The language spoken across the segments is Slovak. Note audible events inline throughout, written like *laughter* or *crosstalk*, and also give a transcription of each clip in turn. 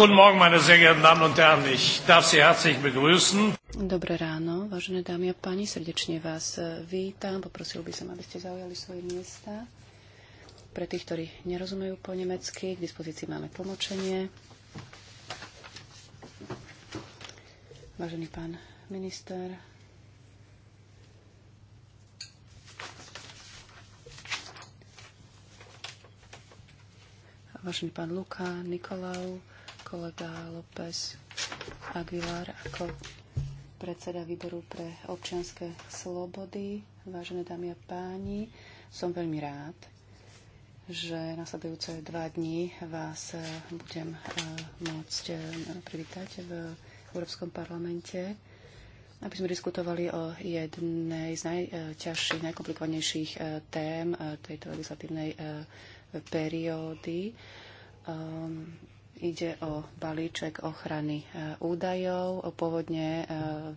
Guten Morgen, meine sehr geehrten Damen und Herren. Ich darf Sie herzlich begrüßen. Dobré ráno, vážené dámy a páni, srdečne vás e, vítam. Poprosil by som, aby ste zaujali svoje miesta. Pre tých, ktorí nerozumejú po nemecky, k dispozícii máme tlmočenie. Vážený pán minister, vážený pán Luka, Nikolau, kolega López Aguilar ako predseda výboru pre občianske slobody. Vážené dámy a páni, som veľmi rád, že nasledujúce dva dní vás budem e, môcť e, privítať v Európskom parlamente aby sme diskutovali o jednej z najťažších, najkomplikovanejších e, tém tejto legislatívnej periódy. Ehm, Ide o balíček ochrany e, údajov. Pôvodne e,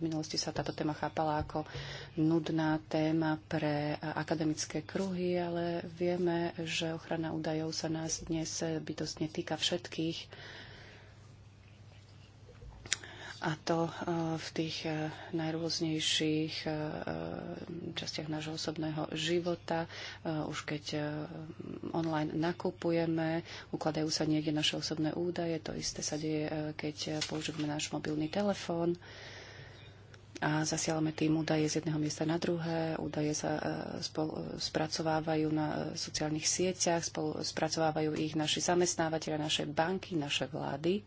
v minulosti sa táto téma chápala ako nudná téma pre e, akademické kruhy, ale vieme, že ochrana údajov sa nás dnes bytostne týka všetkých a to e, v tých e, najrôznejších e, častiach nášho osobného života. Už keď online nakupujeme, ukladajú sa niekde naše osobné údaje, to isté sa deje, keď používame náš mobilný telefón a zasielame tým údaje z jedného miesta na druhé, údaje sa spol- spracovávajú na sociálnych sieťach, spol- spracovávajú ich naši zamestnávateľe, naše banky, naše vlády.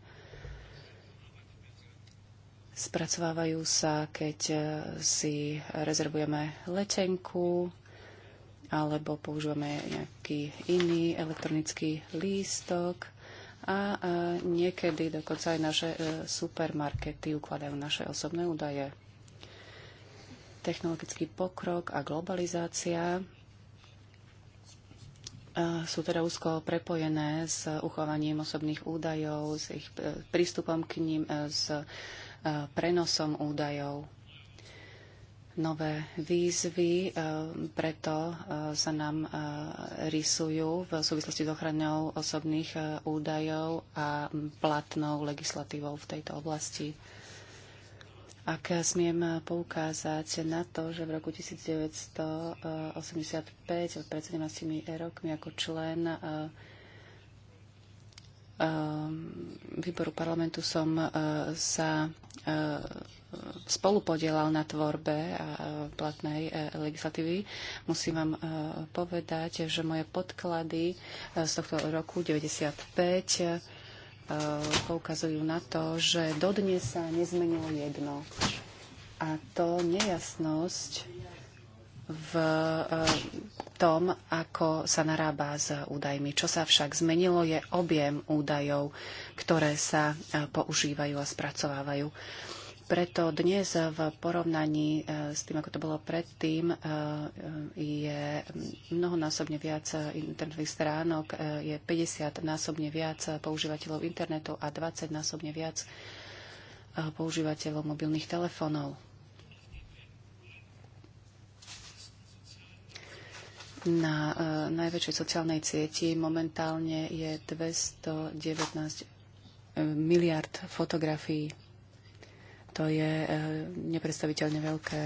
Spracovávajú sa, keď e, si rezervujeme letenku alebo používame nejaký iný elektronický lístok a e, niekedy dokonca aj naše e, supermarkety ukladajú naše osobné údaje. Technologický pokrok a globalizácia sú teda úzko prepojené s uchovaním osobných údajov, s ich prístupom k ním, s E, prenosom údajov. Nové výzvy e, preto e, sa nám rysujú v súvislosti s ochranou osobných údajov a platnou legislatívou v tejto oblasti. Ak smiem poukázať na to, že v roku 1985, pred 17 rokmi ako člen Ehm, výboru parlamentu som e, sa e, spolupodielal na tvorbe e, platnej legislatívy. Musím vám povedať, že moje podklady z tohto roku 95 poukazujú na to, že dodnes sa nezmenilo jedno. A to nejasnosť v tom, ako sa narába s údajmi. Čo sa však zmenilo, je objem údajov, ktoré sa e, používajú a spracovávajú. Preto dnes v porovnaní e, s tým, ako to bolo predtým, e, je mnohonásobne viac internetových stránok, je 50-násobne viac používateľov internetu a 20-násobne viac používateľov mobilných telefónov. Na e, najväčšej sociálnej sieti momentálne je 219 eh, miliard fotografií. To je e, nepredstaviteľne veľké.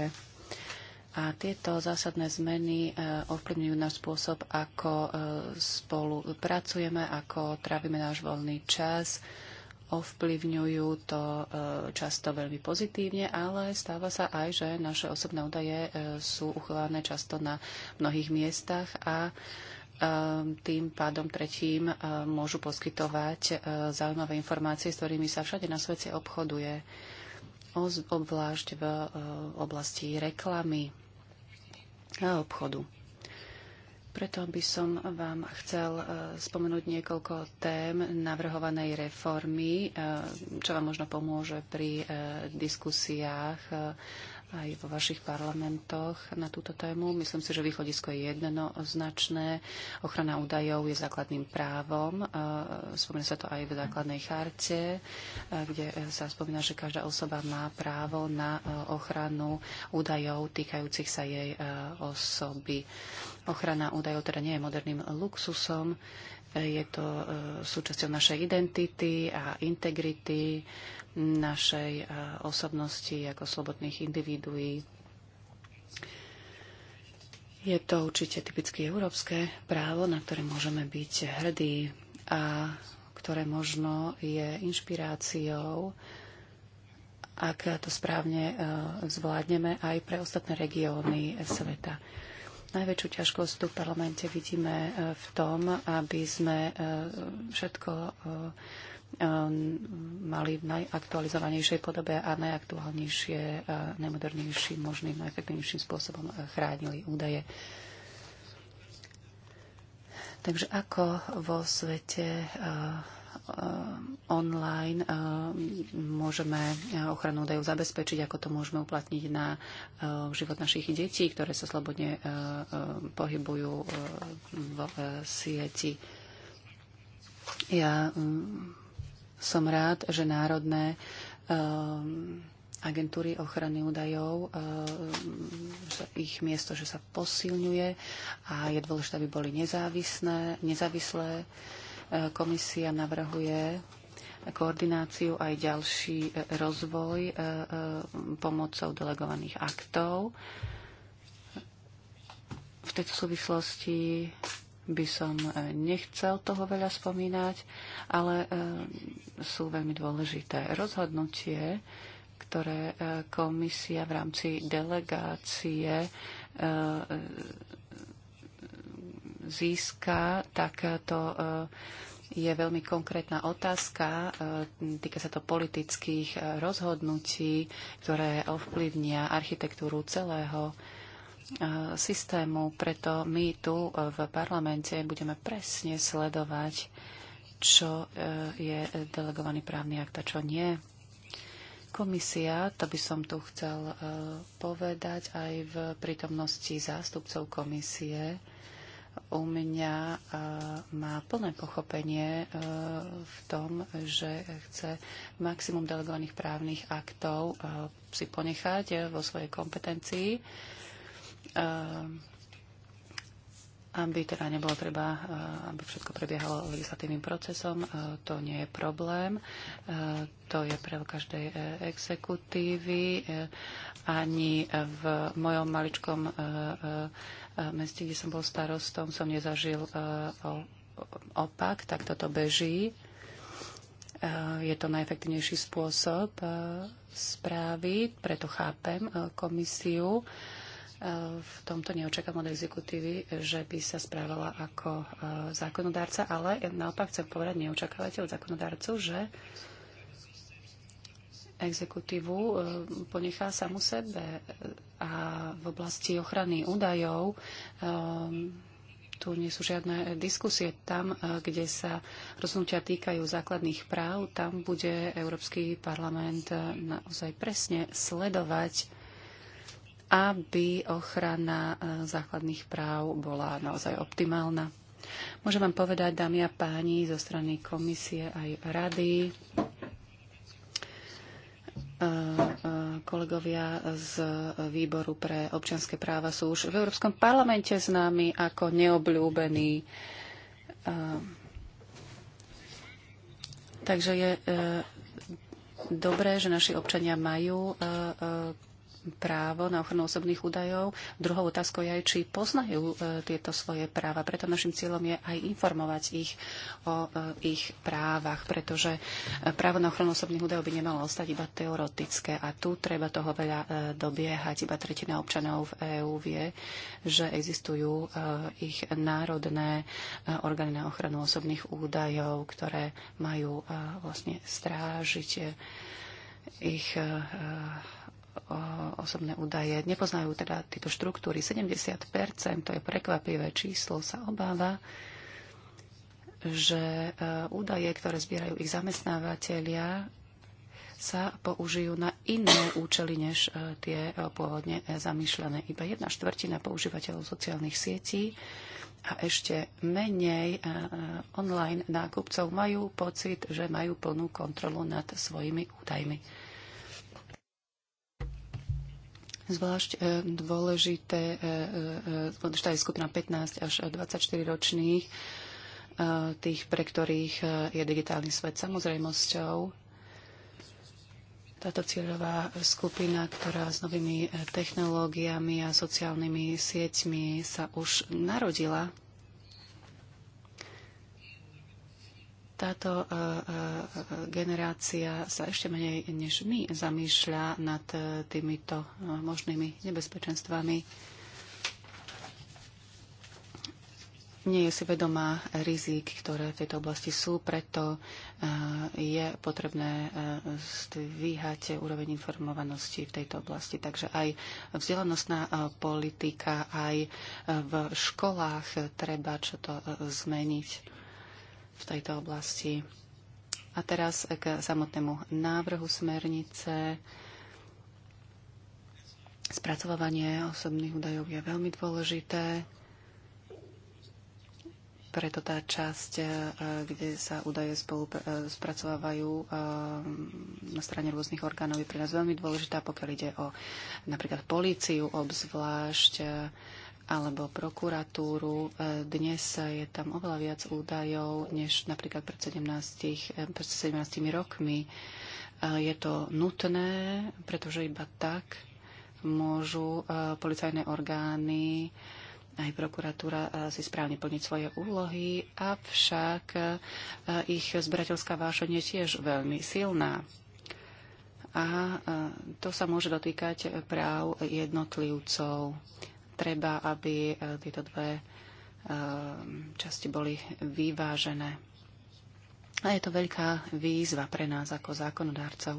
A tieto zásadné zmeny e, ovplyvňujú náš spôsob, ako e, spolu pracujeme, ako trávime náš voľný čas, ovplyvňujú to e, často veľmi pozitívne, ale stáva sa aj, že naše osobné údaje e, sú uchované často na mnohých miestach a e, tým pádom tretím môžu poskytovať zaujímavé informácie, s ktorými sa všade na svete obchoduje, obvlášť v oblasti reklamy a obchodu. Preto by som vám chcel e, spomenúť niekoľko tém navrhovanej reformy, e, čo vám možno pomôže pri e, diskusiách aj vo vašich parlamentoch na túto tému. Myslím si, že východisko je jednoznačné. Ochrana údajov je základným právom. E, spomína sa to aj v základnej charte, e, kde sa spomína, že každá osoba má právo na e, ochranu údajov týkajúcich sa jej osoby. Ochrana údajov teda nie je moderným luxusom, je to e, súčasťou našej identity a integrity, našej e, osobnosti ako slobodných individuí. Je to určite typické európske právo, na ktoré môžeme byť hrdí a ktoré možno je inšpiráciou, ak to správne e, zvládneme aj pre ostatné regióny sveta. Najväčšiu ťažkosť tu v parlamente vidíme e, v tom, aby sme e, všetko e, mali v najaktualizovanejšej podobe a najaktuálnejšie, najmodernejším možným, najefektívnejším spôsobom chránili údaje. Takže ako vo svete Eh, online eh, môžeme ochranu údajov zabezpečiť, ako to môžeme uplatniť na eh, život našich detí, ktoré sa slobodne pohybujú v sieti. Ja mm, som rád, že národné agentúry ochrany údajov, ich miesto, že sa posilňuje a je dôležité, aby boli nezávislé, nezávislé Komisia navrhuje koordináciu aj ďalší rozvoj e, e, pomocou delegovaných aktov. V tejto súvislosti by som e, nechcel toho veľa spomínať, ale sú veľmi dôležité. Rozhodnutie, ktoré komisia v rámci delegácie získa, tak eh, to eh, je veľmi konkrétna otázka. Eh, týka sa to politických rozhodnutí, ktoré ovplyvnia architektúru celého systému. Preto my tu v parlamente budeme presne sledovať, čo je delegovaný právny akt a čo nie. Komisia, to by som tu chcel povedať aj v prítomnosti zástupcov komisie, u mňa e, má plné pochopenie e, v tom, že chce maximum delegovaných právnych aktov e, si ponechať vo svojej kompetencii, aby teda nebolo treba, aby všetko prebiehalo legislatívnym procesom. To nie je problém. To je pre každej exekutívy. Ani v mojom maličkom meste, kde som bol starostom, som nezažil e, opak, tak toto beží. E, je to najefektívnejší spôsob e, správy, preto chápem komisiu. V tomto neočakám od exekutívy, že by sa správala ako zákonodárca, ale naopak chcem povedať, neočakávateľ zákonodárcu, že exekutívu e, ponechá samu sebe. E, a v oblasti ochrany údajov e, tu nie sú žiadne diskusie. Tam, kde sa rozhodnutia týkajú základných práv, tam bude Európsky parlament naozaj presne sledovať, aby ochrana základných práv bola naozaj optimálna. Môžem vám povedať, dámy a páni, zo strany komisie aj rady, Eh, kolegovia z výboru pre občianske práva sú už v Európskom parlamente známi ako neobľúbení. Eh, takže je eh, dobré, že naši občania majú právo na ochranu osobných údajov. Druhou otázkou je aj, či poznajú e, tieto svoje práva. Preto našim cieľom je aj informovať ich o e, ich právach, pretože e, právo na ochranu osobných údajov by nemalo ostať iba teoretické a tu treba toho veľa dobiehať. Iba tretina občanov v EÚ vie, že existujú ich národné orgány na ochranu osobných údajov, ktoré majú vlastne strážiť ich osobné údaje. Nepoznajú teda tieto štruktúry. 70%, to je prekvapivé číslo, sa obáva, že e, údaje, ktoré zbierajú ich zamestnávateľia, sa použijú na iné účely, než e, tie e, pôvodne zamýšľané. Iba jedna štvrtina používateľov sociálnych sietí a ešte menej online nákupcov majú pocit, že majú plnú kontrolu nad svojimi údajmi. Zvlášť e, dôležité, e, e, dôležitá je skupina 15 až 24 ročných, tých, pre ktorých je digitálny svet samozrejmosťou. Táto cieľová skupina, ktorá s novými technológiami a sociálnymi sieťmi sa už narodila, táto e, e, generácia sa ešte menej než my zamýšľa nad e, týmito možnými nebezpečenstvami. Nie je si vedomá rizik, ktoré v tejto oblasti sú, preto je potrebné zdvíhať úroveň informovanosti v tejto oblasti. Takže aj vzdelanostná politika, aj v školách treba čo to zmeniť v tejto oblasti. A teraz e, k samotnému návrhu smernice. Spracovávanie osobných údajov je veľmi dôležité. Preto tá časť, e, kde sa údaje spolu e, spracovávajú na strane rôznych orgánov, je pre nás veľmi dôležitá, pokiaľ ide o napríklad políciu obzvlášť alebo prokuratúru. E, dnes je tam oveľa viac údajov, než napríklad pred 17, e, pred 17 rokmi. E, je to nutné, pretože iba tak môžu policajné orgány aj prokuratúra si správne plniť svoje úlohy, avšak ich zberateľská vášeň je tiež veľmi silná. A to sa môže dotýkať práv jednotlivcov treba, aby e, tieto dve e, časti boli vyvážené. A je to veľká výzva pre nás ako zákonodárcov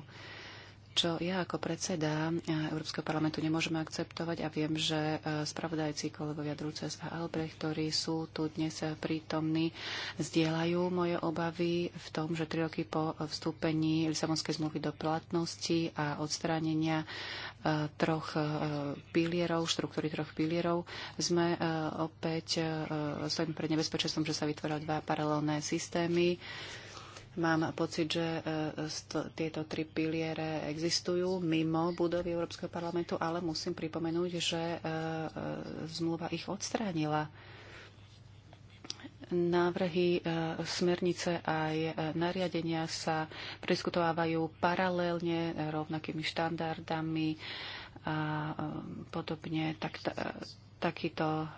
čo ja ako predseda eh, Európskeho parlamentu nemôžeme akceptovať a viem, že eh, spravodajci kolegovia Druces a Albrecht, ktorí sú tu dnes eh, prítomní, zdieľajú moje obavy v tom, že tri roky po vstúpení Lisabonskej zmluvy do platnosti a odstránenia troch pilierov, štruktúry troch pilierov, sme opäť stojíme pred nebezpečenstvom, že sa vytvorili dva paralelné systémy Mám pocit, že e, tieto tri piliere existujú mimo budovy Európskeho parlamentu, ale musím pripomenúť, že e, e, zmluva ich odstránila. Návrhy smernice aj nariadenia sa preskutovávajú paralelne rovnakými štandardami a podobne. Tak, takýto,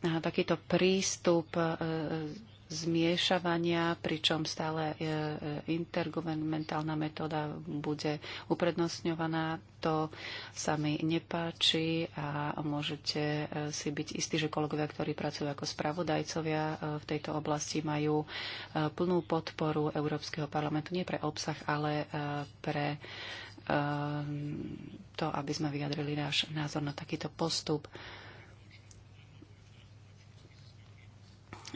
takýto prístup zmiešavania, pričom stále e, e, intergovernmentálna metóda bude uprednostňovaná. To sa mi nepáči a môžete e, si byť istí, že kolegovia, ktorí pracujú ako spravodajcovia v tejto oblasti, majú plnú podporu Európskeho parlamentu nie pre obsah, ale pre to, aby sme vyjadrili náš názor na takýto postup.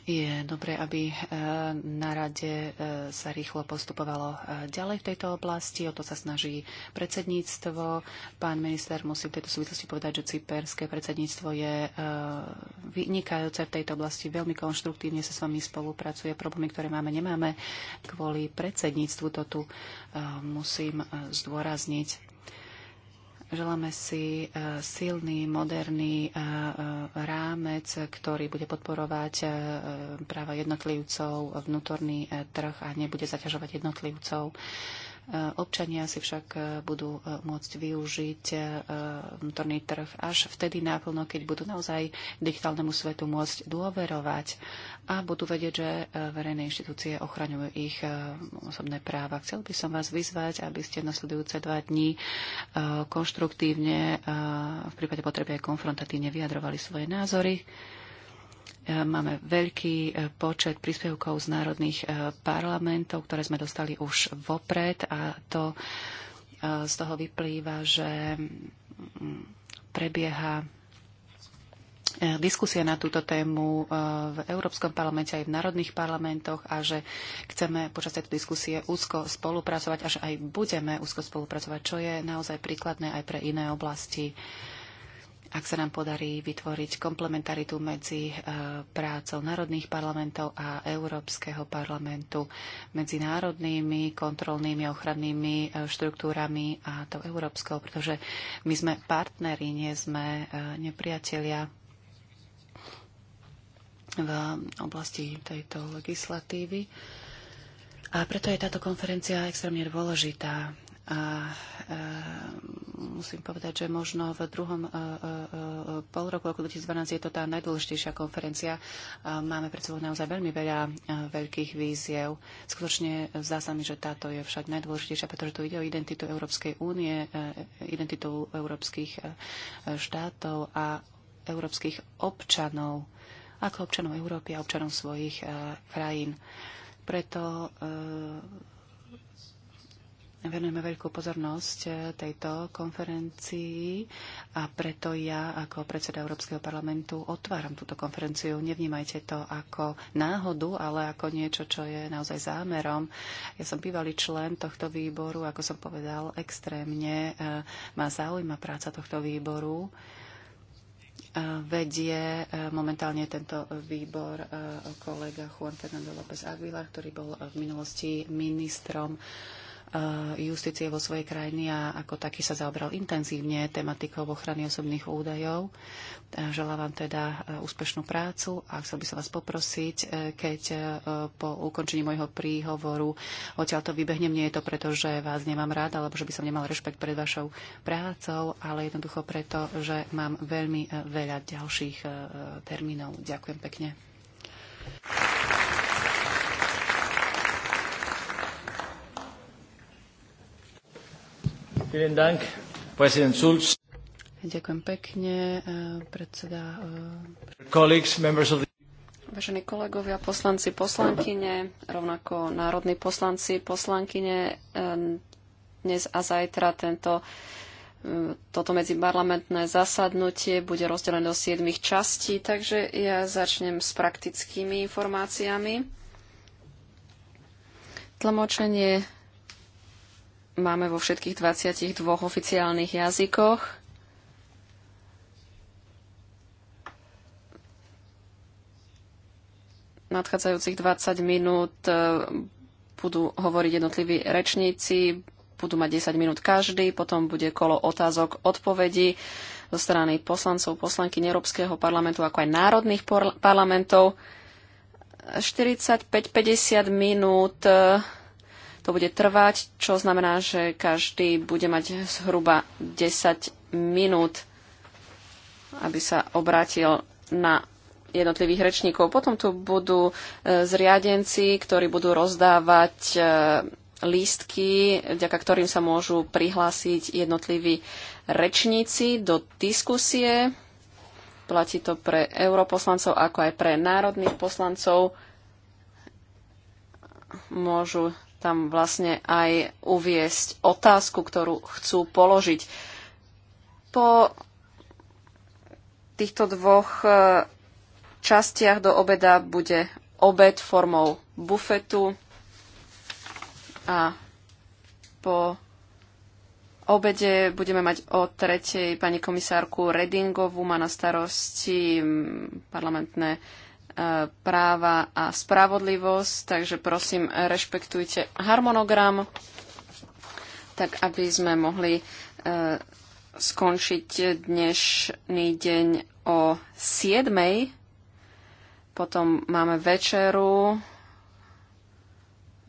Je dobré, aby e, na rade e, sa rýchlo postupovalo e, ďalej v tejto oblasti. O to sa snaží predsedníctvo. Pán minister musí v tejto súvislosti povedať, že cyperské predsedníctvo je vynikajúce v tejto oblasti. Veľmi konštruktívne sa s vami spolupracuje. Problémy, ktoré máme, nemáme. Kvôli predsedníctvu to tu musím zdôrazniť. Želáme si e, silný, moderný e, e, rámec, ktorý bude podporovať práva jednotlivcov, vnútorný trh a nebude zaťažovať jednotlivcov. Občania si však e, budú e, môcť využiť e, vnútorný trh až vtedy náplno, keď budú naozaj digitálnemu svetu môcť dôverovať a budú vedieť, že verejné inštitúcie ochraňujú ich osobné práva. Chcel by som vás vyzvať, aby ste nasledujúce dva dní konštruktívne, v prípade potreby aj konfrontatívne vyjadrovali svoje názory. E, máme veľký e, počet príspevkov z národných e, parlamentov, ktoré sme dostali už vopred a to z toho vyplýva, že mm, prebieha diskusia na túto tému v Európskom parlamente aj v národných parlamentoch a že chceme počas tejto diskusie úzko spolupracovať a že aj budeme úzko spolupracovať, čo je naozaj príkladné aj pre iné oblasti ak sa nám podarí vytvoriť komplementaritu medzi e, prácou národných parlamentov a Európskeho parlamentu, medzi národnými kontrolnými ochrannými e, štruktúrami a tou európskou, pretože my sme partneri, nie sme e, nepriatelia v oblasti tejto legislatívy. A preto je táto konferencia extrémne dôležitá. A e, musím povedať, že možno v druhom e, e, pol roku roku 2012 je to tá najdôležitejšia konferencia. Máme pred sebou naozaj veľmi veľa veľkých víziev. Skutočne zdá sa mi, že táto je však najdôležitejšia, pretože tu ide o identitu Európskej únie, identitu európskych štátov a európskych občanov, ako občanov Európy a občanov svojich krajín. Preto venujeme veľkú pozornosť e, tejto konferencii a preto ja ako predseda Európskeho parlamentu otváram túto konferenciu. Nevnímajte to ako náhodu, ale ako niečo, čo je naozaj zámerom. Ja som bývalý člen tohto výboru, ako som povedal, extrémne e, ma zaujíma práca tohto výboru e, vedie momentálne tento výbor kolega Juan Fernando López Aguilar, ktorý bol v minulosti ministrom Eh, justície vo svojej krajine a ako taký sa zaobral intenzívne tematikou ochrany osobných údajov. Eh, Želám vám teda eh, úspešnú prácu a chcel by som vás poprosiť, keď po ukončení môjho príhovoru odtiaľ to vybehnem, nie je to preto, že vás nemám rád, alebo že by som nemal rešpekt pred vašou prácou, ale jednoducho preto, že mám veľmi veľa ďalších termínov. Ďakujem pekne. Vielen Dank, President Schulz. Ďakujem pekne, e, predseda. E, Colleagues, members of the... Vážení kolegovia, poslanci, poslankyne, rovnako národní poslanci, poslankyne, e, dnes a zajtra tento toto medziparlamentné zasadnutie bude rozdelené do siedmých častí, takže ja začnem s praktickými informáciami. Tlmočenie máme vo všetkých 22 oficiálnych jazykoch. Nadchádzajúcich 20 minút e, budú hovoriť jednotliví rečníci, budú mať 10 minút každý, potom bude kolo otázok, odpovedí zo strany poslancov, poslanky Európskeho parlamentu, ako aj národných parlamentov. 45-50 minút e, to bude trvať, čo znamená, že každý bude mať zhruba 10 minút, aby sa obrátil na jednotlivých rečníkov. Potom tu budú e, zriadenci, ktorí budú rozdávať e, lístky, vďaka ktorým sa môžu prihlásiť jednotliví rečníci do diskusie. Platí to pre europoslancov, ako aj pre národných poslancov. Môžu tam vlastne aj uviesť otázku, ktorú chcú položiť. Po týchto dvoch e, častiach do obeda bude obed formou bufetu a po obede budeme mať o tretej pani komisárku Redingovú, má na starosti parlamentné práva a spravodlivosť, takže prosím, rešpektujte harmonogram, tak aby sme mohli e, skončiť dnešný deň o 7. Potom máme večeru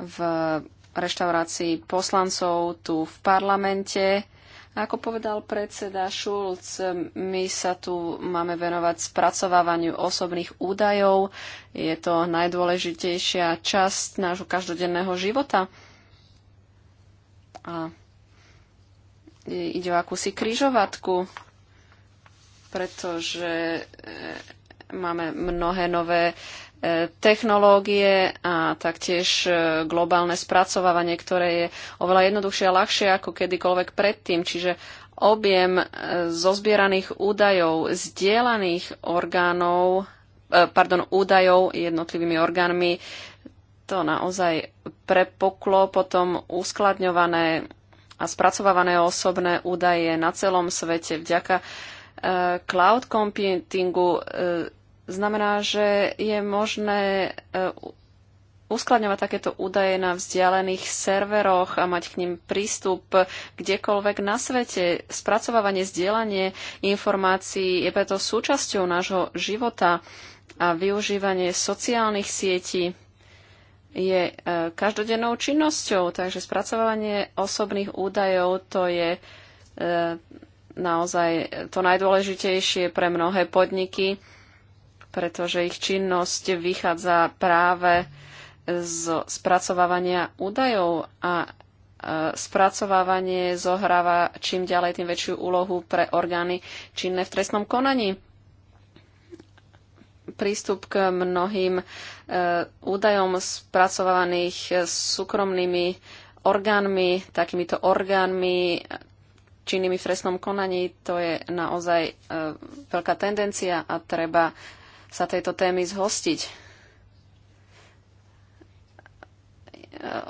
v reštaurácii poslancov tu v parlamente ako povedal predseda Šulc, my sa tu máme venovať spracovávaniu osobných údajov. Je to najdôležitejšia časť nášho každodenného života. A ide o akúsi kryžovatku, pretože e, máme mnohé nové E, technológie a taktiež e, globálne spracovávanie, ktoré je oveľa jednoduchšie a ľahšie ako kedykoľvek predtým. Čiže objem e, zozbieraných údajov, zdieľaných orgánov, pardon, údajov jednotlivými orgánmi, to naozaj prepoklo, potom uskladňované a spracovávané osobné údaje na celom svete vďaka cloud computingu znamená, že je možné e, uskladňovať takéto údaje na vzdialených serveroch a mať k ním prístup kdekoľvek na svete. Spracovávanie, zdieľanie informácií je preto súčasťou nášho života a využívanie sociálnych sietí je e, každodennou činnosťou, takže spracovávanie osobných údajov to je e, naozaj to najdôležitejšie pre mnohé podniky pretože ich činnosť vychádza práve z spracovávania údajov a e, spracovávanie zohráva čím ďalej tým väčšiu úlohu pre orgány činné v trestnom konaní prístup k mnohým e, údajom spracovaných súkromnými orgánmi, takýmito orgánmi činnými v trestnom konaní. To je naozaj e, veľká tendencia a treba sa tejto témy zhostiť.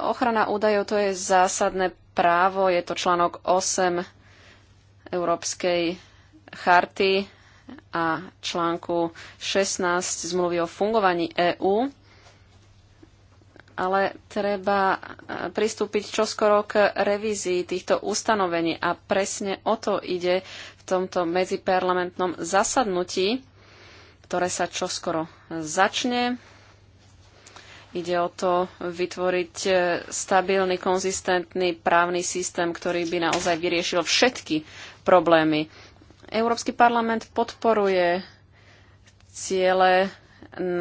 Ochrana údajov to je zásadné právo, je to článok 8 Európskej charty a článku 16 zmluvy o fungovaní EÚ. Ale treba e, pristúpiť čoskoro k revízii týchto ustanovení a presne o to ide v tomto medziparlamentnom zasadnutí ktoré sa čoskoro začne. Ide o to vytvoriť e, stabilný, konzistentný právny systém, ktorý by naozaj vyriešil všetky problémy. Európsky parlament podporuje ciele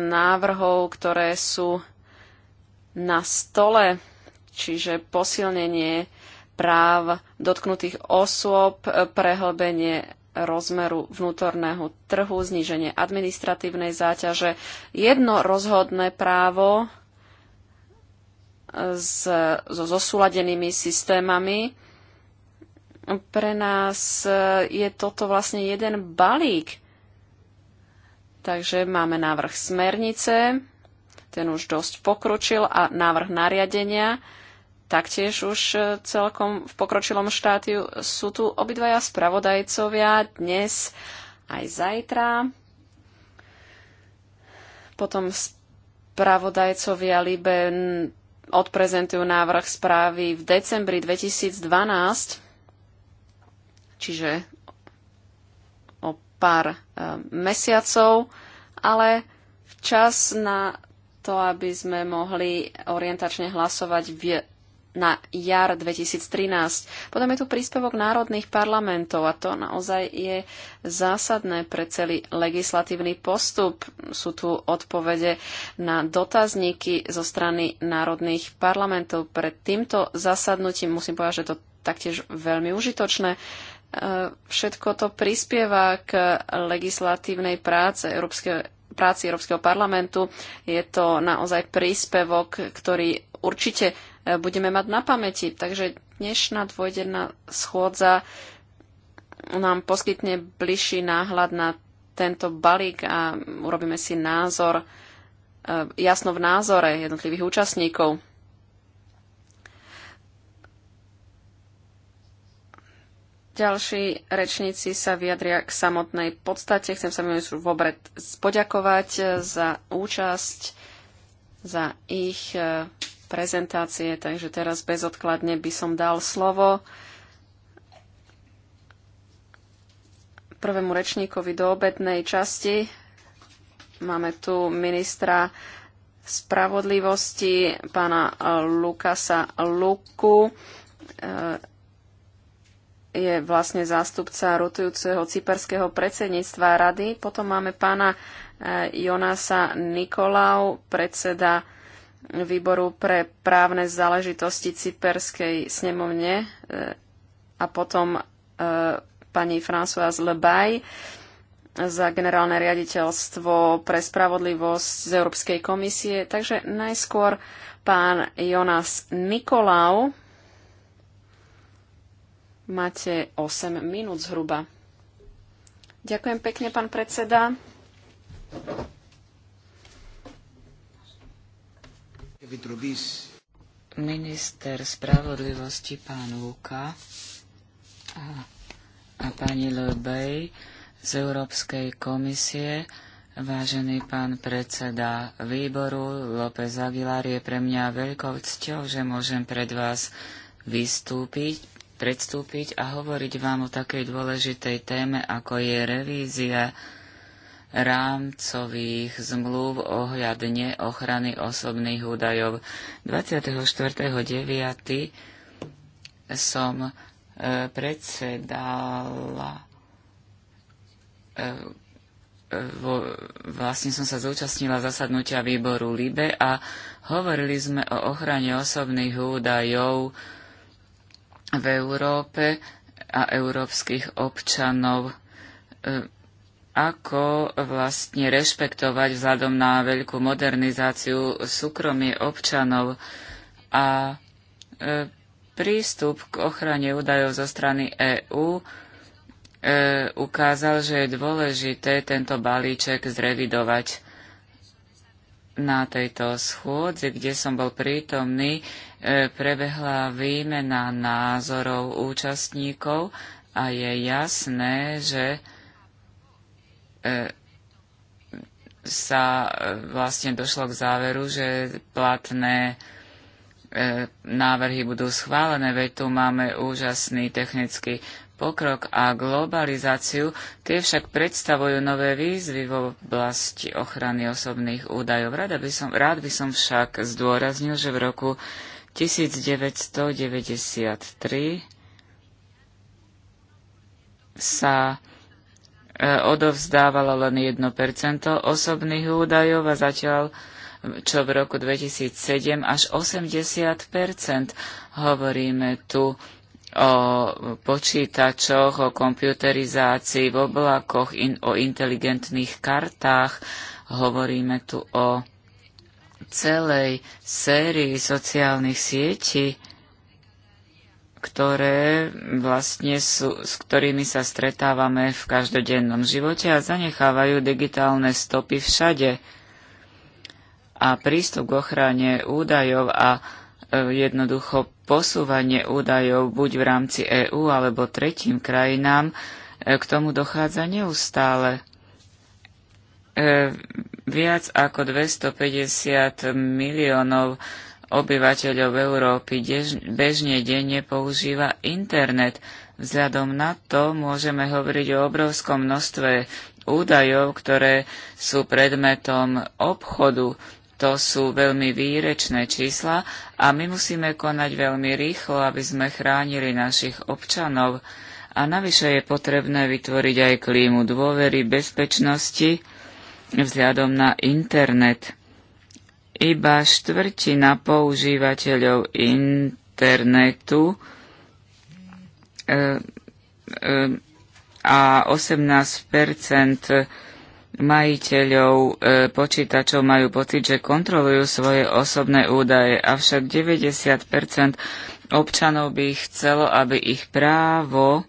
návrhov, ktoré sú na stole, čiže posilnenie práv dotknutých osôb, prehlbenie rozmeru vnútorného trhu, zníženie administratívnej záťaže, jedno rozhodné právo e, s, so zosúladenými systémami. Pre nás e, je toto vlastne jeden balík. Takže máme návrh smernice, ten už dosť pokročil, a návrh nariadenia taktiež už e, celkom v pokročilom štátiu. Sú tu obidvaja spravodajcovia dnes aj zajtra. Potom spravodajcovia Libe odprezentujú návrh správy v decembri 2012, čiže o pár e, mesiacov, ale včas na to, aby sme mohli orientačne hlasovať v na jar 2013. Potom je tu príspevok národných parlamentov a to naozaj je zásadné pre celý legislatívny postup. Sú tu odpovede na dotazníky zo strany národných parlamentov. Pred týmto zasadnutím musím povedať, že to taktiež veľmi užitočné. E, všetko to prispieva k legislatívnej práce Európskeho práci Európskeho parlamentu. Je to naozaj príspevok, ktorý určite E, budeme mať na pamäti. Takže dnešná dvojdenná schôdza nám poskytne bližší náhľad na tento balík a urobíme si názor, e, jasno v názore jednotlivých účastníkov. Ďalší rečníci sa vyjadria k samotnej podstate. Chcem sa ministru vobred poďakovať e, za účasť, za ich prezentácie, takže teraz bezodkladne by som dal slovo prvému rečníkovi do obednej časti. Máme tu ministra spravodlivosti, pána eh, Lukasa Luku. Eh, je vlastne zástupca rotujúceho cyperského predsedníctva rady. Potom máme pána eh, Jonasa Nikolau, predseda výboru pre právne záležitosti Cyperskej snemovne e, a potom e, pani Françoise Lebaj za generálne riaditeľstvo pre spravodlivosť z Európskej komisie. Takže najskôr pán Jonas Nikolau. Máte 8 minút zhruba. Ďakujem pekne, pán predseda. Minister spravodlivosti pán Luka a, a pani Lebej z Európskej komisie, vážený pán predseda výboru López Aguilar, je pre mňa veľkou cťou, že môžem pred vás vystúpiť, predstúpiť a hovoriť vám o takej dôležitej téme, ako je revízia rámcových zmluv ohľadne ochrany osobných údajov. 24.9. som e, predsedala e, e, vo, vlastne som sa zúčastnila zasadnutia výboru LIBE a hovorili sme o ochrane osobných údajov v Európe a európskych občanov ako vlastne rešpektovať vzhľadom na veľkú modernizáciu súkromie občanov a e, prístup k ochrane údajov zo strany EÚ e, ukázal, že je dôležité tento balíček zrevidovať. Na tejto schôdzi, kde som bol prítomný, e, prebehla výmena názorov účastníkov a je jasné, že E, sa e, vlastne došlo k záveru, že platné e, návrhy budú schválené, veď tu máme úžasný technický pokrok a globalizáciu, tie však predstavujú nové výzvy v oblasti ochrany osobných údajov. Rád by som, rád by som však zdôraznil, že v roku 1993 sa E, odovzdávalo len 1% osobných údajov a zatiaľ čo v roku 2007 až 80 Hovoríme tu o počítačoch, o komputerizácii v oblakoch, in, o inteligentných kartách. Hovoríme tu o celej sérii sociálnych sietí, ktoré vlastne sú, s ktorými sa stretávame v každodennom živote a zanechávajú digitálne stopy všade. A prístup k ochrane údajov a e, jednoducho posúvanie údajov buď v rámci EÚ alebo tretím krajinám, e, k tomu dochádza neustále. E, viac ako 250 miliónov obyvateľov Európy bežne denne používa internet. Vzhľadom na to môžeme hovoriť o obrovskom množstve údajov, ktoré sú predmetom obchodu. To sú veľmi výrečné čísla a my musíme konať veľmi rýchlo, aby sme chránili našich občanov. A navyše je potrebné vytvoriť aj klímu dôvery, bezpečnosti vzhľadom na internet. Iba štvrtina používateľov internetu eh, eh, a 18 majiteľov eh, počítačov majú pocit, že kontrolujú svoje osobné údaje, avšak 90 občanov by chcelo, aby ich právo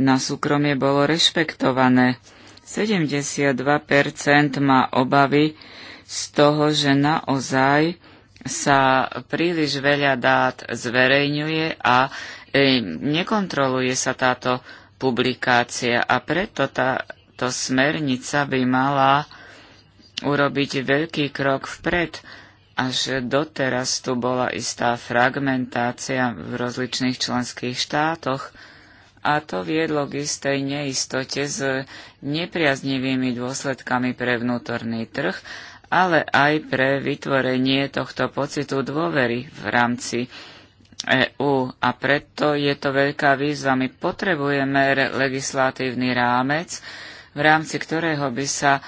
na súkromie bolo rešpektované. 72 má obavy, z toho, že naozaj sa príliš veľa dát zverejňuje a e, nekontroluje sa táto publikácia a preto táto smernica by mala urobiť veľký krok vpred. Až doteraz tu bola istá fragmentácia v rozličných členských štátoch a to viedlo k istej neistote s nepriaznivými dôsledkami pre vnútorný trh ale aj pre vytvorenie tohto pocitu dôvery v rámci EÚ. A preto je to veľká výzva. My potrebujeme legislatívny rámec, v rámci ktorého by sa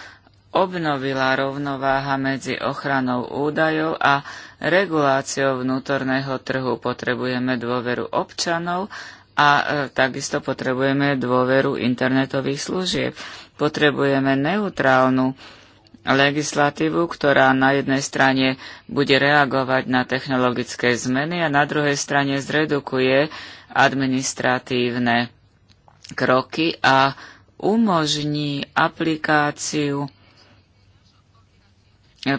obnovila rovnováha medzi ochranou údajov a reguláciou vnútorného trhu. Potrebujeme dôveru občanov a e, takisto potrebujeme dôveru internetových služieb. Potrebujeme neutrálnu legislatívu, ktorá na jednej strane bude reagovať na technologické zmeny a na druhej strane zredukuje administratívne kroky a umožní aplikáciu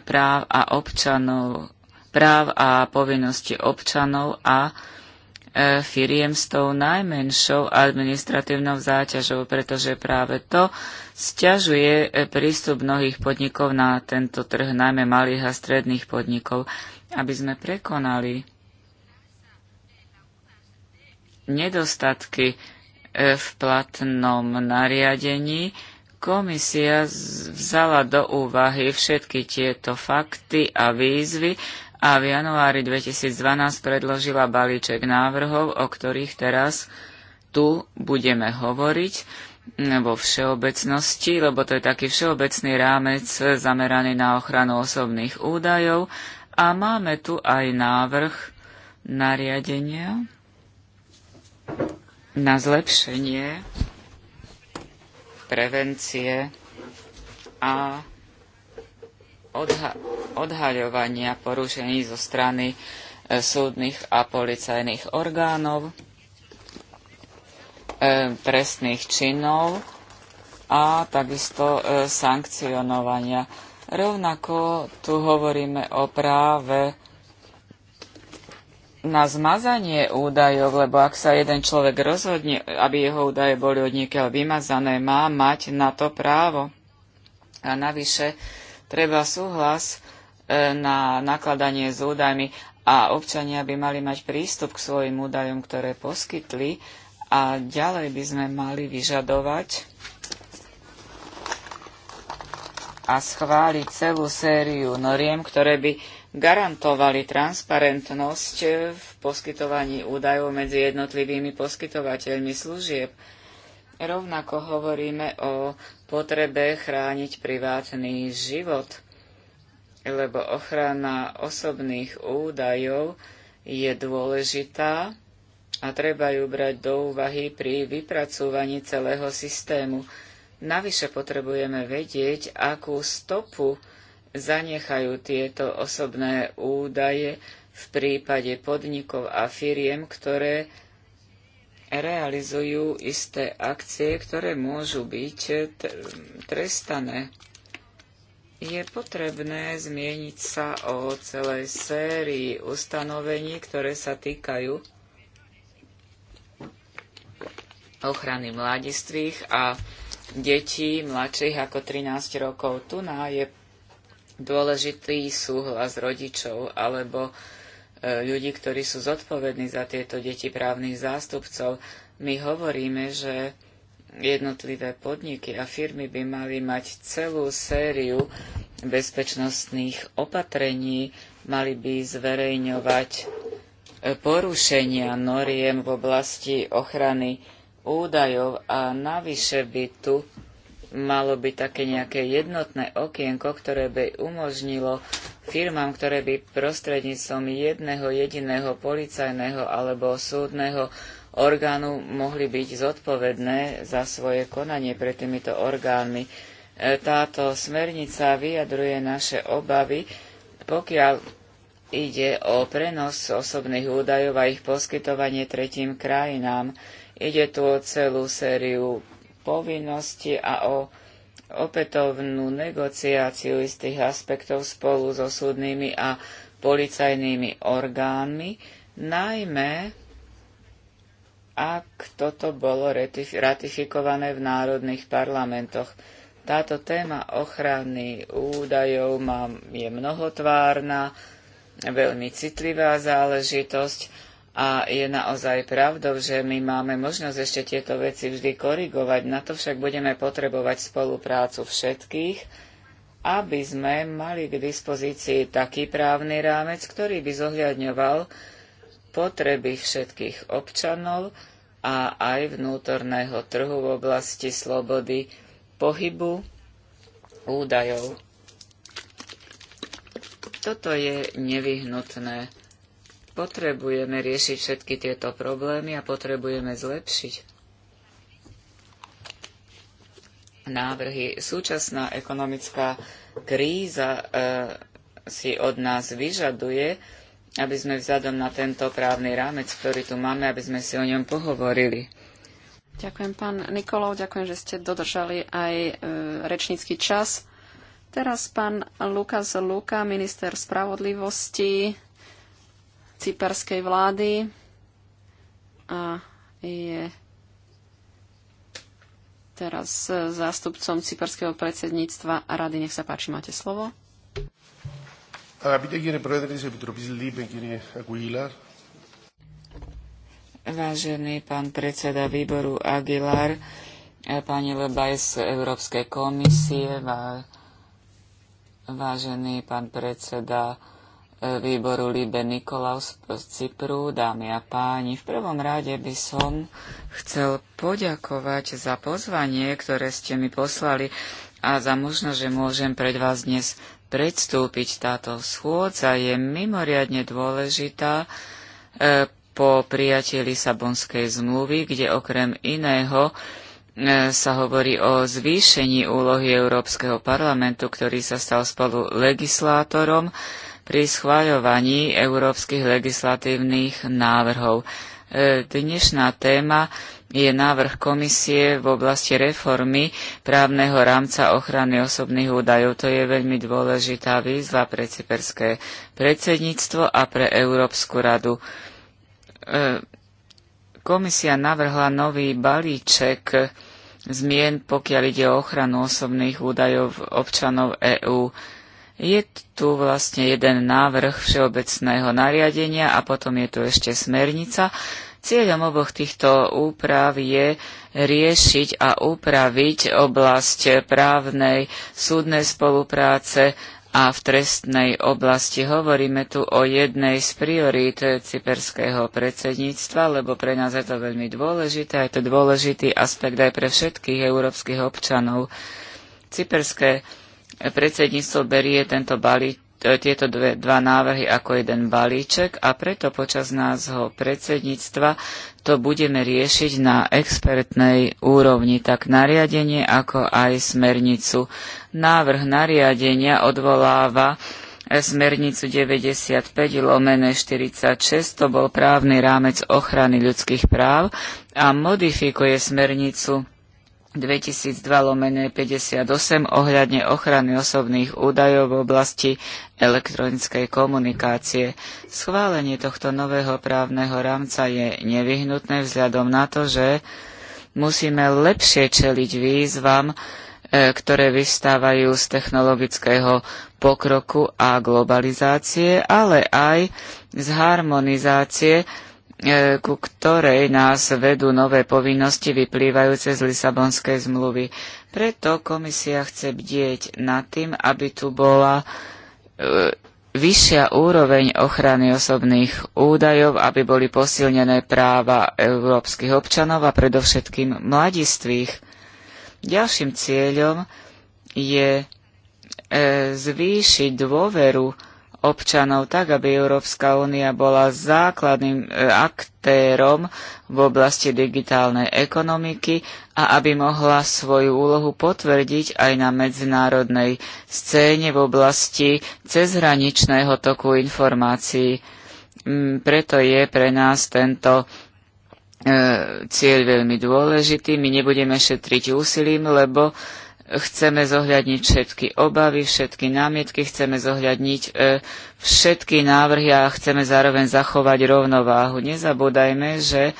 práv a občanov, práv a povinnosti občanov a firiem s tou najmenšou administratívnou záťažou, pretože práve to sťažuje e, prístup mnohých podnikov na tento trh, najmä malých a stredných podnikov, aby sme prekonali nedostatky e, v platnom nariadení. Komisia vzala do úvahy všetky tieto fakty a výzvy, a v januári 2012 predložila balíček návrhov, o ktorých teraz tu budeme hovoriť vo všeobecnosti, lebo to je taký všeobecný rámec zameraný na ochranu osobných údajov a máme tu aj návrh nariadenia na zlepšenie prevencie a odha- odhaľovania porušení zo strany e, súdnych a policajných orgánov, e, trestných činov a takisto e, sankcionovania. Rovnako tu hovoríme o práve na zmazanie údajov, lebo ak sa jeden človek rozhodne, aby jeho údaje boli od niekiaľ vymazané, má mať na to právo. A navyše treba súhlas e, na nakladanie s údajmi a občania by mali mať prístup k svojim údajom, ktoré poskytli a ďalej by sme mali vyžadovať a schváliť celú sériu noriem, ktoré by garantovali transparentnosť e, v poskytovaní údajov medzi jednotlivými poskytovateľmi služieb. Rovnako hovoríme o potrebe chrániť privátny život, lebo ochrana osobných údajov je dôležitá a treba ju brať do úvahy pri vypracúvaní celého systému. Navyše potrebujeme vedieť, akú stopu zanechajú tieto osobné údaje v prípade podnikov a firiem, ktoré realizujú isté akcie, ktoré môžu byť trestané. Je potrebné zmieniť sa o celej sérii ustanovení, ktoré sa týkajú ochrany mladistvých a detí mladších ako 13 rokov. Tu na je dôležitý súhlas rodičov alebo E, ľudí, ktorí sú zodpovední za tieto deti právnych zástupcov. My hovoríme, že jednotlivé podniky a firmy by mali mať celú sériu bezpečnostných opatrení, mali by zverejňovať e, porušenia noriem v oblasti ochrany údajov a navyše by tu malo byť také nejaké jednotné okienko, ktoré by umožnilo firmám, ktoré by prostredníctvom jedného jediného policajného alebo súdneho orgánu mohli byť zodpovedné za svoje konanie pred týmito orgánmi. E, táto smernica vyjadruje naše obavy, pokiaľ ide o prenos osobných údajov a ich poskytovanie tretím krajinám. Ide tu o celú sériu povinností a o opätovnú negociáciu istých aspektov spolu so súdnymi a policajnými orgánmi, najmä ak toto bolo ratifikované v národných parlamentoch. Táto téma ochrany údajov má, je mnohotvárna, veľmi citlivá záležitosť a je naozaj pravdou, že my máme možnosť ešte tieto veci vždy korigovať. Na to však budeme potrebovať spoluprácu všetkých, aby sme mali k dispozícii taký právny rámec, ktorý by zohľadňoval potreby všetkých občanov a aj vnútorného trhu v oblasti slobody pohybu údajov. Toto je nevyhnutné. Potrebujeme riešiť všetky tieto problémy a potrebujeme zlepšiť návrhy. Súčasná ekonomická kríza e, si od nás vyžaduje, aby sme vzhľadom na tento právny rámec, ktorý tu máme, aby sme si o ňom pohovorili. Ďakujem, pán Nikolov, ďakujem, že ste dodržali aj e, rečnícky čas. Teraz pán Lukas Luka, minister spravodlivosti cyperskej vlády a je teraz zástupcom cyperského predsedníctva a rady. Nech sa páči, máte slovo. Vážený pán predseda výboru Aguilar, pani Lebajs Európskej komisie, vážený pán predseda Aguilar, výboru Libe Nikolaus z Cypru, dámy a páni. V prvom rade by som chcel poďakovať za pozvanie, ktoré ste mi poslali a za možnosť, že môžem pred vás dnes predstúpiť. Táto schôdza je mimoriadne dôležitá e, po prijatí Lisabonskej zmluvy, kde okrem iného e, sa hovorí o zvýšení úlohy Európskeho parlamentu, ktorý sa stal spolu legislátorom pri schvaľovaní európskych legislatívnych návrhov. E, dnešná téma je návrh komisie v oblasti reformy právneho rámca ochrany osobných údajov. To je veľmi dôležitá výzva pre cyperské predsedníctvo a pre Európsku radu. E, komisia navrhla nový balíček zmien, pokiaľ ide o ochranu osobných údajov občanov EÚ. Je tu vlastne jeden návrh všeobecného nariadenia a potom je tu ešte smernica. Cieľom oboch týchto úprav je riešiť a upraviť oblasť právnej, súdnej spolupráce a v trestnej oblasti. Hovoríme tu o jednej z priorít cyperského predsedníctva, lebo pre nás je to veľmi dôležité. Je to dôležitý aspekt aj pre všetkých európskych občanov. Cyperské Predsedníctvo berie tento e, tieto dve, dva návrhy ako jeden balíček a preto počas nášho predsedníctva to budeme riešiť na expertnej úrovni, tak nariadenie ako aj smernicu. Návrh nariadenia odvoláva smernicu 95 lomené 46, to bol právny rámec ochrany ľudských práv a modifikuje smernicu 2002 lomené 58 ohľadne ochrany osobných údajov v oblasti elektronickej komunikácie. Schválenie tohto nového právneho rámca je nevyhnutné vzhľadom na to, že musíme lepšie čeliť výzvam, e, ktoré vystávajú z technologického pokroku a globalizácie, ale aj z harmonizácie E, ku ktorej nás vedú nové povinnosti vyplývajúce z Lisabonskej zmluvy. Preto komisia chce bdieť nad tým, aby tu bola e, vyššia úroveň ochrany osobných údajov, aby boli posilnené práva európskych občanov a predovšetkým mladistvých. Ďalším cieľom je e, zvýšiť dôveru občanov tak, aby Európska únia bola základným e, aktérom v oblasti digitálnej ekonomiky a aby mohla svoju úlohu potvrdiť aj na medzinárodnej scéne v oblasti cezhraničného toku informácií. Mm, preto je pre nás tento e, cieľ veľmi dôležitý. My nebudeme šetriť úsilím, lebo chceme zohľadniť všetky obavy, všetky námietky, chceme zohľadniť e, všetky návrhy a chceme zároveň zachovať rovnováhu. Nezabúdajme, že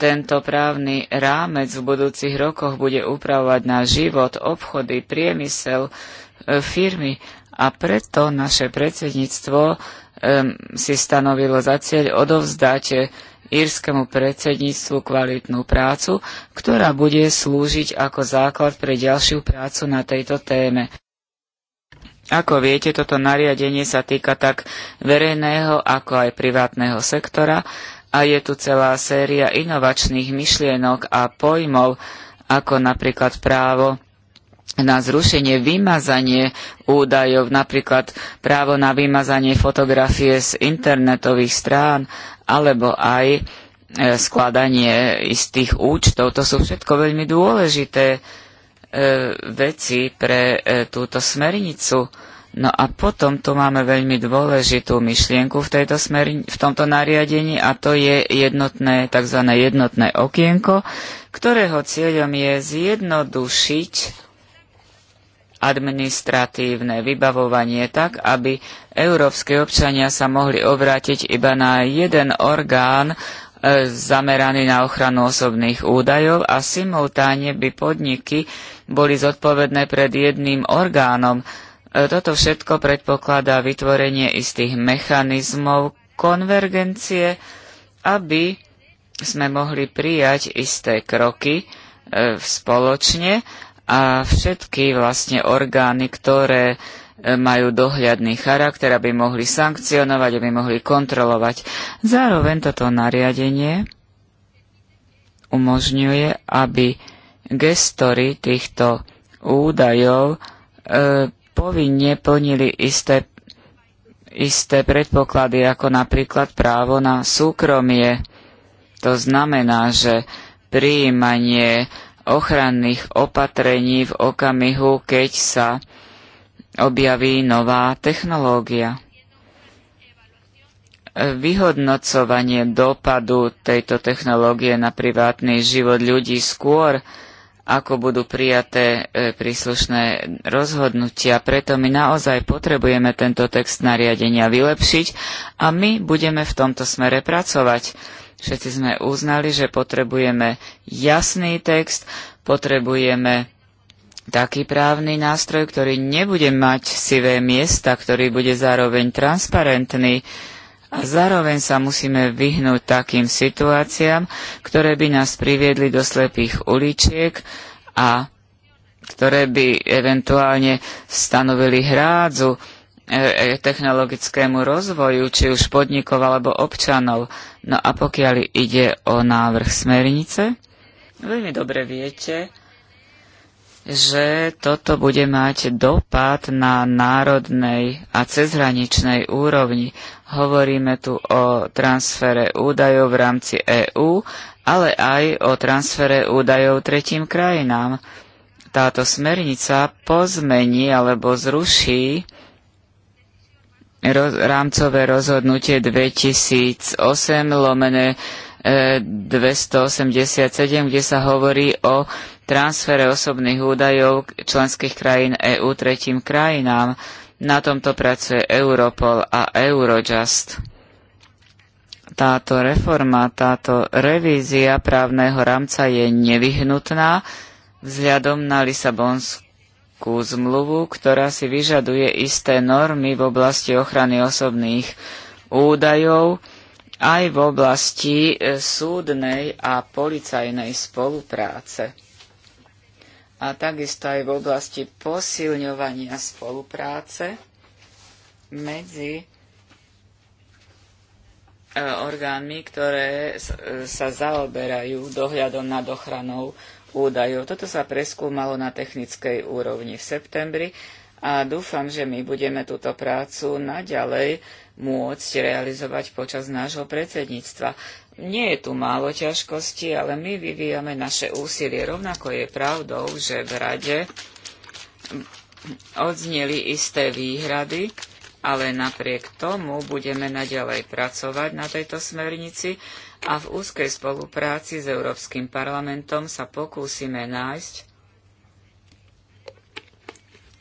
tento právny rámec v budúcich rokoch bude upravovať náš život, obchody, priemysel, e, firmy a preto naše predsedníctvo e, si stanovilo za cieľ odovzdať e, írskemu predsedníctvu kvalitnú prácu, ktorá bude slúžiť ako základ pre ďalšiu prácu na tejto téme. Ako viete, toto nariadenie sa týka tak verejného ako aj privátneho sektora a je tu celá séria inovačných myšlienok a pojmov, ako napríklad právo na zrušenie, vymazanie údajov, napríklad právo na vymazanie fotografie z internetových strán alebo aj e, skladanie istých účtov. To sú všetko veľmi dôležité e, veci pre e, túto smernicu. No a potom tu máme veľmi dôležitú myšlienku v, tejto smer- v tomto nariadení a to je jednotné, tzv. jednotné okienko, ktorého cieľom je zjednodušiť administratívne vybavovanie tak, aby európske občania sa mohli obrátiť iba na jeden orgán e, zameraný na ochranu osobných údajov a simultáne by podniky boli zodpovedné pred jedným orgánom. E, toto všetko predpokladá vytvorenie istých mechanizmov konvergencie, aby sme mohli prijať isté kroky e, spoločne a všetky vlastne orgány, ktoré e, majú dohľadný charakter, aby mohli sankcionovať, aby mohli kontrolovať. Zároveň toto nariadenie umožňuje, aby gestory týchto údajov e, povinne plnili isté, isté predpoklady, ako napríklad právo na súkromie. To znamená, že prijímanie ochranných opatrení v okamihu, keď sa objaví nová technológia. Vyhodnocovanie dopadu tejto technológie na privátny život ľudí skôr, ako budú prijaté e, príslušné rozhodnutia. Preto my naozaj potrebujeme tento text nariadenia vylepšiť a my budeme v tomto smere pracovať. Všetci sme uznali, že potrebujeme jasný text, potrebujeme taký právny nástroj, ktorý nebude mať sivé miesta, ktorý bude zároveň transparentný a zároveň sa musíme vyhnúť takým situáciám, ktoré by nás priviedli do slepých uličiek a ktoré by eventuálne stanovili hrádzu E, e, technologickému rozvoju, či už podnikov alebo občanov. No a pokiaľ ide o návrh smernice, veľmi dobre viete, že toto bude mať dopad na národnej a cezhraničnej úrovni. Hovoríme tu o transfere údajov v rámci EÚ, ale aj o transfere údajov tretím krajinám. Táto smernica pozmení alebo zruší rámcové rozhodnutie 2008 lomené 287, kde sa hovorí o transfere osobných údajov členských krajín EÚ tretím krajinám. Na tomto pracuje Europol a Eurojust. Táto reforma, táto revízia právneho rámca je nevyhnutná vzhľadom na Lisabonsku ku zmluvu, ktorá si vyžaduje isté normy v oblasti ochrany osobných údajov aj v oblasti e, súdnej a policajnej spolupráce. A takisto aj v oblasti posilňovania spolupráce medzi e, orgánmi, ktoré e, sa zaoberajú dohľadom nad ochranou údajov. Toto sa preskúmalo na technickej úrovni v septembri a dúfam, že my budeme túto prácu naďalej môcť realizovať počas nášho predsedníctva. Nie je tu málo ťažkostí, ale my vyvíjame naše úsilie. Rovnako je pravdou, že v rade odzneli isté výhrady, ale napriek tomu budeme naďalej pracovať na tejto smernici, a v úzkej spolupráci s Európskym parlamentom sa pokúsime nájsť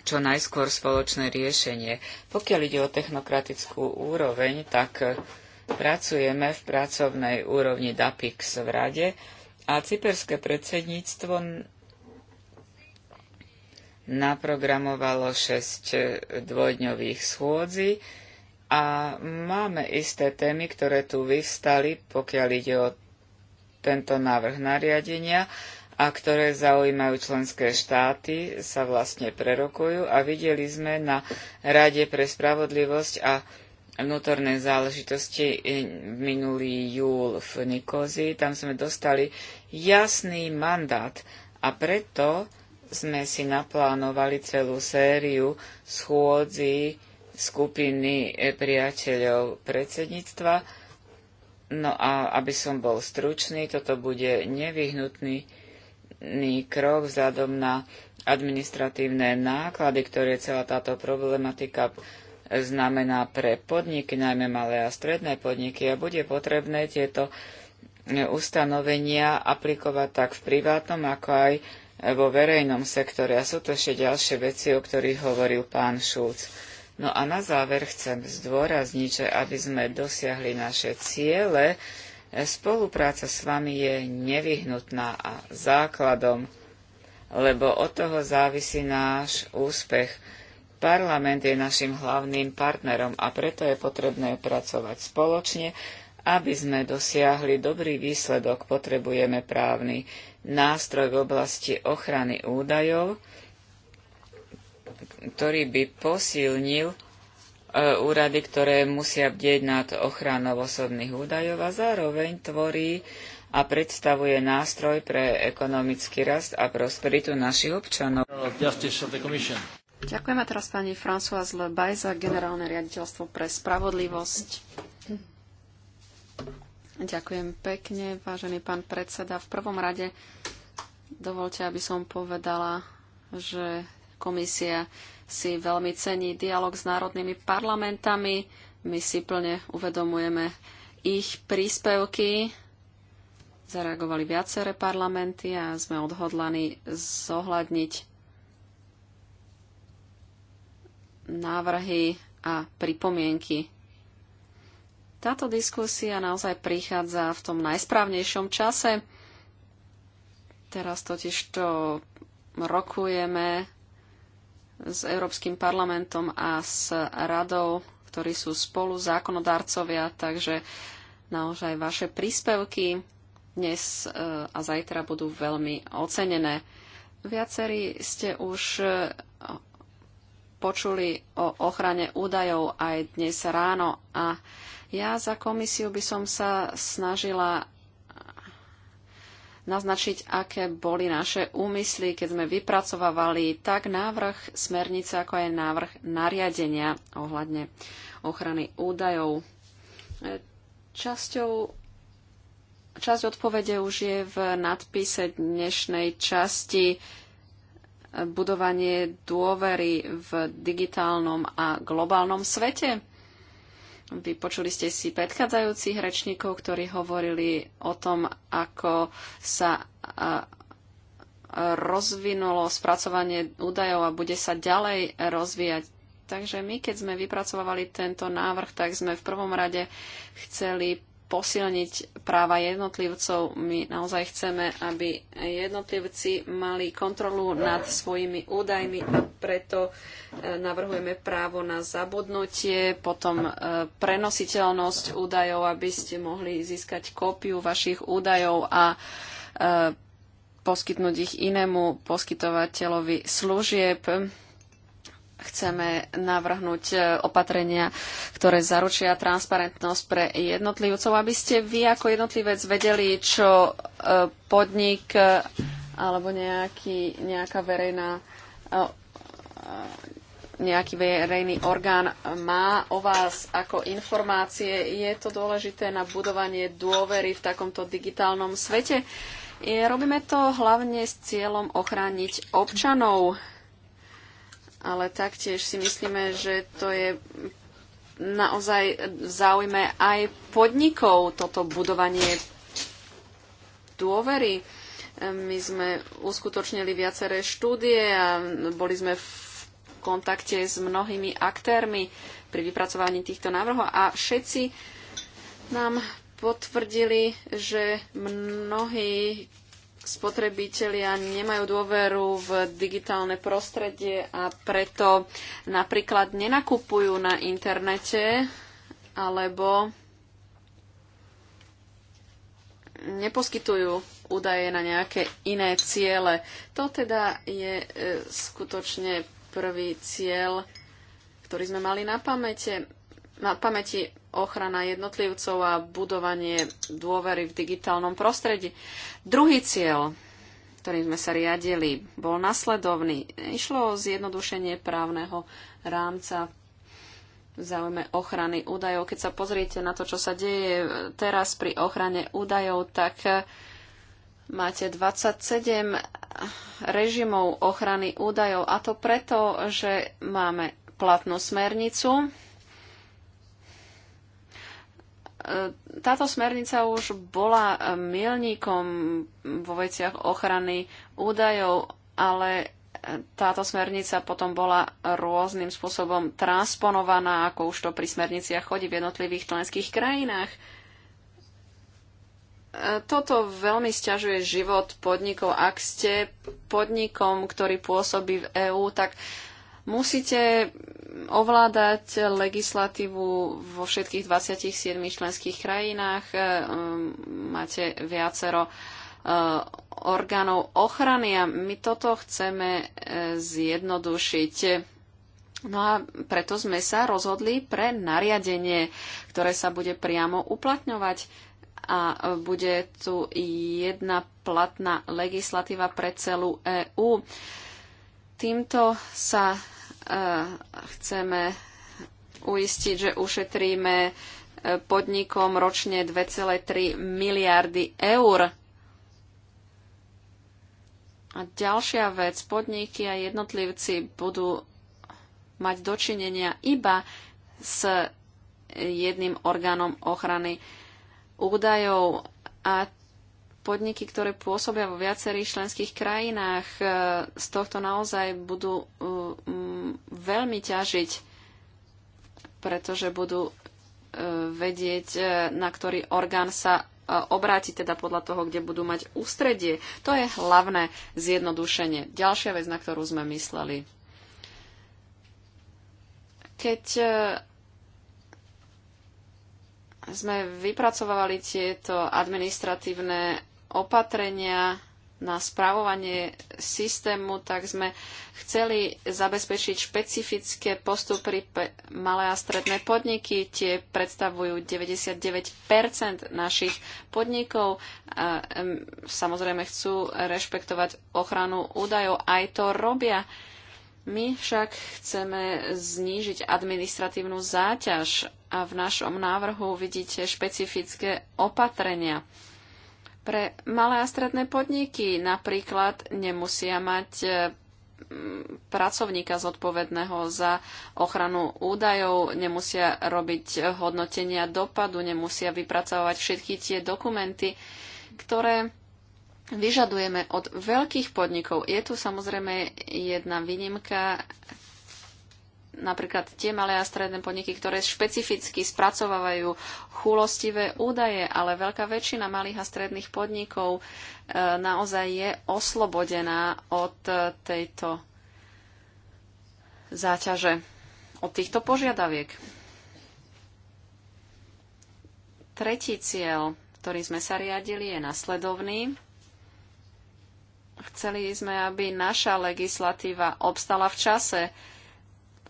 čo najskôr spoločné riešenie. Pokiaľ ide o technokratickú úroveň, tak pracujeme v pracovnej úrovni DAPIX v Rade a cyperské predsedníctvo naprogramovalo 6 dvojdňových schôdzi, a máme isté témy, ktoré tu vyvstali, pokiaľ ide o tento návrh nariadenia a ktoré zaujímajú členské štáty, sa vlastne prerokujú a videli sme na Rade pre spravodlivosť a vnútorné záležitosti minulý júl v Nikozii. Tam sme dostali jasný mandát a preto sme si naplánovali celú sériu schôdzí skupiny eh, priateľov predsedníctva. No a aby som bol stručný, toto bude nevyhnutný krok vzhľadom na administratívne náklady, ktoré celá táto problematika znamená pre podniky, najmä malé a stredné podniky. A bude potrebné tieto eh, ustanovenia aplikovať tak v privátnom, ako aj vo verejnom sektore. A sú to ešte ďalšie veci, o ktorých hovoril pán Šulc. No a na záver chcem zdôrazniť, že aby sme dosiahli naše ciele, e, spolupráca s vami je nevyhnutná a základom, lebo od toho závisí náš úspech. Parlament je našim hlavným partnerom a preto je potrebné pracovať spoločne, aby sme dosiahli dobrý výsledok, potrebujeme právny nástroj v oblasti ochrany údajov, ktorý by posilnil e, úrady, ktoré musia bdieť nad ochranou osobných údajov a zároveň tvorí a predstavuje nástroj pre ekonomický rast a prosperitu našich občanov. Ďakujeme teraz pani Françoise Lebaj za generálne riaditeľstvo pre spravodlivosť. Ďakujem pekne, vážený pán predseda. V prvom rade dovolte, aby som povedala, že Komisia si veľmi cení dialog s národnými parlamentami. My si plne uvedomujeme ich príspevky. Zareagovali viaceré parlamenty a sme odhodlani zohľadniť návrhy a pripomienky. Táto diskusia naozaj prichádza v tom najsprávnejšom čase. Teraz totiž to rokujeme s Európskym parlamentom a s radou, ktorí sú spolu zákonodarcovia, takže naozaj vaše príspevky dnes e, a zajtra budú veľmi ocenené. Viacerí ste už e, počuli o ochrane údajov aj dnes ráno a ja za komisiu by som sa snažila naznačiť, aké boli naše úmysly, keď sme vypracovávali tak návrh smernice, ako aj návrh nariadenia ohľadne ochrany údajov. E, časťou, časť odpovede už je v nadpise dnešnej časti e, budovanie dôvery v digitálnom a globálnom svete. Vypočuli ste si predchádzajúcich rečníkov, ktorí hovorili o tom, ako sa rozvinulo spracovanie údajov a bude sa ďalej rozvíjať. Takže my, keď sme vypracovali tento návrh, tak sme v prvom rade chceli posilniť práva jednotlivcov. My naozaj chceme, aby jednotlivci mali kontrolu nad svojimi údajmi a preto e, navrhujeme právo na zabudnutie, potom e, prenositeľnosť údajov, aby ste mohli získať kópiu vašich údajov a e, poskytnúť ich inému poskytovateľovi služieb chceme navrhnúť e, opatrenia, ktoré zaručia transparentnosť pre jednotlivcov, aby ste vy ako jednotlivec vedeli, čo e, podnik e, alebo nejaký, nejaká verejná nejaký verejný orgán má o vás ako informácie. Je to dôležité na budovanie dôvery v takomto digitálnom svete. Robíme to hlavne s cieľom ochrániť občanov ale taktiež si myslíme, že to je naozaj v záujme aj podnikov toto budovanie dôvery. My sme uskutočnili viaceré štúdie a boli sme v kontakte s mnohými aktérmi pri vypracovaní týchto návrhov a všetci nám potvrdili, že mnohí spotrebitelia nemajú dôveru v digitálne prostredie a preto napríklad nenakupujú na internete alebo neposkytujú údaje na nejaké iné ciele. To teda je e, skutočne prvý cieľ, ktorý sme mali na pamäte. Na pamäti ochrana jednotlivcov a budovanie dôvery v digitálnom prostredí. Druhý cieľ, ktorým sme sa riadili, bol nasledovný. Išlo o zjednodušenie právneho rámca v záujme ochrany údajov. Keď sa pozriete na to, čo sa deje teraz pri ochrane údajov, tak máte 27 režimov ochrany údajov a to preto, že máme platnú smernicu, E, táto smernica už bola e, milníkom vo veciach ochrany údajov, ale e, táto smernica potom bola rôznym spôsobom transponovaná, ako už to pri smerniciach chodí v jednotlivých členských krajinách. Toto veľmi stiažuje život podnikov. Ak ste podnikom, ktorý pôsobí v EÚ, tak uh, Musíte ovládať legislatívu vo všetkých 27 členských krajinách. Eh, máte viacero eh, orgánov ochrany a my toto chceme eh, zjednodušiť. No a preto sme sa rozhodli pre nariadenie, ktoré sa bude priamo uplatňovať a bude tu jedna platná legislatíva pre celú EÚ. Týmto sa Chceme uistiť, že ušetríme e, podnikom ročne 2,3 miliardy eur. A ďalšia vec, podniky a jednotlivci budú mať dočinenia iba s jedným orgánom ochrany údajov a podniky, ktoré pôsobia vo viacerých členských krajinách, e, z tohto naozaj budú veľmi ťažiť, pretože budú e, vedieť, e, na ktorý orgán sa e, obráti, teda podľa toho, kde budú mať ústredie. To je hlavné zjednodušenie. Ďalšia vec, na ktorú sme mysleli. Keď sme vypracovali tieto administratívne opatrenia, na správovanie systému, tak sme chceli zabezpečiť špecifické postupy pre malé a stredné podniky. Tie predstavujú 99 našich podnikov. Samozrejme chcú rešpektovať ochranu údajov, aj to robia. My však chceme znížiť administratívnu záťaž a v našom návrhu vidíte špecifické opatrenia. Pre malé a stredné podniky napríklad nemusia mať e, pracovníka zodpovedného za ochranu údajov, nemusia robiť hodnotenia dopadu, nemusia vypracovať všetky tie dokumenty, ktoré vyžadujeme od veľkých podnikov. Je tu samozrejme jedna výnimka, napríklad tie malé a stredné podniky, ktoré špecificky spracovávajú chulostivé údaje, ale veľká väčšina malých a stredných podnikov e, naozaj je oslobodená od e, tejto záťaže, od týchto požiadaviek. Tretí cieľ, ktorý sme sa riadili, je nasledovný chceli sme, aby naša legislatíva obstala v čase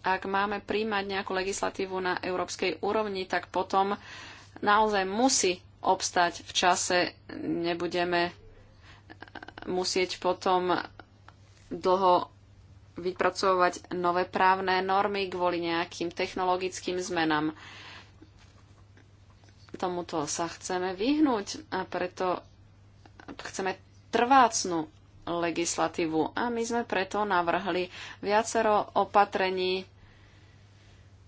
ak máme príjmať nejakú legislatívu na európskej úrovni, tak potom naozaj musí obstať v čase. Nebudeme musieť potom dlho vypracovať nové právne normy kvôli nejakým technologickým zmenám. Tomuto sa chceme vyhnúť a preto chceme trvácnu legislatívu. A my sme preto navrhli viacero opatrení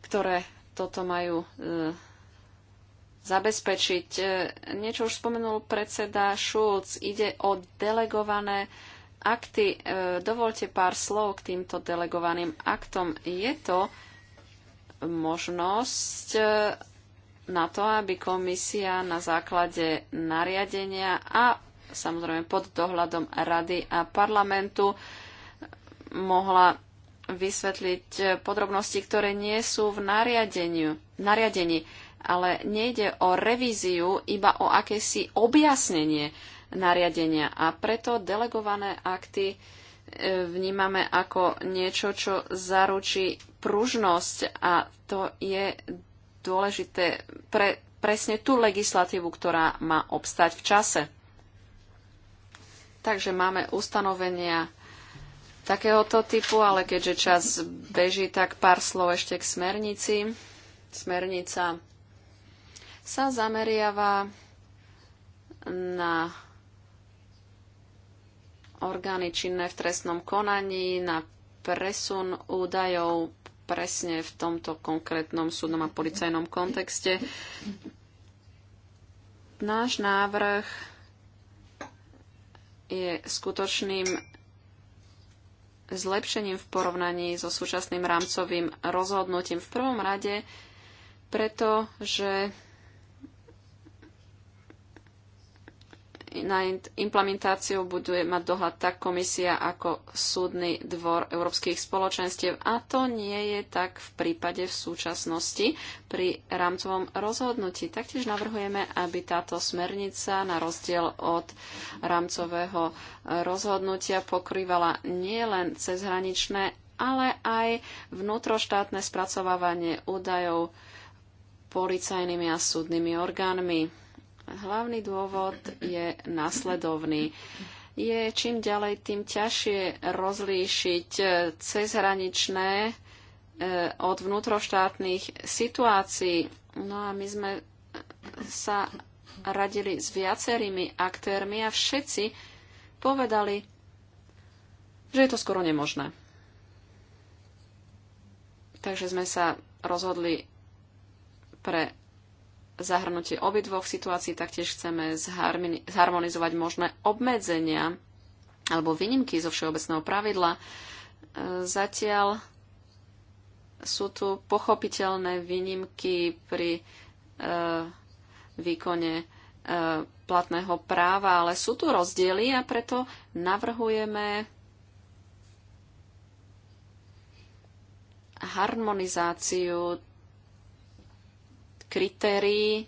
ktoré toto majú e, zabezpečiť. E, niečo už spomenul predseda Šulc. Ide o delegované akty. E, dovolte pár slov k týmto delegovaným aktom. Je to možnosť na to, aby komisia na základe nariadenia a samozrejme pod dohľadom rady a parlamentu mohla vysvetliť eh, podrobnosti, ktoré nie sú v nariadení. Ale nejde o revíziu, iba o akési objasnenie nariadenia. A preto delegované akty eh, vnímame ako niečo, čo zaručí pružnosť a to je dôležité pre presne tú legislatívu, ktorá má obstať v čase. Takže máme ustanovenia takéhoto typu, ale keďže čas beží, tak pár slov ešte k smernici. Smernica sa zameriava na orgány činné v trestnom konaní, na presun údajov presne v tomto konkrétnom súdnom a policajnom kontexte. Náš návrh je skutočným zlepšením v porovnaní so súčasným rámcovým rozhodnutím. V prvom rade preto, že na implementáciu bude mať dohľad tak komisia ako súdny dvor európskych spoločenstiev. A to nie je tak v prípade v súčasnosti pri rámcovom rozhodnutí. Taktiež navrhujeme, aby táto smernica na rozdiel od rámcového rozhodnutia pokrývala nielen cezhraničné, ale aj vnútroštátne spracovávanie údajov policajnými a súdnymi orgánmi Hlavný dôvod je nasledovný. Je čím ďalej tým ťažšie rozlíšiť e, cezhraničné e, od vnútroštátnych situácií. No a my sme sa radili s viacerými aktérmi a všetci povedali, že je to skoro nemožné. Takže sme sa rozhodli pre zahrnutie obidvoch situácií taktiež chceme zharmonizovať možné obmedzenia alebo výnimky zo všeobecného pravidla. E, zatiaľ sú tu pochopiteľné výnimky pri e, výkone e, platného práva, ale sú tu rozdiely a preto navrhujeme harmonizáciu kritérií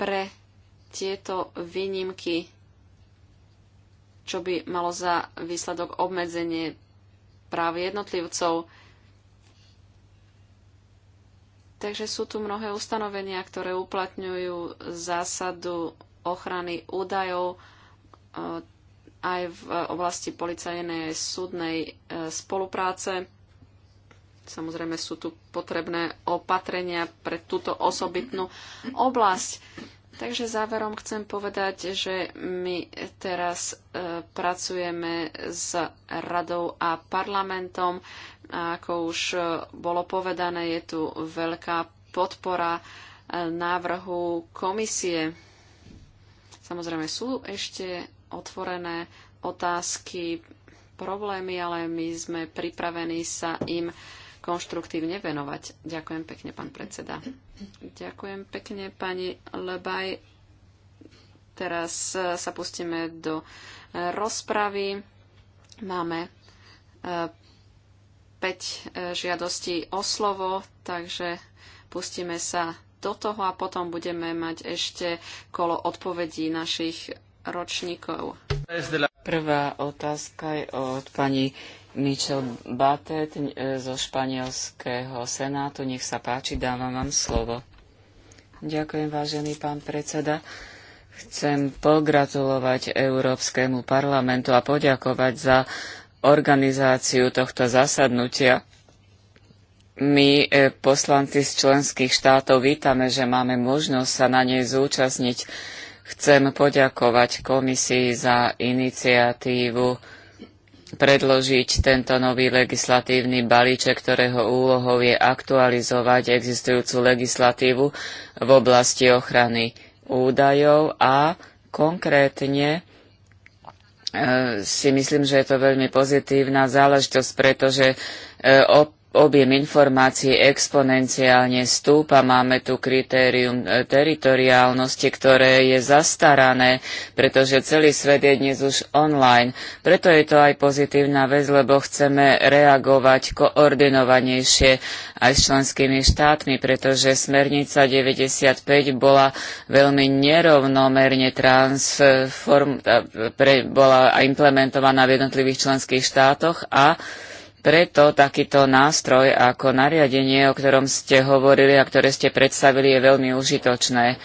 pre tieto výnimky, čo by malo za výsledok obmedzenie práv jednotlivcov. Takže sú tu mnohé ustanovenia, ktoré uplatňujú zásadu ochrany údajov e, aj v oblasti policajnej súdnej e, spolupráce. Samozrejme sú tu potrebné opatrenia pre túto osobitnú oblasť. Takže záverom chcem povedať, že my teraz e, pracujeme s radou a parlamentom. A ako už e, bolo povedané, je tu veľká podpora e, návrhu komisie. Samozrejme sú ešte otvorené otázky, problémy, ale my sme pripravení sa im konštruktívne venovať. Ďakujem pekne, pán predseda. Ďakujem pekne, pani Lebaj. Teraz e, sa pustíme do e, rozpravy. Máme 5 e, žiadostí o slovo, takže pustíme sa do toho a potom budeme mať ešte kolo odpovedí našich ročníkov. Prvá otázka je od pani Michel Batet e, zo španielského senátu. Nech sa páči, dávam vám slovo. Ďakujem, vážený pán predseda. Chcem pogratulovať Európskemu parlamentu a poďakovať za organizáciu tohto zasadnutia. My, e, poslanci z členských štátov, vítame, že máme možnosť sa na nej zúčastniť. Chcem poďakovať komisii za iniciatívu predložiť tento nový legislatívny balíček, ktorého úlohou je aktualizovať existujúcu legislatívu v oblasti ochrany údajov a konkrétne e, si myslím, že je to veľmi pozitívna záležitosť, pretože e, objem informácií exponenciálne stúpa. Máme tu kritérium e, teritoriálnosti, ktoré je zastarané, pretože celý svet je dnes už online. Preto je to aj pozitívna vec, lebo chceme reagovať koordinovanejšie aj s členskými štátmi, pretože smernica 95 bola veľmi nerovnomerne transform, e, pre, bola implementovaná v jednotlivých členských štátoch a preto takýto nástroj ako nariadenie, o ktorom ste hovorili a ktoré ste predstavili, je veľmi užitočné. E,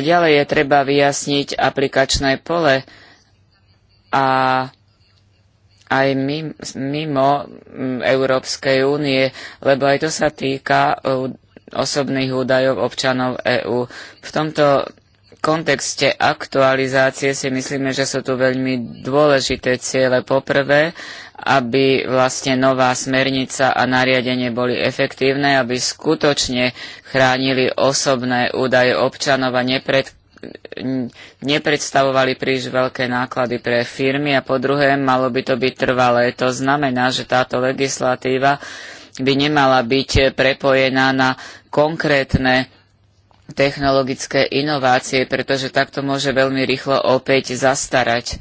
ďalej je treba vyjasniť aplikačné pole a aj mimo, Európskej únie, lebo aj to sa týka e, osobných údajov občanov EÚ. V tomto kontexte aktualizácie si myslíme, že sú tu veľmi dôležité ciele. Poprvé, aby vlastne nová smernica a nariadenie boli efektívne, aby skutočne chránili osobné údaje občanov a nepred, nepredstavovali príliš veľké náklady pre firmy a po druhé malo by to byť trvalé. To znamená, že táto legislatíva by nemala byť prepojená na konkrétne technologické inovácie, pretože takto môže veľmi rýchlo opäť zastarať.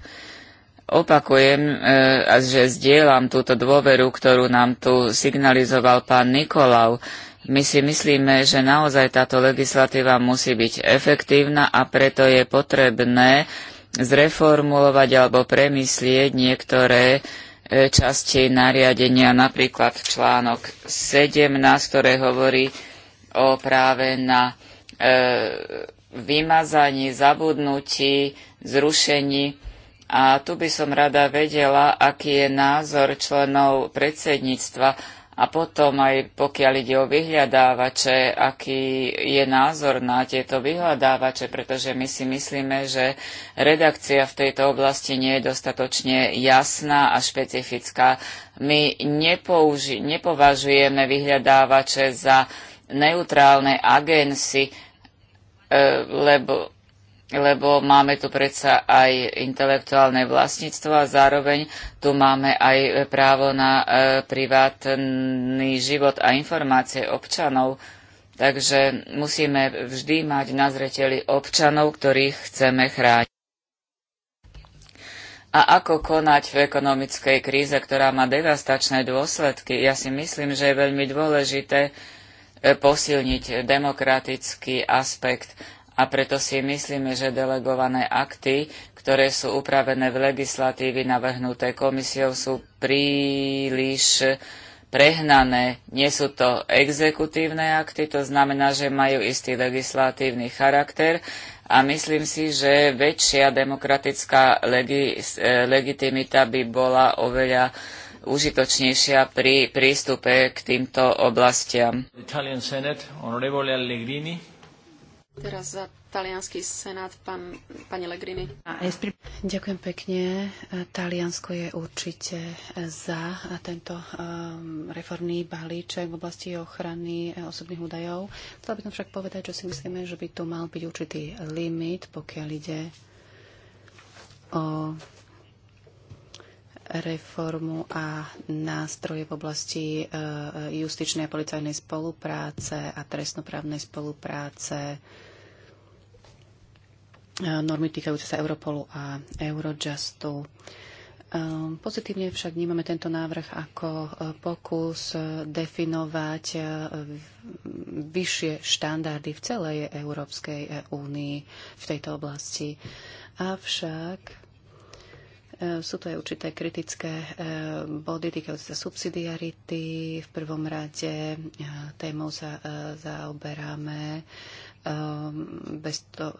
Opakujem, e, že zdieľam túto dôveru, ktorú nám tu signalizoval pán Nikolau. My si myslíme, že naozaj táto legislatíva musí byť efektívna a preto je potrebné zreformulovať alebo premyslieť niektoré e, časti nariadenia, napríklad článok 17, ktoré hovorí o práve na e, vymazaní, zabudnutí, zrušení a tu by som rada vedela, aký je názor členov predsedníctva a potom aj pokiaľ ide o vyhľadávače, aký je názor na tieto vyhľadávače, pretože my si myslíme, že redakcia v tejto oblasti nie je dostatočne jasná a špecifická. My nepovažujeme vyhľadávače za neutrálne agensy, e, lebo lebo máme tu predsa aj intelektuálne vlastníctvo a zároveň tu máme aj právo na e, privátny život a informácie občanov. Takže musíme vždy mať na zreteli občanov, ktorých chceme chrániť. A ako konať v ekonomickej kríze, ktorá má devastačné dôsledky? Ja si myslím, že je veľmi dôležité e, posilniť demokratický aspekt a preto si myslíme, že delegované akty, ktoré sú upravené v legislatíve navrhnuté komisiou, sú príliš prehnané. Nie sú to exekutívne akty, to znamená, že majú istý legislatívny charakter a myslím si, že väčšia demokratická legi e, legitimita by bola oveľa užitočnejšia pri prístupe k týmto oblastiam. Italian Senate, Teraz za talianský senát, pán, pani Legrini. Ďakujem pekne. Taliansko je určite za tento um, reformný balíček v oblasti ochrany osobných údajov. Chcela by som však povedať, že si myslíme, že by tu mal byť určitý limit, pokiaľ ide o reformu a nástroje v oblasti eh, justičnej a policajnej spolupráce a trestnoprávnej spolupráce, eh, normy týkajúce sa Europolu a Eurojustu. Eh, pozitívne však vnímame tento návrh ako pokus definovať vyššie štandardy v celej Európskej únii v tejto oblasti. Avšak E, sú to aj určité kritické e, body týkajúce sa subsidiarity. V prvom rade e, témou sa zaoberáme bez, to,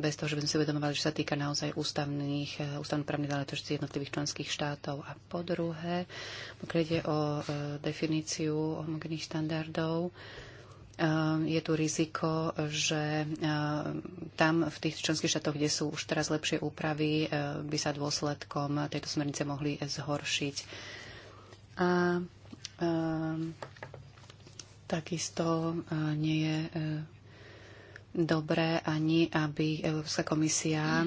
bez toho, že by sme si uvedomovali, že sa týka naozaj ústavných, ústavnoprávnych záležitostí jednotlivých členských štátov. A po druhé, pokiaľ ide o definíciu homogénnych štandardov, Ehm, je tu riziko, že ehm, tam v tých členských štátoch, kde sú už teraz lepšie úpravy, ehm, by sa dôsledkom tejto smernice mohli zhoršiť. A takisto e, nie je e, dobré ani, aby Európska komisia e,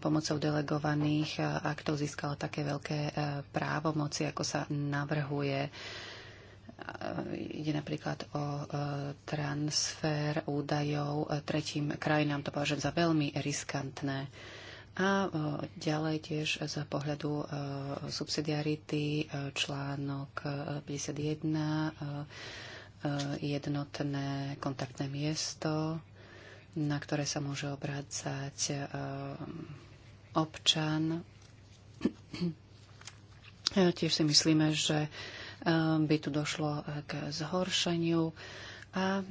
pomocou delegovaných aktov získala také veľké právomoci, ako sa navrhuje Ide napríklad o e, transfer údajov e, tretím krajinám. To považujem za veľmi riskantné. A e, ďalej tiež z pohľadu subsidiarity článok 51 jednotné kontaktné miesto, na ktoré sa môže obrácať občan. Tiež si myslíme, že Ehm, by tu došlo eh, k zhoršeniu a eh,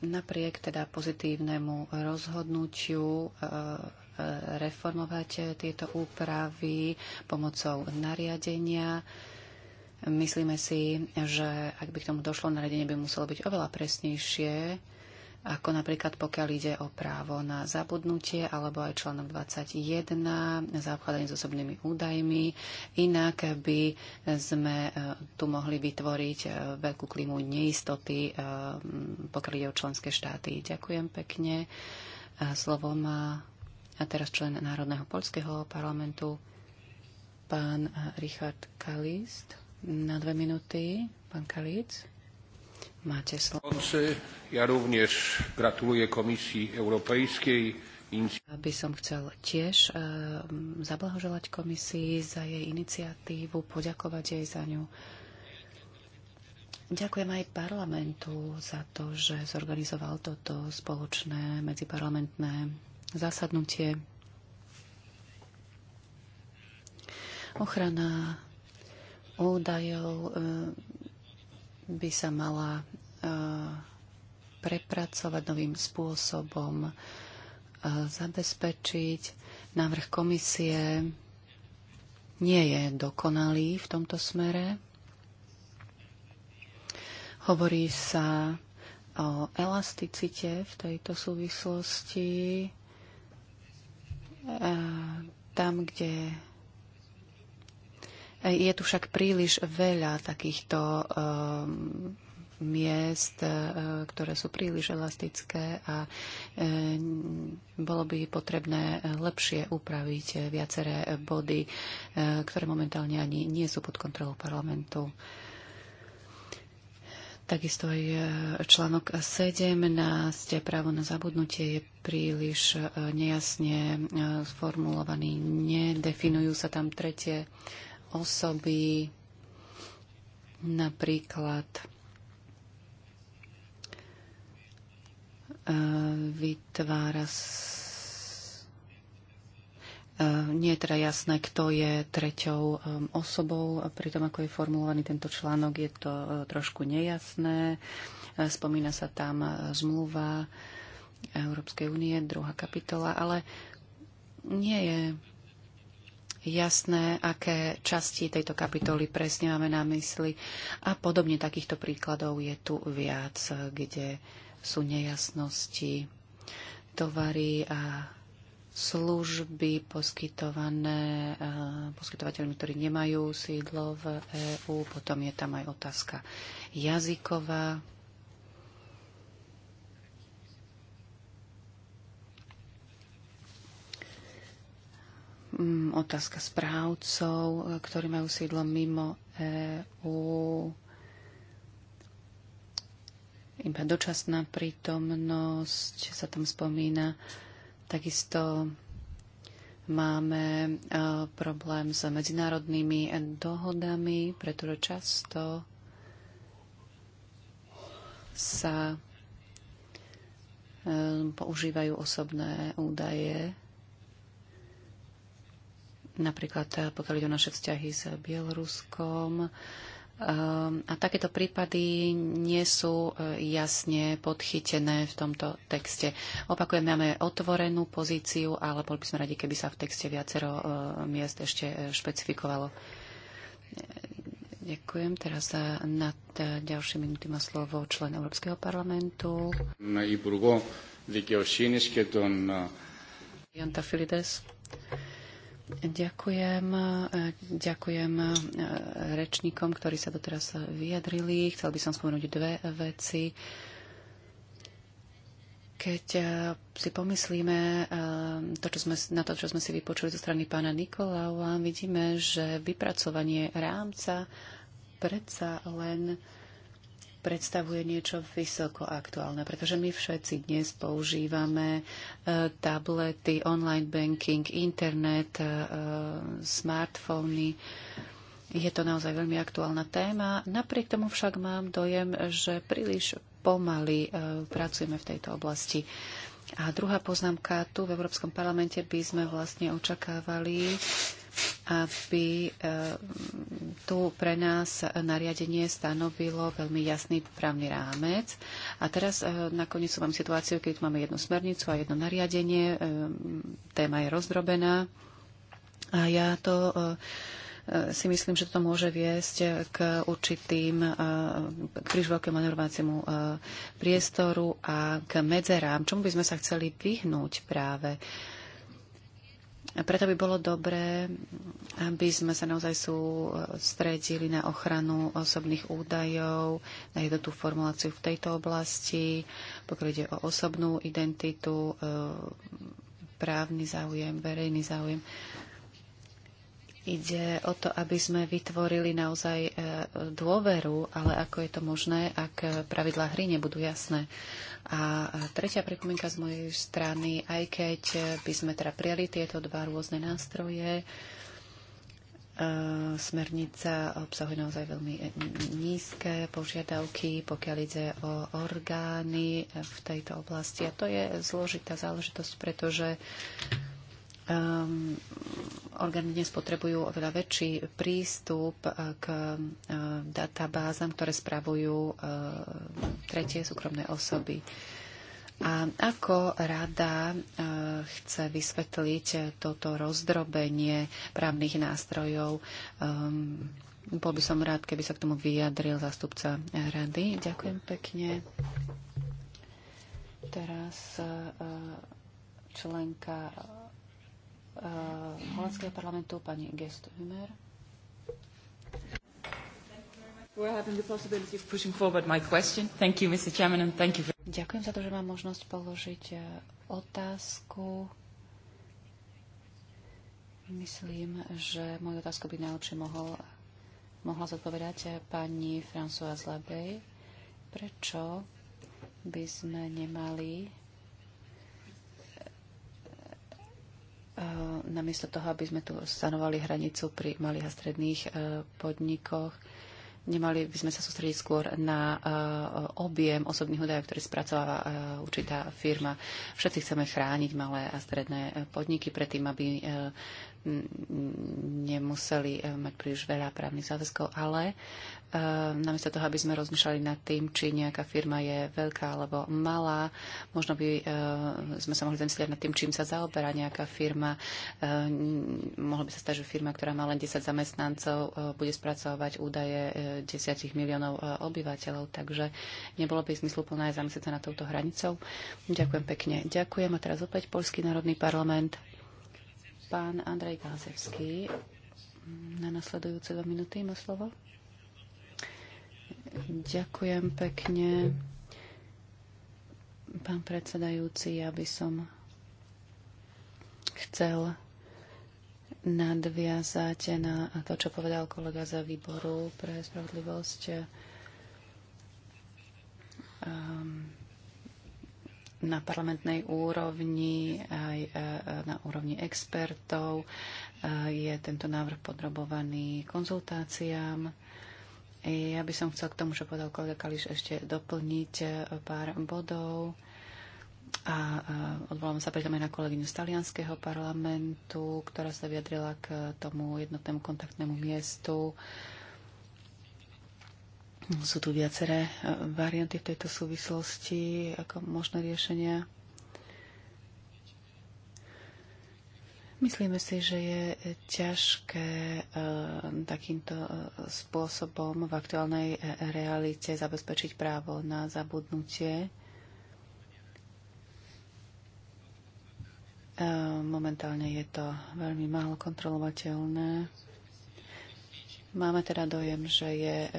napriek teda pozitívnemu rozhodnutiu eh, reformovať tieto úpravy pomocou nariadenia. Myslíme si, že ak by k tomu došlo, nariadenie by muselo byť oveľa presnejšie ako napríklad pokiaľ ide o právo na zabudnutie alebo aj článok 21 zaobchádzanie s osobnými údajmi. Inak by sme e, tu mohli vytvoriť e, veľkú klímu neistoty, e, pokiaľ ide o členské štáty. Ďakujem pekne. Slovo má a teraz člen Národného poľského parlamentu pán Richard Kalist. Na dve minúty, pán Kalist. Máte slovo. Ja rovnež gratulujem Komisii Európejskej Aby som chcel tiež eh, zablahoželať komisii za jej iniciatívu, poďakovať jej za ňu. Ďakujem aj parlamentu za to, že zorganizoval toto spoločné medziparlamentné zasadnutie. Ochrana údajov eh, by sa mala e, prepracovať novým spôsobom, e, zabezpečiť. Návrh komisie nie je dokonalý v tomto smere. Hovorí sa o elasticite v tejto súvislosti. E, tam, kde je tu však príliš veľa takýchto ehm, miest, e, ktoré sú príliš elastické a e, bolo by potrebné lepšie upraviť viaceré body, e, ktoré momentálne ani nie sú pod kontrolou parlamentu. Takisto aj článok 17, právo na zabudnutie je príliš nejasne sformulovaný. Nedefinujú sa tam tretie osoby, napríklad e, vytvára e, nie je teda jasné, kto je treťou e, osobou. Pri tom, ako je formulovaný tento článok, je to trošku nejasné. Spomína sa tam zmluva Európskej únie, druhá kapitola, ale nie je jasné, aké časti tejto kapitoly presne máme na mysli. A podobne takýchto príkladov je tu viac, kde sú nejasnosti, tovary a služby poskytované poskytovateľmi, ktorí nemajú sídlo v EÚ. Potom je tam aj otázka jazyková. Mm, otázka správcov, e, ktorí majú sídlo mimo EÚ, iba dočasná prítomnosť sa tam spomína. Takisto máme e, problém s medzinárodnými dohodami, pretože často sa e, používajú osobné údaje napríklad eh, pokiaľ ide o naše vzťahy s Bieloruskom. Eh, a takéto prípady nie sú eh, jasne podchytené v tomto texte. Opakujem, máme otvorenú pozíciu, ale boli by sme radi, keby sa v texte viacero miest ešte špecifikovalo. Ďakujem. Teraz na ďalšie minúty má slovo člen Európskeho parlamentu. Janta Filides. Ďakujem. Eh, ďakujem eh, rečníkom, ktorí sa doteraz vyjadrili. Chcel by som spomenúť dve veci. Keď eh, si pomyslíme to, čo sme, na to, čo sme si vypočuli zo strany pána Nikolaua, vidíme, že vypracovanie rámca predsa len uh, predstavuje niečo vysoko aktuálne, pretože my všetci dnes používame e, tablety, online banking, internet, e, smartfóny. Je to naozaj veľmi aktuálna téma. Napriek tomu však mám dojem, že príliš pomaly e, pracujeme v tejto oblasti. A druhá poznámka, tu v Európskom parlamente by sme vlastne očakávali, aby eh, tu pre nás nariadenie stanovilo veľmi jasný právny rámec. A teraz eh, nakoniec mám situáciu, keď máme jednu smernicu a jedno nariadenie, eh, téma je rozdrobená a ja to si myslím, že to môže viesť k určitým k príliš veľkému manevrovaciemu priestoru a k medzerám, čomu by sme sa chceli vyhnúť práve preto by bolo dobré, aby sme sa naozaj sústredili na ochranu osobných údajov, na jednotú formuláciu v tejto oblasti, pokiaľ ide o osobnú identitu, e, právny záujem, verejný záujem. Ide o to, aby sme vytvorili naozaj e, dôveru, ale ako je to možné, ak e, pravidlá hry nebudú jasné. A e, tretia pripomienka z mojej strany, aj keď by sme teda prijali tieto dva rôzne nástroje, smernica obsahuje naozaj veľmi nízke požiadavky, pokiaľ ide o orgány v tejto oblasti. A to je zložitá záležitosť, pretože um, orgány dnes potrebujú oveľa väčší prístup k ehm, databázam, ktoré spravujú ehm, tretie súkromné osoby. A ako rada chce vysvetliť toto rozdrobenie právnych nástrojov? Bol by som rád, keby sa k tomu vyjadril zástupca rady. Ďakujem pekne. Teraz členka Eh, holandského parlamentu, pani Gest Humer. Ďakujem za to, že mám možnosť položiť eh, otázku. Myslím, že moju otázku by najlepšie mohol, mohla zodpovedať eh, pani Françoise Labej. Prečo by sme nemali Eh, namiesto toho, aby sme tu stanovali hranicu pri malých a stredných eh, podnikoch, nemali by sme sa sústrediť skôr na eh, objem osobných údajov, ktorý spracováva určitá firma. Všetci chceme chrániť malé a stredné podniky pred tým, aby nemuseli eh, mať príliš veľa právnych záväzkov, ale eh, namiesto toho, aby sme rozmýšľali nad tým, či nejaká firma je veľká alebo malá, možno by eh, sme sa mohli zamyslieť nad tým, čím sa zaoberá nejaká firma. Mohlo by sa stať, že firma, ktorá má len 10 zamestnancov, bude spracovať údaje 10 miliónov obyvateľov, takže nebolo by zmysluplné zamyslieť sa nad touto hranicou. Ďakujem pekne. Ďakujem a teraz opäť Polský národný parlament. Pán Andrej Gázevský na nasledujúce dva minúty má slovo. Ďakujem pekne. Pán predsedajúci, ja by som chcel nadviazať na to, čo povedal kolega za výboru pre spravodlivosť. Um, na parlamentnej úrovni, aj e, na úrovni expertov. E, je tento návrh podrobovaný konzultáciám. E, ja by som chcel k tomu, čo povedal kolega Kališ, ešte doplniť pár bodov. A odvolám sa pritom aj na kolegyňu z talianského parlamentu, ktorá sa vyjadrila k tomu jednotnému kontaktnému miestu sú tu viaceré e, varianty v tejto súvislosti, ako možné riešenia. Myslíme si, že je ťažké e, takýmto e, spôsobom v aktuálnej realite zabezpečiť právo na zabudnutie. momentálne je to veľmi málo kontrolovateľné. Máme teda dojem, že je e,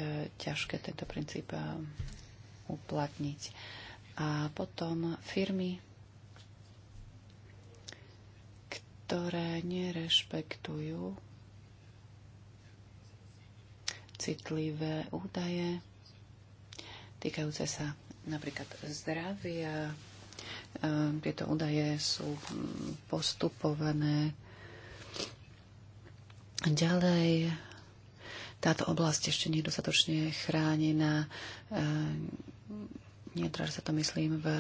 ťažké tento princíp e, uplatniť. A potom firmy, ktoré nerešpektujú citlivé údaje týkajúce sa napríklad zdravia. E, tieto údaje sú mm, postupované ďalej táto oblasť ešte nedostatočne chránená. E, Nie, teda, sa to myslím v e,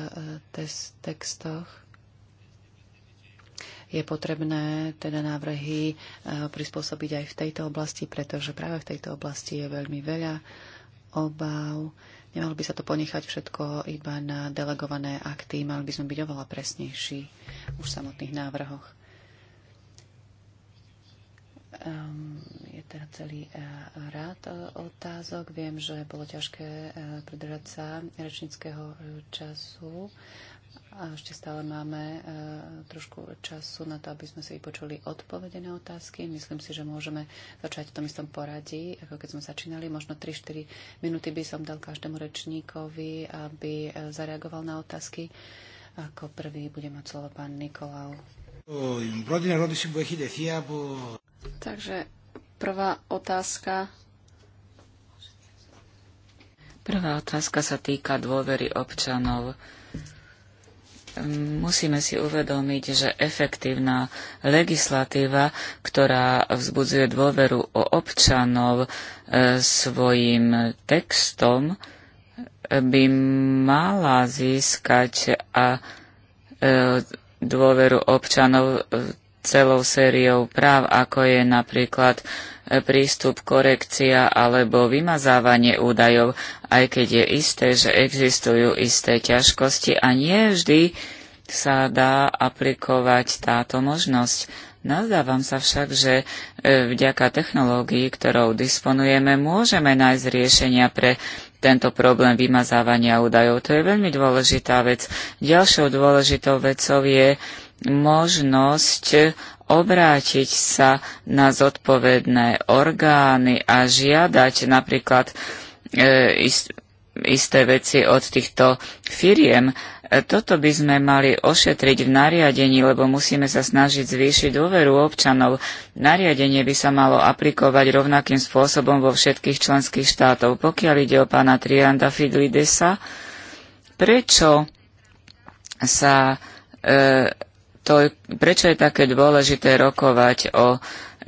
textoch. Je potrebné teda návrhy e, prispôsobiť aj v tejto oblasti, pretože práve v tejto oblasti je veľmi veľa obav. Nemalo by sa to ponechať všetko iba na delegované akty, mali by sme byť oveľa presnejší už v samotných návrhoch. Ehm, je teda celý e, rád e, otázok. Viem, že bolo ťažké e, pridržať sa rečníckého času. A ešte stále máme trošku času na to, aby sme si vypočuli odpovede na otázky. Myslím si, že môžeme začať v tom istom poradí, ako keď sme začínali. Možno 3-4 minúty by som dal každému rečníkovi, aby zareagoval na otázky. Ako prvý bude mať slovo pán Nikolau. Η Takže prvá otázka. Prvá otázka sa týka dôvery občanov. Musíme si uvedomiť, že efektívna legislatíva, ktorá vzbudzuje dôveru o občanov e, svojim textom, by mala získať a e, dôveru občanov celou sériou práv, ako je napríklad e, prístup, korekcia alebo vymazávanie údajov, aj keď je isté, že existujú isté ťažkosti a nie vždy sa dá aplikovať táto možnosť. Nazdávam sa však, že e, vďaka technológii, ktorou disponujeme, môžeme nájsť riešenia pre tento problém vymazávania údajov. To je veľmi dôležitá vec. Ďalšou dôležitou vecou je možnosť obrátiť sa na zodpovedné orgány a žiadať napríklad e, ist, isté veci od týchto firiem. E, toto by sme mali ošetriť v nariadení, lebo musíme sa snažiť zvýšiť dôveru občanov. Nariadenie by sa malo aplikovať rovnakým spôsobom vo všetkých členských štátov. Pokiaľ ide o pána Trianda Fidlidesa, prečo sa e, to, prečo je také dôležité rokovať o e,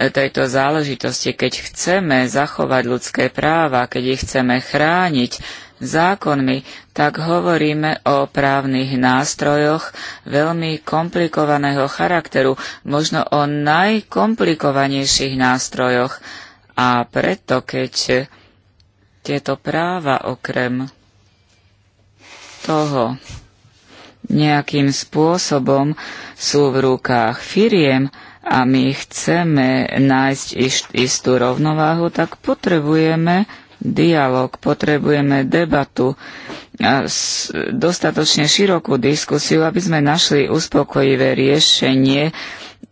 tejto záležitosti, keď chceme zachovať ľudské práva, keď ich chceme chrániť zákonmi, tak hovoríme o právnych nástrojoch veľmi komplikovaného charakteru, možno o najkomplikovanejších nástrojoch. A preto, keď tieto práva okrem toho, nejakým spôsobom sú v rukách firiem a my chceme nájsť istú rovnováhu, tak potrebujeme dialog, potrebujeme debatu, dostatočne širokú diskusiu, aby sme našli uspokojivé riešenie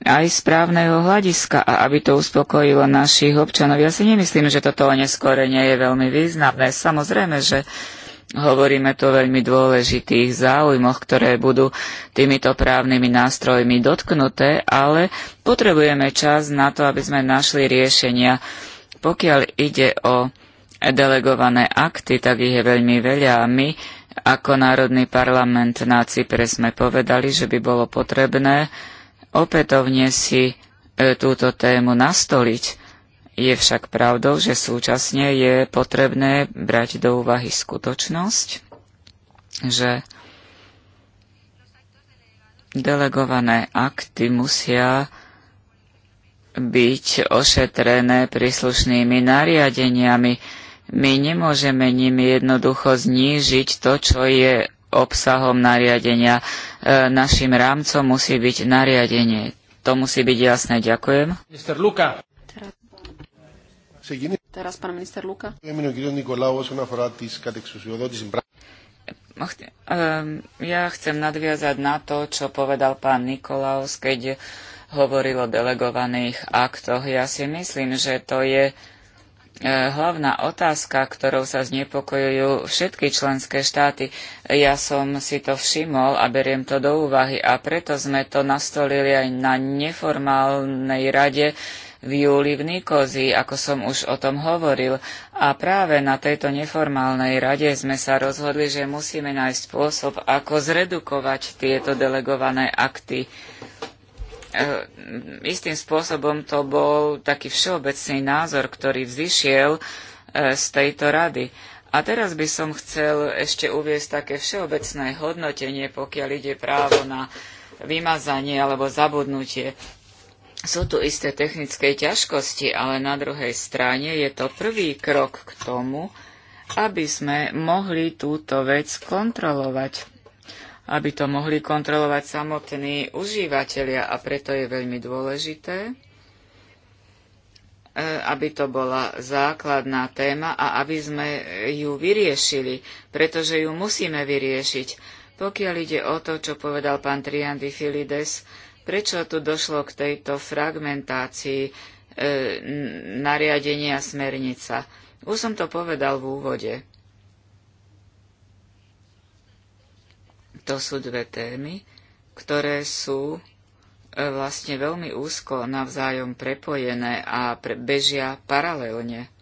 aj správneho hľadiska a aby to uspokojilo našich občanov. Ja si nemyslím, že toto oneskorenie je veľmi významné. Samozrejme, že Hovoríme tu o veľmi dôležitých záujmoch, ktoré budú týmito právnymi nástrojmi dotknuté, ale potrebujeme čas na to, aby sme našli riešenia. Pokiaľ ide o delegované akty, tak ich je veľmi veľa a my ako Národný parlament na Cypre sme povedali, že by bolo potrebné opätovne si e, túto tému nastoliť je však pravdou, že súčasne je potrebné brať do úvahy skutočnosť, že delegované akty musia byť ošetrené príslušnými nariadeniami. My nemôžeme nimi jednoducho znížiť to, čo je obsahom nariadenia. E, našim rámcom musí byť nariadenie. To musí byť jasné. Ďakujem. Mr. Luka. Teraz pán minister Luka. Ja chcem nadviazať na to, čo povedal pán Nikolaus, keď hovoril o delegovaných aktoch. Ja si myslím, že to je e, hlavná otázka, ktorou sa znepokojujú všetky členské štáty. Ja som si to všimol a beriem to do úvahy a preto sme to nastolili aj na neformálnej rade v júli v Nikozi, ako som už o tom hovoril. A práve na tejto neformálnej rade sme sa rozhodli, že musíme nájsť spôsob, ako zredukovať tieto delegované akty. E, istým spôsobom to bol taký všeobecný názor, ktorý vzýšiel e, z tejto rady. A teraz by som chcel ešte uviesť také všeobecné hodnotenie, pokiaľ ide právo na vymazanie alebo zabudnutie. Sú tu isté technické ťažkosti, ale na druhej strane je to prvý krok k tomu, aby sme mohli túto vec kontrolovať. Aby to mohli kontrolovať samotní užívateľia a preto je veľmi dôležité, e, aby to bola základná téma a aby sme ju vyriešili, pretože ju musíme vyriešiť. Pokiaľ ide o to, čo povedal pán Triandy Filides, Prečo tu došlo k tejto fragmentácii e, nariadenia smernica? Už som to povedal v úvode. To sú dve témy, ktoré sú e, vlastne veľmi úzko navzájom prepojené a pre, bežia paralelne.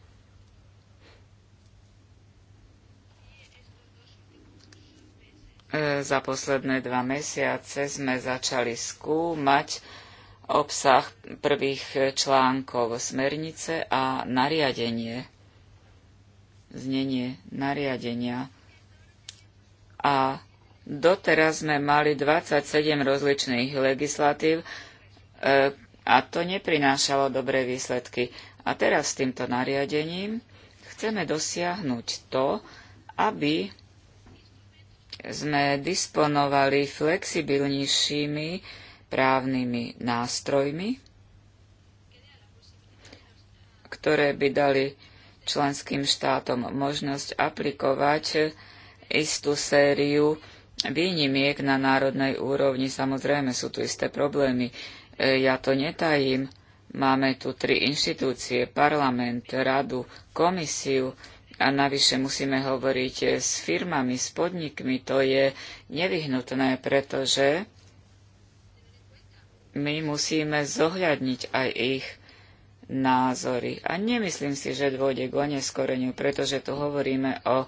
E, za posledné dva mesiace sme začali skúmať obsah prvých článkov smernice a nariadenie, znenie nariadenia. A doteraz sme mali 27 rozličných legislatív e, a to neprinášalo dobré výsledky. A teraz s týmto nariadením chceme dosiahnuť to, aby sme disponovali flexibilnejšími právnymi nástrojmi, ktoré by dali členským štátom možnosť aplikovať istú sériu výnimiek na národnej úrovni. Samozrejme sú tu isté problémy. E, ja to netajím. Máme tu tri inštitúcie, parlament, radu, komisiu a navyše musíme hovoriť eh, s firmami, s podnikmi, to je nevyhnutné, pretože my musíme zohľadniť aj ich názory. A nemyslím si, že dôjde k oneskoreniu, pretože tu hovoríme o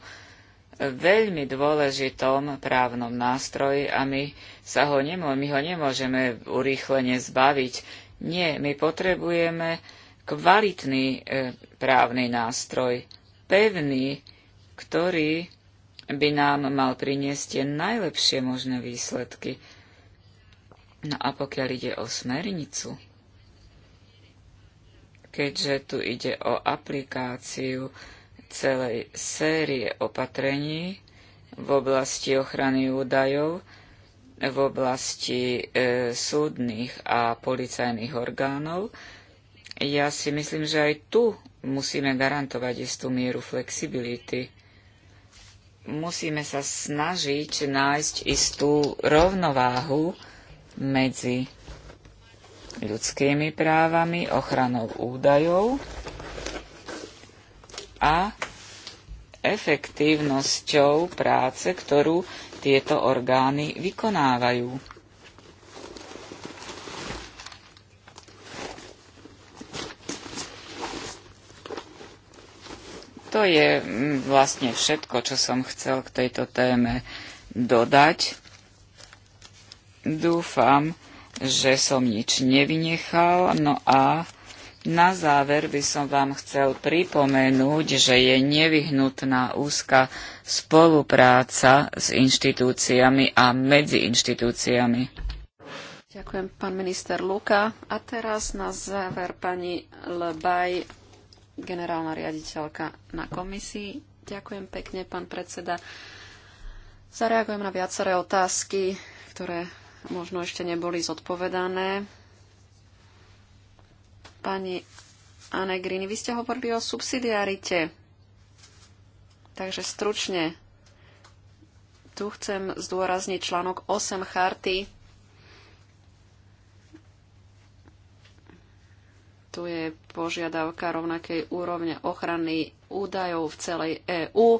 veľmi dôležitom právnom nástroji a my, sa ho, nemô- my ho nemôžeme urýchlene zbaviť. Nie, my potrebujeme kvalitný e, právny nástroj pevný, ktorý by nám mal priniesť tie najlepšie možné výsledky. No a pokiaľ ide o smernicu, keďže tu ide o aplikáciu celej série opatrení v oblasti ochrany údajov, v oblasti e, súdnych a policajných orgánov, ja si myslím, že aj tu musíme garantovať istú mieru flexibility. Musíme sa snažiť nájsť istú rovnováhu medzi ľudskými právami, ochranou údajov a efektívnosťou práce, ktorú tieto orgány vykonávajú. To je mm, vlastne všetko, čo som chcel k tejto téme dodať. Dúfam, že som nič nevynechal. No a na záver by som vám chcel pripomenúť, že je nevyhnutná úzka spolupráca s inštitúciami a medzi inštitúciami. Ďakujem, pán minister Luka. A teraz na záver pani Lebaj generálna riaditeľka na komisii. Ďakujem pekne, pán predseda. Zareagujem na viaceré otázky, ktoré možno ešte neboli zodpovedané. Pani Anegrini, vy ste hovorili o subsidiarite. Takže stručne, tu chcem zdôrazniť článok 8 charty Tu je požiadavka rovnakej úrovne ochrany údajov v celej EÚ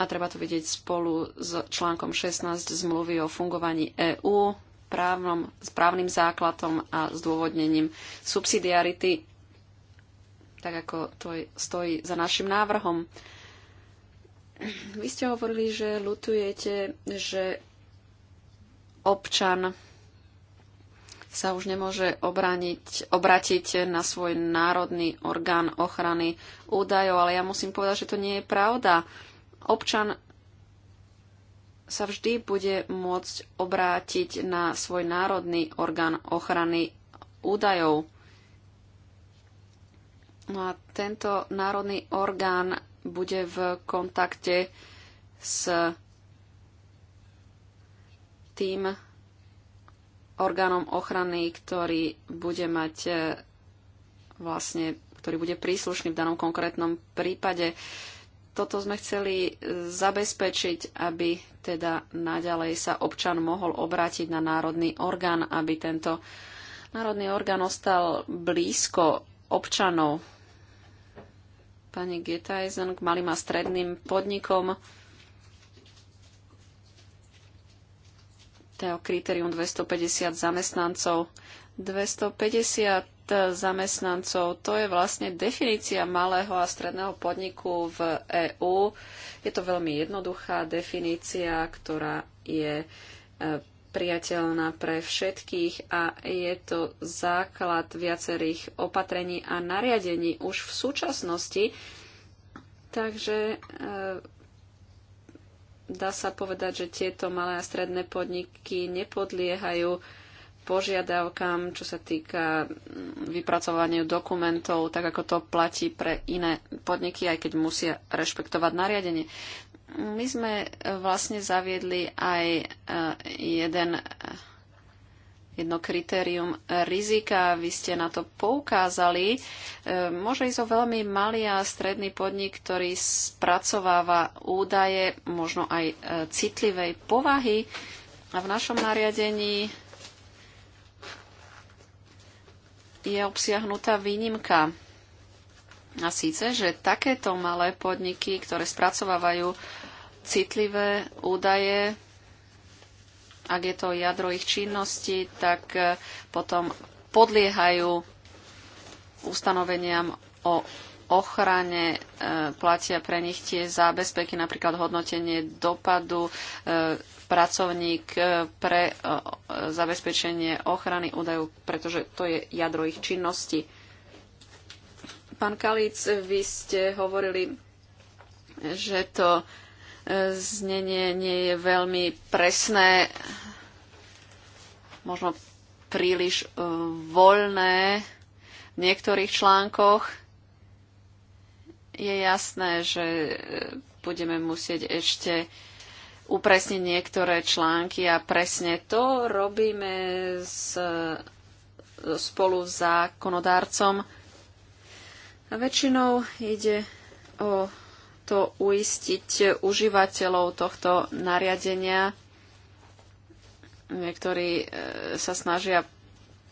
a treba to vidieť spolu s článkom 16 zmluvy o fungovaní EÚ, právnom, s právnym základom a zdôvodnením subsidiarity, tak ako to stojí za našim návrhom. Vy ste hovorili, že lutujete, že občan sa už nemôže obraniť, obratiť na svoj národný orgán ochrany údajov, ale ja musím povedať, že to nie je pravda. Občan sa vždy bude môcť obrátiť na svoj národný orgán ochrany údajov. No a tento národný orgán bude v kontakte s tým orgánom ochrany, ktorý bude mať e, vlastne, ktorý bude príslušný v danom konkrétnom prípade. Toto sme chceli e, zabezpečiť, aby teda naďalej sa občan mohol obrátiť na národný orgán, aby tento národný orgán ostal blízko občanov. Pani Getajzen k malým a stredným podnikom to je kritérium 250 zamestnancov. 250 zamestnancov, to je vlastne definícia malého a stredného podniku v EÚ. Je to veľmi jednoduchá definícia, ktorá je e, priateľná pre všetkých a je to základ viacerých opatrení a nariadení už v súčasnosti. Takže e, dá sa povedať, že tieto malé a stredné podniky nepodliehajú požiadavkám, čo sa týka mm, vypracovania dokumentov, tak ako to platí pre iné podniky, aj keď musia rešpektovať nariadenie. My sme e, vlastne zaviedli aj e, jeden jedno kritérium rizika. Vy ste na to poukázali. E, môže ísť o veľmi malý a stredný podnik, ktorý spracováva údaje možno aj e, citlivej povahy. A v našom nariadení je obsiahnutá výnimka. A síce, že takéto malé podniky, ktoré spracovávajú citlivé údaje, ak je to jadro ich činnosti, tak e, potom podliehajú ustanoveniam o ochrane e, platia pre nich tie zábezpeky, napríklad hodnotenie dopadu, e, pracovník pre zabezpečenie ochrany údajov, pretože to je jadro ich činnosti. Pán Kalíc, vy ste hovorili, že to znenie nie je veľmi presné, možno príliš e, voľné v niektorých článkoch. Je jasné, že e, budeme musieť ešte upresniť niektoré články a presne to robíme s, e, spolu s zákonodárcom. A väčšinou ide o takto uistiť užívateľov tohto nariadenia. Niektorí e, sa snažia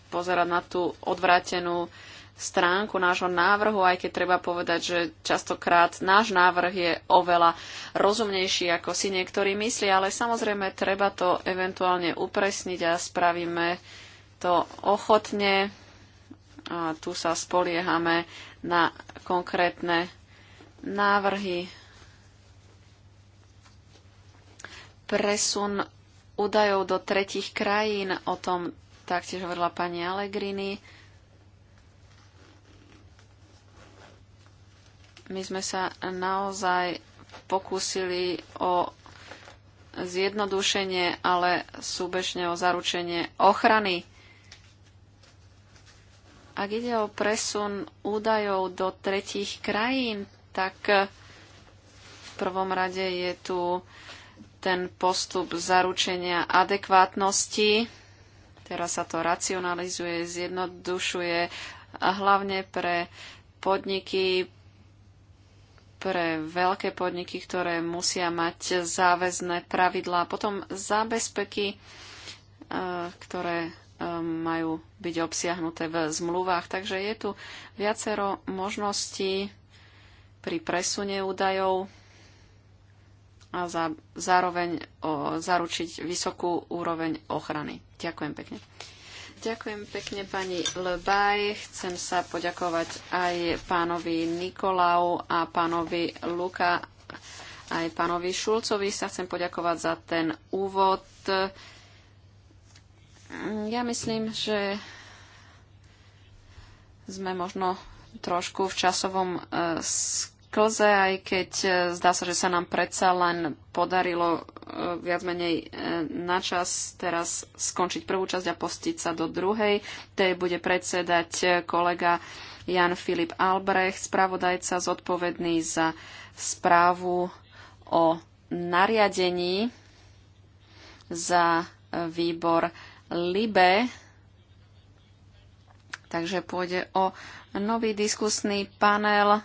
pozerať na tú odvrátenú stránku nášho návrhu, aj keď treba povedať, že častokrát náš návrh je oveľa rozumnejší, ako si niektorí myslí, ale samozrejme treba to eventuálne upresniť a spravíme to ochotne. A tu sa spoliehame na konkrétne návrhy. Presun údajov do tretich krajín, o tom taktiež hovorila pani Allegrini. My sme sa naozaj pokúsili o zjednodušenie, ale súbežne o zaručenie ochrany. Ak ide o presun údajov do tretích krajín, tak eh, v prvom rade je tu ten postup zaručenia adekvátnosti. Teraz sa to racionalizuje, zjednodušuje a hlavne pre podniky, pre veľké podniky, ktoré musia mať záväzné pravidlá. Potom zábezpeky, eh, ktoré eh, majú byť obsiahnuté v zmluvách. Takže je tu viacero možností pri presune údajov a za, zároveň o, zaručiť vysokú úroveň ochrany. Ďakujem pekne. Ďakujem pekne pani Lebaj. Chcem sa poďakovať aj pánovi Nikolau a pánovi Luka, aj pánovi Šulcovi. Sa chcem poďakovať za ten úvod. Ja myslím, že sme možno trošku v časovom eh, skutku Klze, aj keď e, zdá sa, že sa nám predsa len podarilo e, viac menej e, na čas teraz skončiť prvú časť a postiť sa do druhej. Tej bude predsedať kolega Jan Filip Albrecht, spravodajca zodpovedný za správu o nariadení za výbor LIBE. Takže pôjde o nový diskusný panel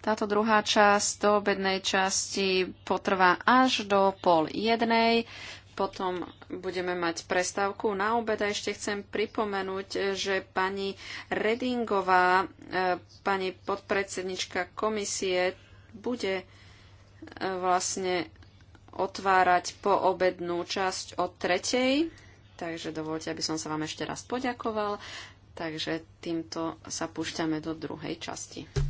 táto druhá časť do obednej časti potrvá až do pol jednej. Potom budeme mať prestávku na obed a ešte chcem pripomenúť, že pani Redingová, e, pani podpredsednička komisie, bude e, vlastne otvárať poobednú časť o tretej. Takže dovolte, aby som sa vám ešte raz poďakoval. Takže týmto sa púšťame do druhej časti.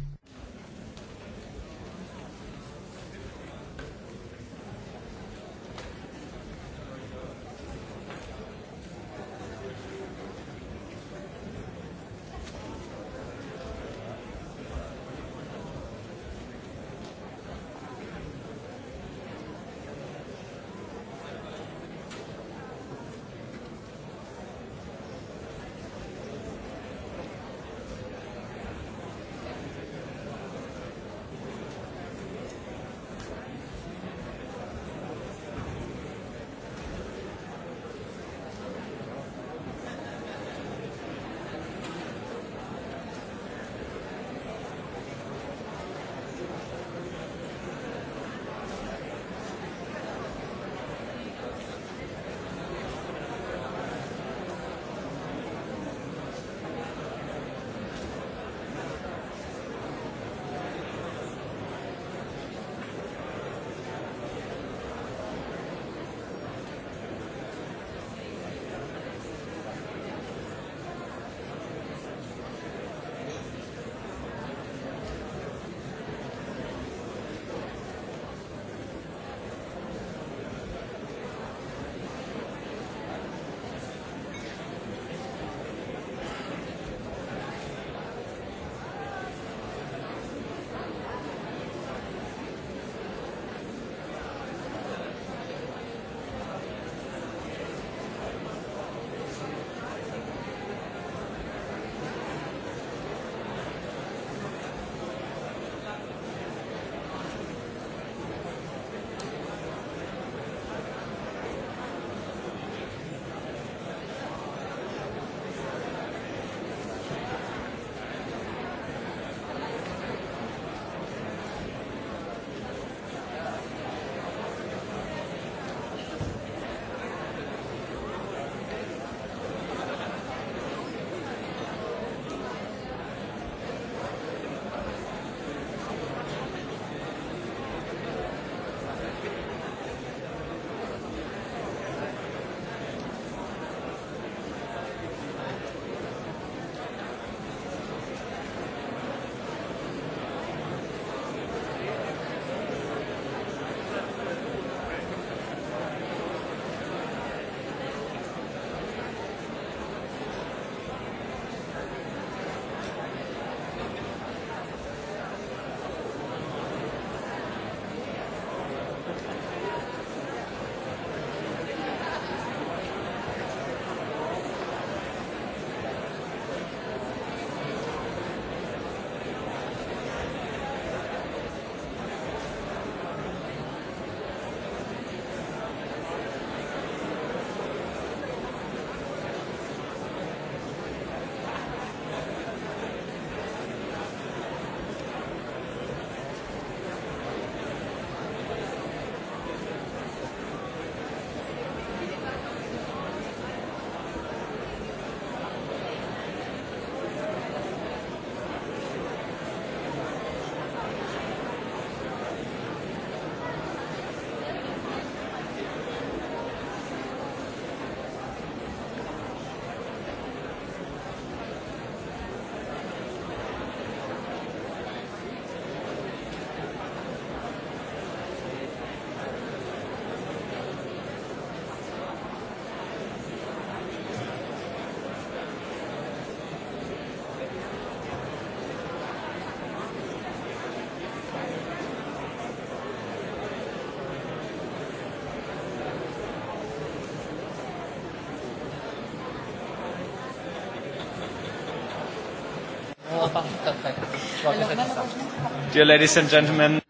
Dear ladies and gentlemen.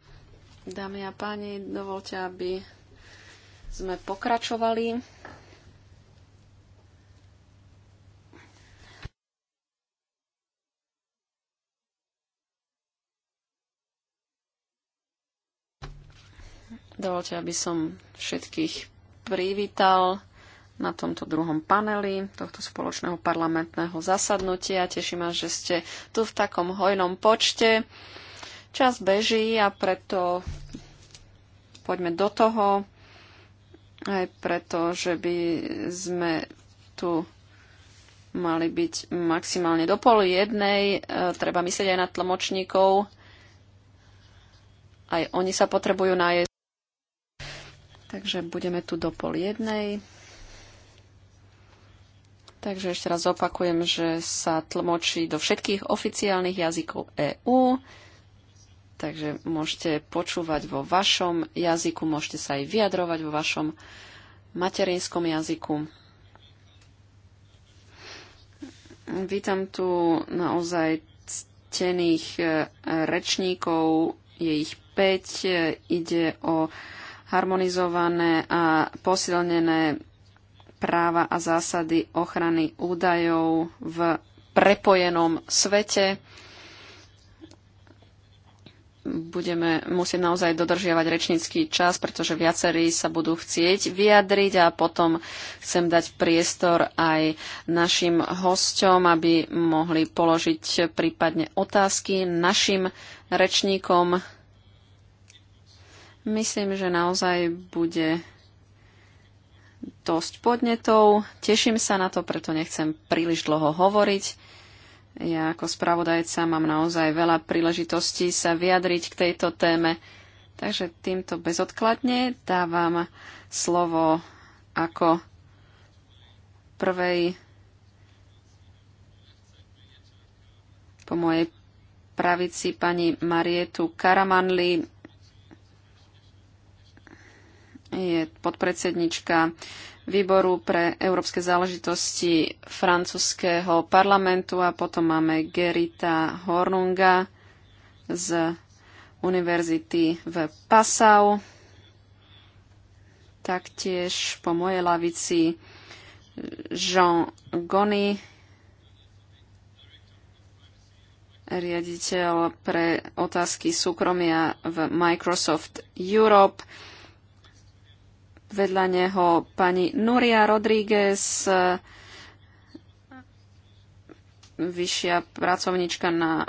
Dámy a páni, dovolte, aby sme pokračovali. Dovolte, aby som všetkých privítal na tomto druhom paneli tohto spoločného parlamentného zasadnutia. Teším ma, že ste tu v takom hojnom počte. Čas beží a preto poďme do toho, aj preto, že by sme tu mali byť maximálne do pol jednej. E, treba myslieť aj na tlmočníkov. Aj oni sa potrebujú nájsť. Takže budeme tu do pol jednej. Takže ešte raz opakujem, že sa tlmočí do všetkých oficiálnych jazykov EÚ. Takže môžete počúvať vo vašom jazyku, môžete sa aj vyjadrovať vo vašom materinskom jazyku. Vítam tu naozaj ctených e, rečníkov, je ich 5, e, ide o harmonizované a posilnené práva a zásady ochrany údajov v prepojenom svete. Budeme musieť naozaj dodržiavať rečnícky čas, pretože viacerí sa budú chcieť vyjadriť a potom chcem dať priestor aj našim hosťom, aby mohli položiť prípadne otázky našim rečníkom. Myslím, že naozaj bude dosť podnetov. Teším sa na to, preto nechcem príliš dlho hovoriť. Ja ako spravodajca mám naozaj veľa príležitostí sa vyjadriť k tejto téme. Takže týmto bezodkladne dávam slovo ako prvej po mojej pravici pani Marietu Karamanli, je podpredsednička výboru pre európske záležitosti francúzského parlamentu a potom máme Gerita Hornunga z univerzity v Passau. Taktiež po mojej lavici Jean Gony, riaditeľ pre otázky súkromia v Microsoft Europe vedľa neho pani Nuria Rodríguez, vyššia pracovnička na,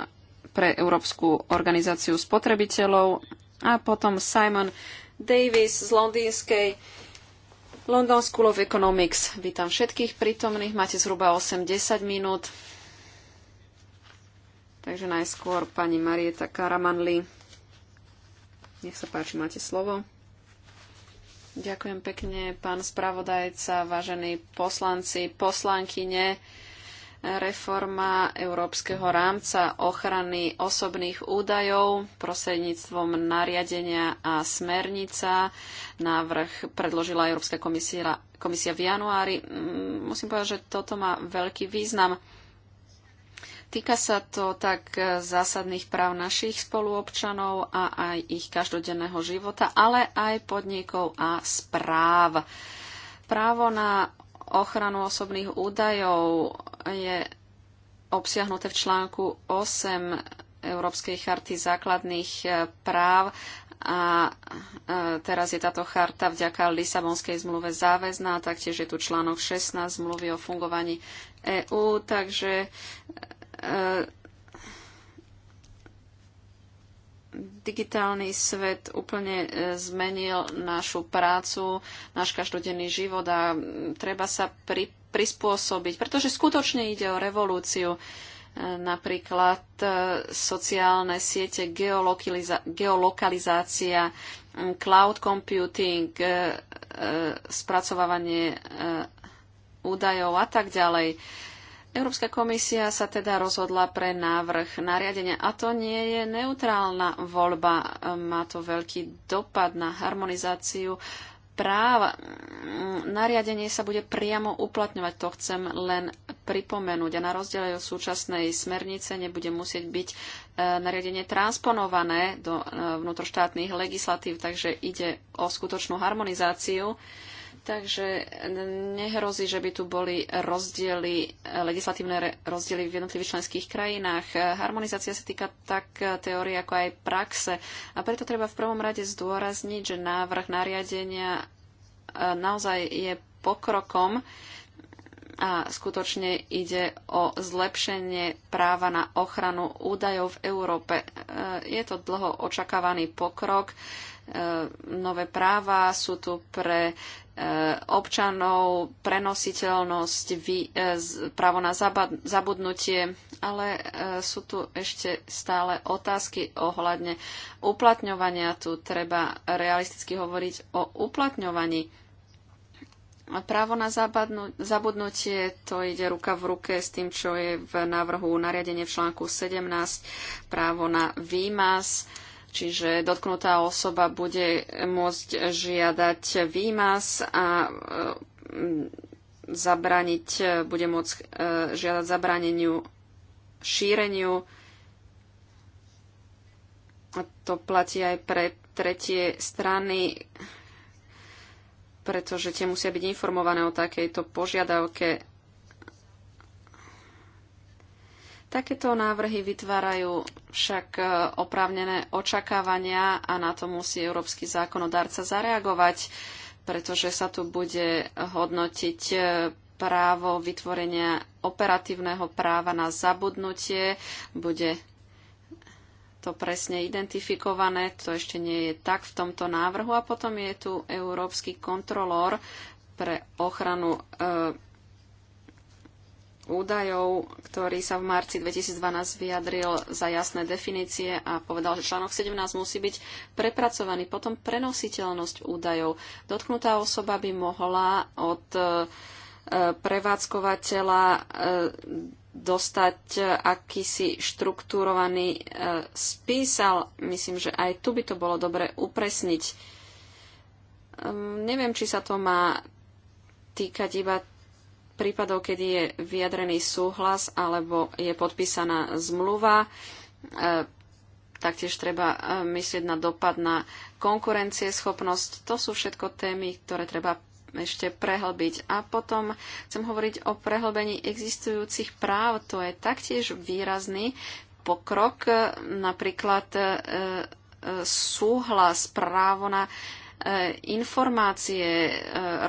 pre Európsku organizáciu spotrebiteľov a potom Simon Davis z londýnskej London School of Economics. Vítam všetkých prítomných, máte zhruba 8-10 minút. Takže najskôr pani Marieta Karamanli. Nech sa páči, máte slovo. Ďakujem pekne, pán spravodajca, vážení poslanci, poslankyne. Reforma Európskeho rámca ochrany osobných údajov prostredníctvom nariadenia a smernica. Návrh predložila Európska komisia, komisia v januári. Mm, musím povedať, že toto má veľký význam Týka sa to tak e, zásadných práv našich spoluobčanov a aj ich každodenného života, ale aj podnikov a správ. Právo na ochranu osobných údajov je obsiahnuté v článku 8 Európskej charty základných e, práv a e, teraz je táto charta vďaka Lisabonskej zmluve záväzná, taktiež je tu článok 16 zmluvy o fungovaní EÚ, takže Eh, digitálny svet úplne eh, zmenil našu prácu, náš každodenný život a mm, treba sa pri, prispôsobiť, pretože skutočne ide o revolúciu. Eh, napríklad sociálne siete, geolokalizácia, mm, cloud computing, spracovávanie údajov a tak ďalej. Európska komisia sa teda rozhodla pre návrh nariadenia a to nie je neutrálna voľba. Má to veľký dopad na harmonizáciu práv. Nariadenie sa bude priamo uplatňovať, to chcem len pripomenúť. A na rozdiel od súčasnej smernice nebude musieť byť e, nariadenie transponované do e, vnútroštátnych legislatív, takže ide o skutočnú harmonizáciu. Takže nehrozí, že by tu boli rozdiely, legislatívne rozdiely v jednotlivých členských krajinách. Harmonizácia sa týka tak teórie, ako aj praxe. A preto treba v prvom rade zdôrazniť, že návrh nariadenia e, naozaj je pokrokom a skutočne ide o zlepšenie práva na ochranu údajov v Európe. E, je to dlho očakávaný pokrok e, nové práva sú tu pre Eh, občanov, prenositeľnosť, eh, právo na zabudnutie, ale eh, sú tu ešte stále otázky ohľadne uplatňovania. Tu treba realisticky hovoriť o uplatňovaní. Právo na zabudnutie to ide ruka v ruke s tým, čo je v návrhu nariadenie v článku 17, právo na výmaz, Čiže dotknutá osoba bude môcť žiadať výmaz a e, zabraniť, bude môcť e, žiadať zabraneniu šíreniu. A to platí aj pre tretie strany, pretože tie musia byť informované o takejto požiadavke Takéto návrhy vytvárajú však e, oprávnené očakávania a na to musí európsky zákonodárca zareagovať, pretože sa tu bude hodnotiť e, právo vytvorenia operatívneho práva na zabudnutie. Bude to presne identifikované, to ešte nie je tak v tomto návrhu. A potom je tu Európsky kontrolór pre ochranu e, údajov, ktorý sa v marci 2012 vyjadril za jasné definície a povedal, že článok 17 musí byť prepracovaný. Potom prenositeľnosť údajov. Dotknutá osoba by mohla od e, prevádzkovateľa e, dostať akýsi štruktúrovaný e, spis, ale myslím, že aj tu by to bolo dobre upresniť. Ehm, neviem, či sa to má týkať iba prípadov, kedy je vyjadrený súhlas alebo je podpísaná zmluva. E, taktiež treba e, myslieť na dopad na schopnosť. To sú všetko témy, ktoré treba ešte prehlbiť. A potom chcem hovoriť o prehlbení existujúcich práv. To je taktiež výrazný pokrok, e, napríklad e, e, súhlas, právo na e, informácie,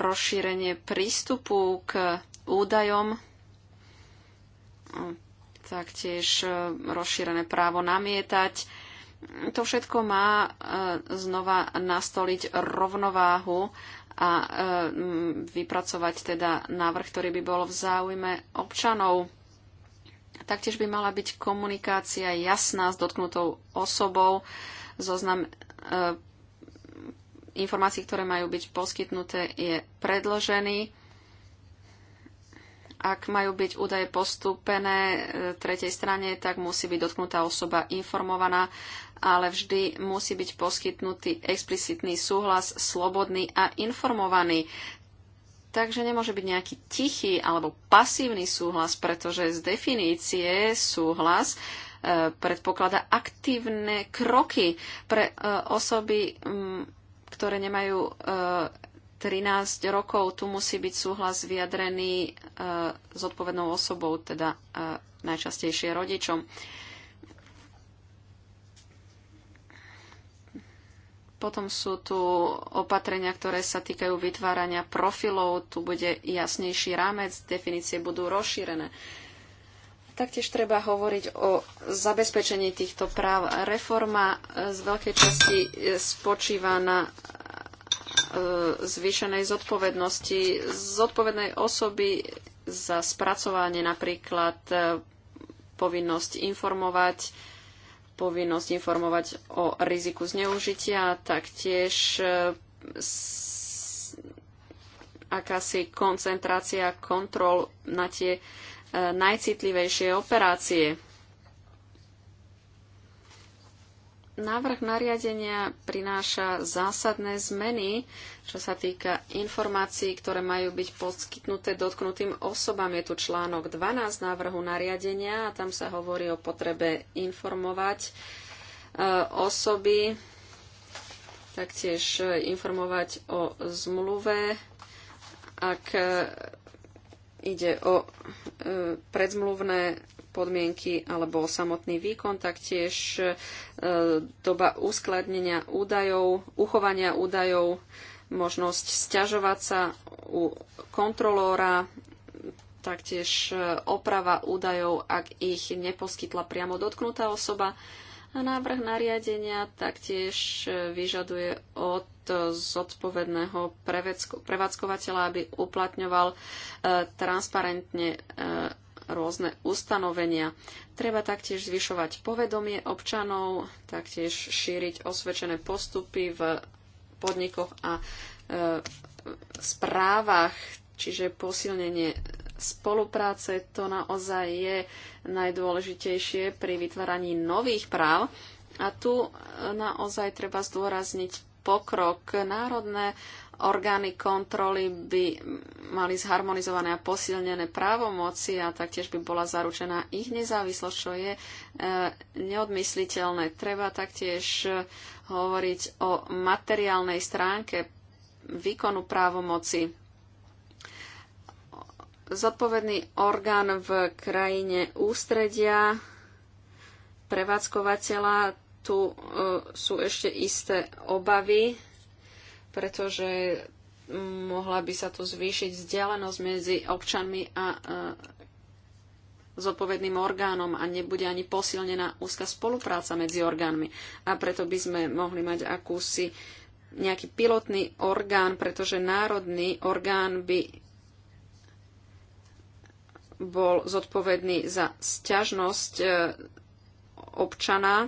rozšírenie prístupu k údajom, taktiež e, rozšírené právo namietať. To všetko má e, znova nastoliť rovnováhu a e, vypracovať teda návrh, ktorý by bol v záujme občanov. Taktiež by mala byť komunikácia jasná s dotknutou osobou, zoznam informácií, ktoré majú byť poskytnuté, je predložený ak majú byť údaje postúpené e, tretej strane, tak musí byť dotknutá osoba informovaná, ale vždy musí byť poskytnutý explicitný súhlas, slobodný a informovaný. Takže nemôže byť nejaký tichý alebo pasívny súhlas, pretože z definície súhlas e, predpokladá aktívne kroky pre e, osoby, ktoré nemajú 13 rokov tu musí byť súhlas vyjadrený e, s odpovednou osobou, teda e, najčastejšie rodičom. Potom sú tu opatrenia, ktoré sa týkajú vytvárania profilov. Tu bude jasnejší rámec, definície budú rozšírené. Taktiež treba hovoriť o zabezpečení týchto práv. Reforma e, z veľkej časti spočíva na E, zvýšenej zodpovednosti zodpovednej osoby za spracovanie napríklad e, povinnosť informovať, povinnosť informovať o riziku zneužitia, taktiež e, akási koncentrácia kontrol na tie najcitlivejšie operácie. Návrh nariadenia prináša zásadné zmeny, čo sa týka informácií, ktoré majú byť poskytnuté dotknutým osobám. Je tu článok 12 návrhu nariadenia a tam sa hovorí o potrebe informovať e, osoby, taktiež e, informovať o zmluve, ak e, ide o predzmluvné podmienky alebo samotný výkon, taktiež e, doba uskladnenia údajov, uchovania údajov, možnosť sťažovať sa u kontrolóra, taktiež e, oprava údajov, ak ich neposkytla priamo dotknutá osoba. A návrh nariadenia taktiež e, vyžaduje od zodpovedného prevádzkovateľa, aby uplatňoval transparentne rôzne ustanovenia. Treba taktiež zvyšovať povedomie občanov, taktiež šíriť osvedčené postupy v podnikoch a e, správach, čiže posilnenie spolupráce, to naozaj je najdôležitejšie pri vytváraní nových práv. A tu e, naozaj treba zdôrazniť pokrok. Národné Orgány kontroly by mali zharmonizované a posilnené právomoci a taktiež by bola zaručená ich nezávislosť, čo je e, neodmysliteľné. Treba taktiež e, hovoriť o materiálnej stránke výkonu právomoci zodpovedný orgán v krajine ústredia, prevádzkovateľa. Tu e, sú ešte isté obavy pretože mohla by sa tu zvýšiť vzdialenosť medzi občanmi a zodpovedným orgánom a nebude ani posilnená úzka spolupráca medzi orgánmi. A preto by sme mohli mať akúsi nejaký pilotný orgán, pretože národný orgán by bol zodpovedný za sťažnosť e, občana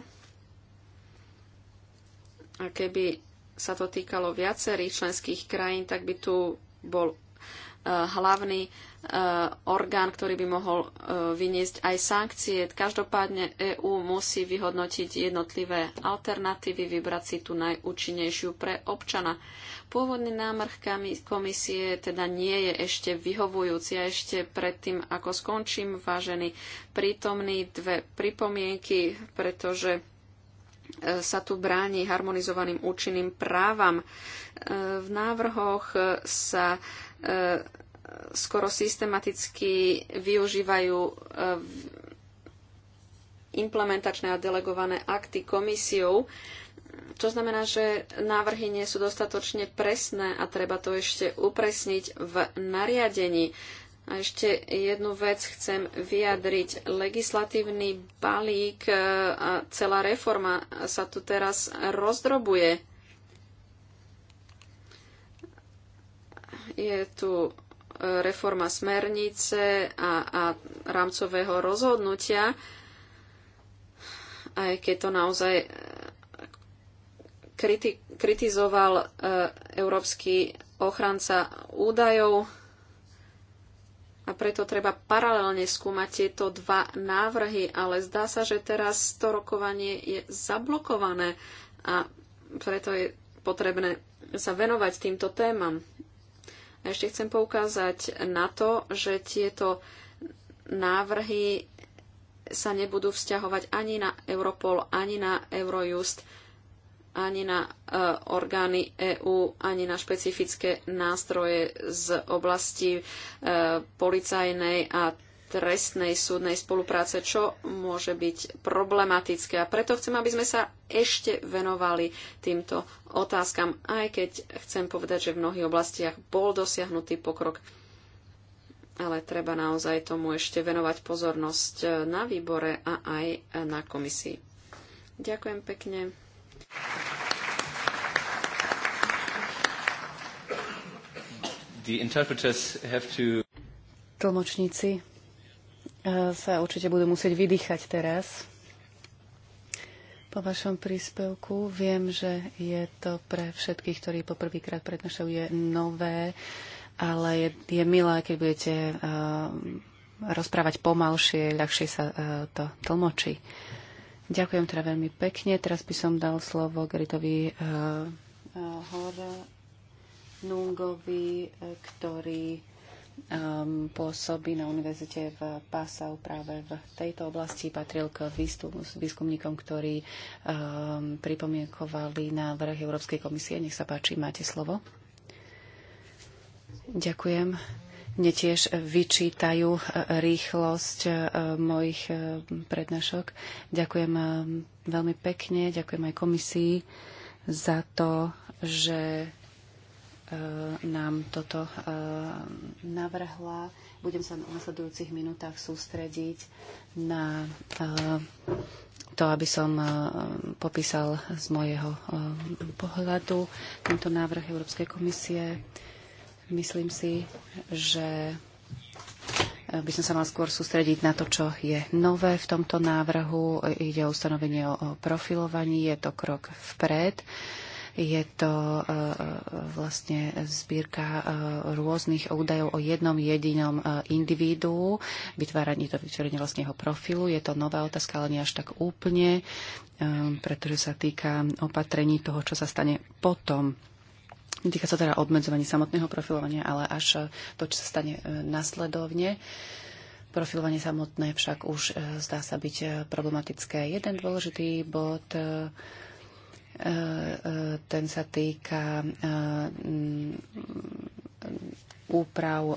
a keby sa to týkalo viacerých členských krajín, tak by tu bol e, hlavný e, orgán, ktorý by mohol e, vyniesť aj sankcie. Každopádne EÚ musí vyhodnotiť jednotlivé alternatívy, vybrať si tú najúčinnejšiu pre občana. Pôvodný námrh komisie teda nie je ešte vyhovujúci a ešte predtým, ako skončím, vážený prítomný, dve pripomienky, pretože sa tu bráni harmonizovaným účinným právam. E, v návrhoch sa e, skoro systematicky využívajú e, implementačné a delegované akty komisiou, čo znamená, že návrhy nie sú dostatočne presné a treba to ešte upresniť v nariadení. A ešte jednu vec chcem vyjadriť. Legislatívny balík e, a celá reforma sa tu teraz rozdrobuje. Je tu e, reforma smernice a, a rámcového rozhodnutia, aj keď to naozaj e, kriti kritizoval Európsky ochranca údajov a preto treba paralelne skúmať tieto dva návrhy, ale zdá sa, že teraz to rokovanie je zablokované a preto je potrebné sa venovať týmto témam. A ešte chcem poukázať na to, že tieto návrhy sa nebudú vzťahovať ani na Europol, ani na Eurojust ani na e, orgány EÚ, ani na špecifické nástroje z oblasti e, policajnej a trestnej súdnej spolupráce, čo môže byť problematické. A preto chcem, aby sme sa ešte venovali týmto otázkam, aj keď chcem povedať, že v mnohých oblastiach bol dosiahnutý pokrok. Ale treba naozaj tomu ešte venovať pozornosť e, na výbore a aj na komisii. Ďakujem pekne. Tlmočníci eh, sa určite budú musieť vydýchať teraz. Po vašom príspevku viem, že je to pre všetkých, ktorí poprvýkrát prednášajú, je nové, ale je, je milé, keď budete uh, rozprávať pomalšie, ľahšie sa uh, to tlmočí. Uh, Ďakujem teda veľmi pekne. Teraz by som dal slovo Geritovi uh, Hornungovi, eh, ktorý um, pôsobí na univerzite v Pásau práve v tejto oblasti. Patril k výskumníkom, ktorí um, pripomienkovali návrh Európskej komisie. Nech sa páči, máte slovo. Ďakujem. Mne tiež vyčítajú e, rýchlosť e, mojich e, prednášok. Ďakujem veľmi pekne, ďakujem aj komisii za to, že nám toto navrhla. Budem sa v nasledujúcich minútach sústrediť na to, aby som popísal z môjho pohľadu tento návrh Európskej komisie Myslím si, že eh, by som sa mal skôr sústrediť na to, čo je nové v tomto návrhu. Ide o ustanovenie o profilovaní, je to krok vpred. Je to eh, eh, vlastne zbierka rôznych údajov o jednom jedinom individu, vytváranie to vytvorenie vlastne jeho profilu. Je to nová otázka, ale nie až tak úplne, pretože sa týka opatrení toho, čo sa stane potom Týka sa teda obmedzovania samotného profilovania, ale až e, to, čo sa stane e, nasledovne. Profilovanie samotné však už e, zdá sa byť problematické. Jeden dôležitý bod, ten sa týka úprav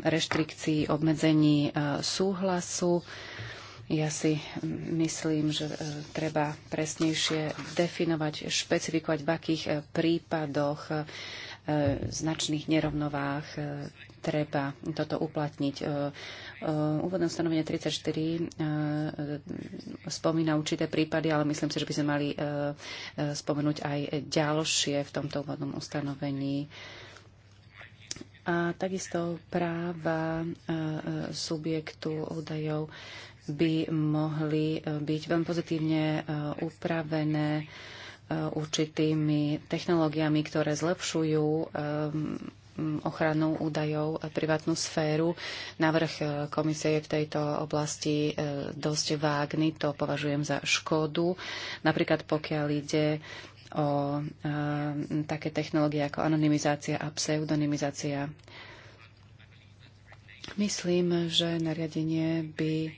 reštrikcií, obmedzení súhlasu. Ja si myslím, že e, treba presnejšie definovať, špecifikovať, v akých e, prípadoch e, značných nerovnovách treba toto uplatniť. Úvodné stanovenie 34 spomína určité prípady, ale myslím si, že by sme mali spomenúť aj ďalšie v tomto úvodnom ustanovení a takisto práva subjektu údajov by mohli e, byť veľmi pozitívne e, upravené e, určitými technológiami, ktoré zlepšujú ochranu údajov a privátnu sféru. Návrh komisie je v tejto oblasti dosť vágny, to považujem za škodu. Napríklad pokiaľ ide o také technológie ako anonymizácia a pseudonymizácia. Myslím, že nariadenie by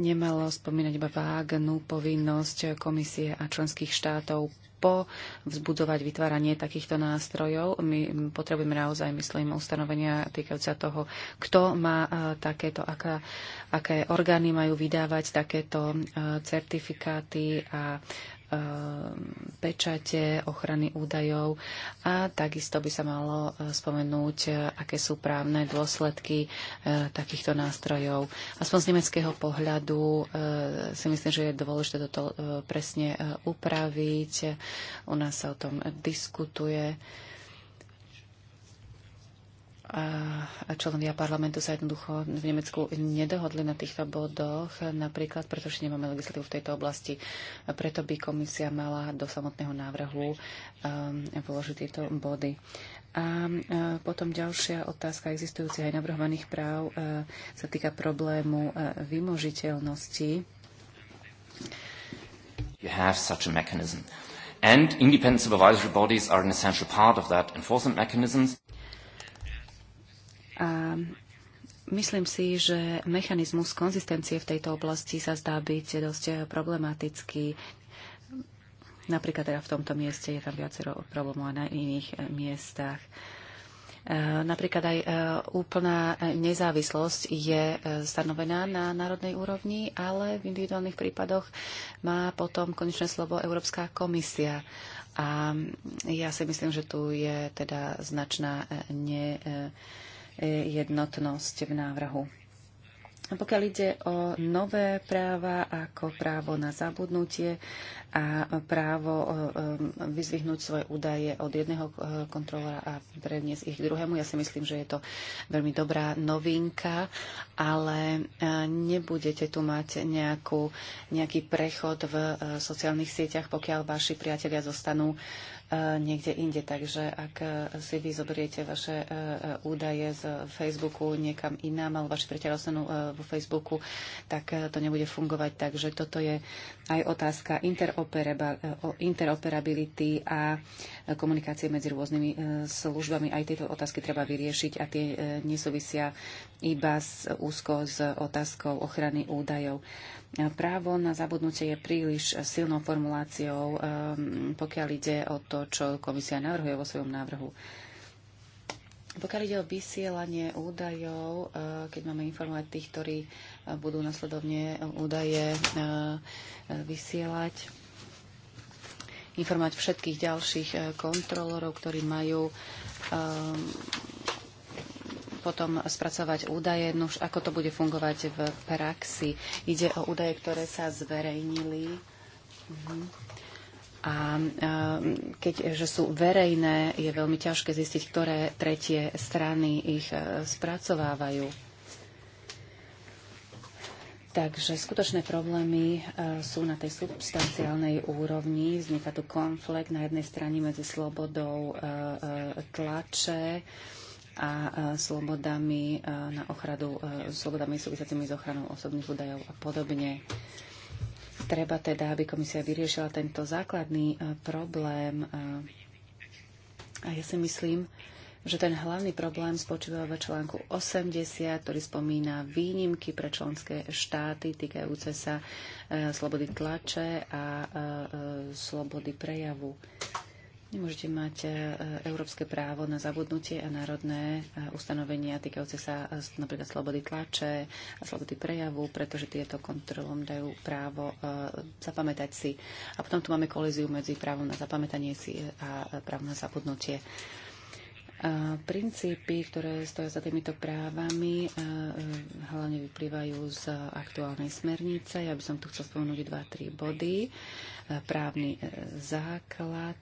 nemalo spomínať iba vágnú povinnosť komisie a členských štátov po vzbudovať vytváranie takýchto nástrojov. My potrebujeme naozaj, myslím, ustanovenia týkajúca toho, kto má e, takéto, aká, aké orgány majú vydávať takéto e, certifikáty a Eh, pečate, ochrany údajov a takisto by sa malo eh, spomenúť, eh, aké sú právne dôsledky takýchto nástrojov. Aspoň z nemeckého pohľadu si myslím, že je dôležité toto presne upraviť. U nás sa o tom diskutuje. A členovia parlamentu sa jednoducho v Nemecku nedohodli na týchto bodoch, napríklad pretože nemáme legislatívu v tejto oblasti. Preto by komisia mala do samotného návrhu um, vložiť tieto body. A potom ďalšia otázka existujúcich aj navrhovaných práv e, sa týka problému e, vymožiteľnosti. You have such a mechanism. And independent supervisory bodies are an essential part of that enforcement mechanisms. A myslím si, že mechanizmus konzistencie v tejto oblasti sa zdá byť dosť problematický. Napríklad teda v tomto mieste je tam viacero problémov a na iných e, miestach. E, napríklad aj e, úplná nezávislosť je stanovená na národnej úrovni, ale v individuálnych prípadoch má potom konečné slovo Európska komisia. A ja si myslím, že tu je teda značná ne, E, jednotnosť v návrhu. Pokiaľ ide o nové práva ako právo na zabudnutie, a právo e, e, vyzvihnúť svoje údaje od jedného e, kontrolora a predniesť ich druhému. Ja si myslím, že je to veľmi dobrá novinka, ale nebudete tu mať nejakú, nejaký prechod v sociálnych sieťach, pokiaľ vaši priatelia zostanú niekde inde. Takže ak si vy zoberiete vaše údaje z Facebooku niekam inám, alebo vaši priateľ ostanú vo Facebooku, tak to nebude fungovať. Takže toto je aj otázka interoperability interoperability a komunikácie medzi rôznymi e, službami. Aj tieto otázky treba vyriešiť a tie e, nesúvisia iba s, úzko s otázkou ochrany údajov. E, právo na zabudnutie je príliš silnou formuláciou, pokiaľ ide o to, čo komisia navrhuje vo svojom návrhu. Pokiaľ ide o vysielanie údajov, keď máme informovať tých, ktorí budú nasledovne údaje vysielať, informovať všetkých ďalších eh, kontrolorov, ktorí majú ehm, potom spracovať údaje. No už ako to bude fungovať v praxi? Ide o údaje, ktoré sa zverejnili. Uh-huh. A ehm, keďže eh, sú verejné, je veľmi ťažké zistiť, ktoré tretie strany ich eh, spracovávajú. Takže skutočné problémy e, sú na tej substanciálnej úrovni. Vzniká tu konflikt na jednej strane medzi slobodou e, e, tlače a slobodami na ochradu, slobodami súvisiacimi s ochranou osobných údajov a podobne. Treba teda, aby komisia vyriešila tento základný problém. A ja si myslím, že ten hlavný problém spočíva v článku 80, ktorý spomína výnimky pre členské štáty týkajúce sa e, slobody tlače a e, e slobody prejavu. Nemôžete mať e, európske právo na zabudnutie a národné e, ustanovenia týkajúce sa napríklad slobody tlače a slobody prejavu, pretože tieto kontrolom dajú právo zapamätať si. A potom tu máme kolíziu medzi právom na zapamätanie si a právom na zabudnutie. Princípy, ktoré stojí za týmito právami, e, hlavne vyplývajú z aktuálnej smernice. Ja by som tu chcel spomenúť 2-3 body. E, právny e, základ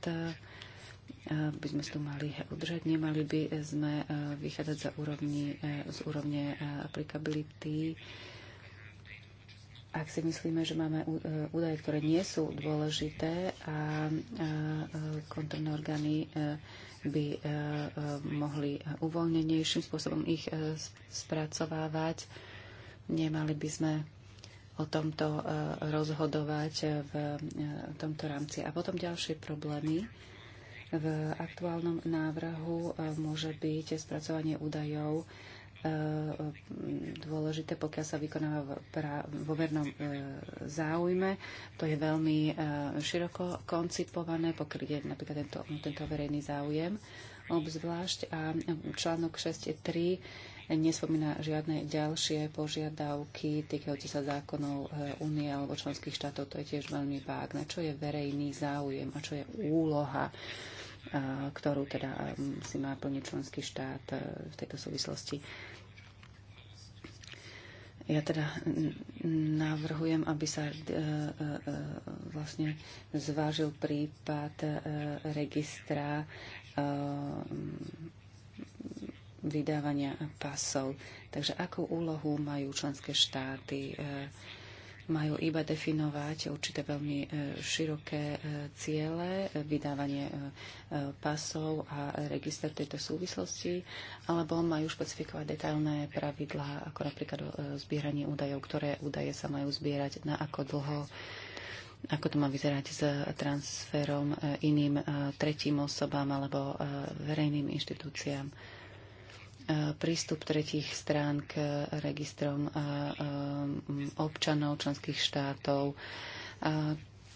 by sme si tu mali udržať. Nemali by sme vychádzať za úrovni, z úrovne aplikability ak si myslíme, že máme údaje, ktoré nie sú dôležité a kontrolné orgány by eh, eh, mohli uvoľnenejším spôsobom ich eh, spracovávať. Nemali by sme o tomto rozhodovať v tomto rámci. A potom ďalšie problémy. V aktuálnom návrhu môže byť spracovanie údajov E, dôležité, pokiaľ sa vykonáva vo vernom e, záujme. To je veľmi e, široko koncipované, pokrytie napríklad tento, tento verejný záujem obzvlášť a článok 6.3 nespomína žiadne ďalšie požiadavky týkajúce sa zákonov únie alebo členských štátov. To je tiež veľmi vágne. Čo je verejný záujem a čo je úloha, ktorú teda si má plniť členský štát v tejto súvislosti. Ja teda navrhujem, aby sa e, e, e, vlastne zvážil prípad registra vydávania pasov. Takže akú úlohu majú členské štáty majú iba definovať určité veľmi e, široké e, ciele, e, vydávanie pasov a register tejto súvislosti, alebo majú špecifikovať detailné pravidlá, ako napríklad zbieranie údajov, ktoré údaje sa majú zbierať, na ako dlho ako to má vyzerať s transferom iným tretím osobám alebo verejným inštitúciám prístup tretích strán k registrom občanov členských štátov.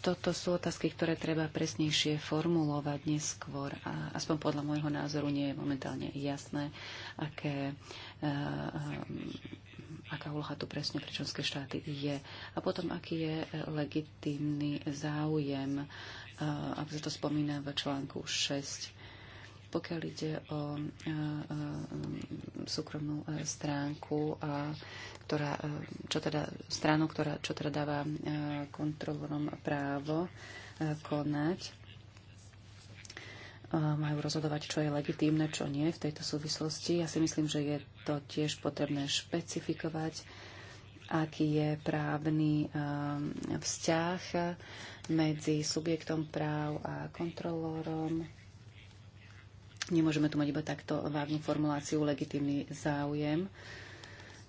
Toto sú otázky, ktoré treba presnejšie formulovať neskôr. A aspoň podľa môjho názoru nie je momentálne jasné, aké, aká úloha tu presne pre členské štáty je. A potom, aký je legitímny záujem, ako sa to spomína v článku 6 pokiaľ ide o e, e, súkromnú e, stránku, ktorá, čo teda, ktorá, čo teda dáva kontrolorom právo konať, majú rozhodovať, čo je legitímne, čo nie v tejto súvislosti. Ja si myslím, že je to tiež potrebné špecifikovať, aký je právny vzťah medzi subjektom práv a kontrolórom Nemôžeme tu mať iba takto vágnu formuláciu legitímny záujem.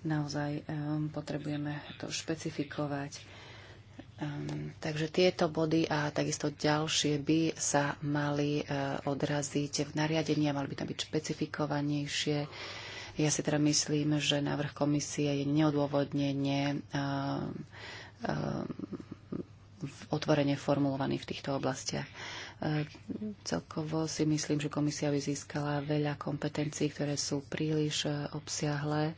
Naozaj um, potrebujeme to špecifikovať. Um, takže tieto body a takisto ďalšie by sa mali uh, odraziť v nariadení a mali by tam byť špecifikovanejšie. Ja si teda myslím, že návrh komisie je neodôvodnenie uh, uh, otvorene formulovaný v týchto oblastiach. Uh, Celkovo si myslím, že komisia by získala veľa kompetencií, ktoré sú príliš e, obsiahle,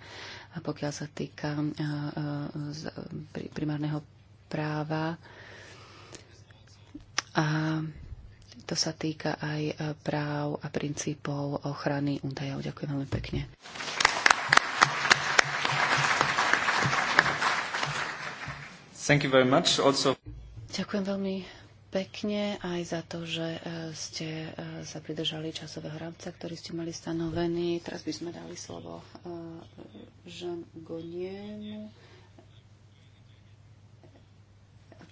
pokiaľ sa týka e, e, primárneho práva. A to sa týka aj práv a princípov ochrany údajov. Ďakujem veľmi pekne. Thank you very much also. Ďakujem veľmi pekne aj za to, že e, ste e, sa pridržali časového rámca, ktorý ste mali stanovený. Teraz by sme dali slovo e, Jean Goniemu.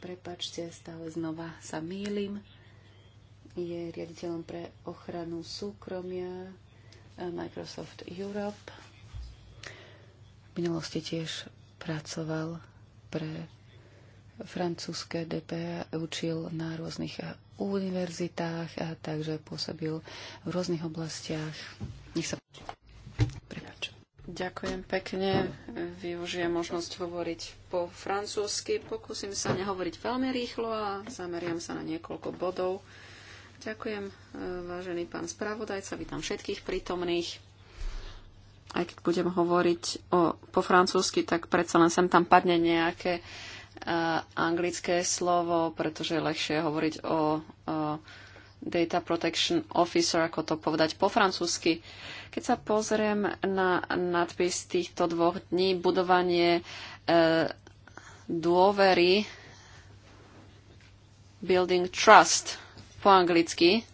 Prepačte, stále znova sa mýlim. Je riaditeľom pre ochranu súkromia Microsoft Europe. V minulosti tiež pracoval pre francúzske DP učil na rôznych eh, univerzitách, a eh, takže pôsobil v rôznych oblastiach. Nech sa páči. Ďakujem pekne. Využijem možnosť hovoriť po francúzsky. Pokúsim sa nehovoriť veľmi rýchlo a zameriam sa na niekoľko bodov. Ďakujem, eh, vážený pán spravodajca, vítam všetkých prítomných. Aj keď budem hovoriť o, po francúzsky, tak predsa len sem tam padne nejaké uh, Eh, anglické slovo, pretože je ľahšie hovoriť o, o Data Protection Officer, ako to povedať po francúzsky. Keď sa pozriem na nadpis týchto dvoch dní, budovanie e, dôvery, building trust po anglicky.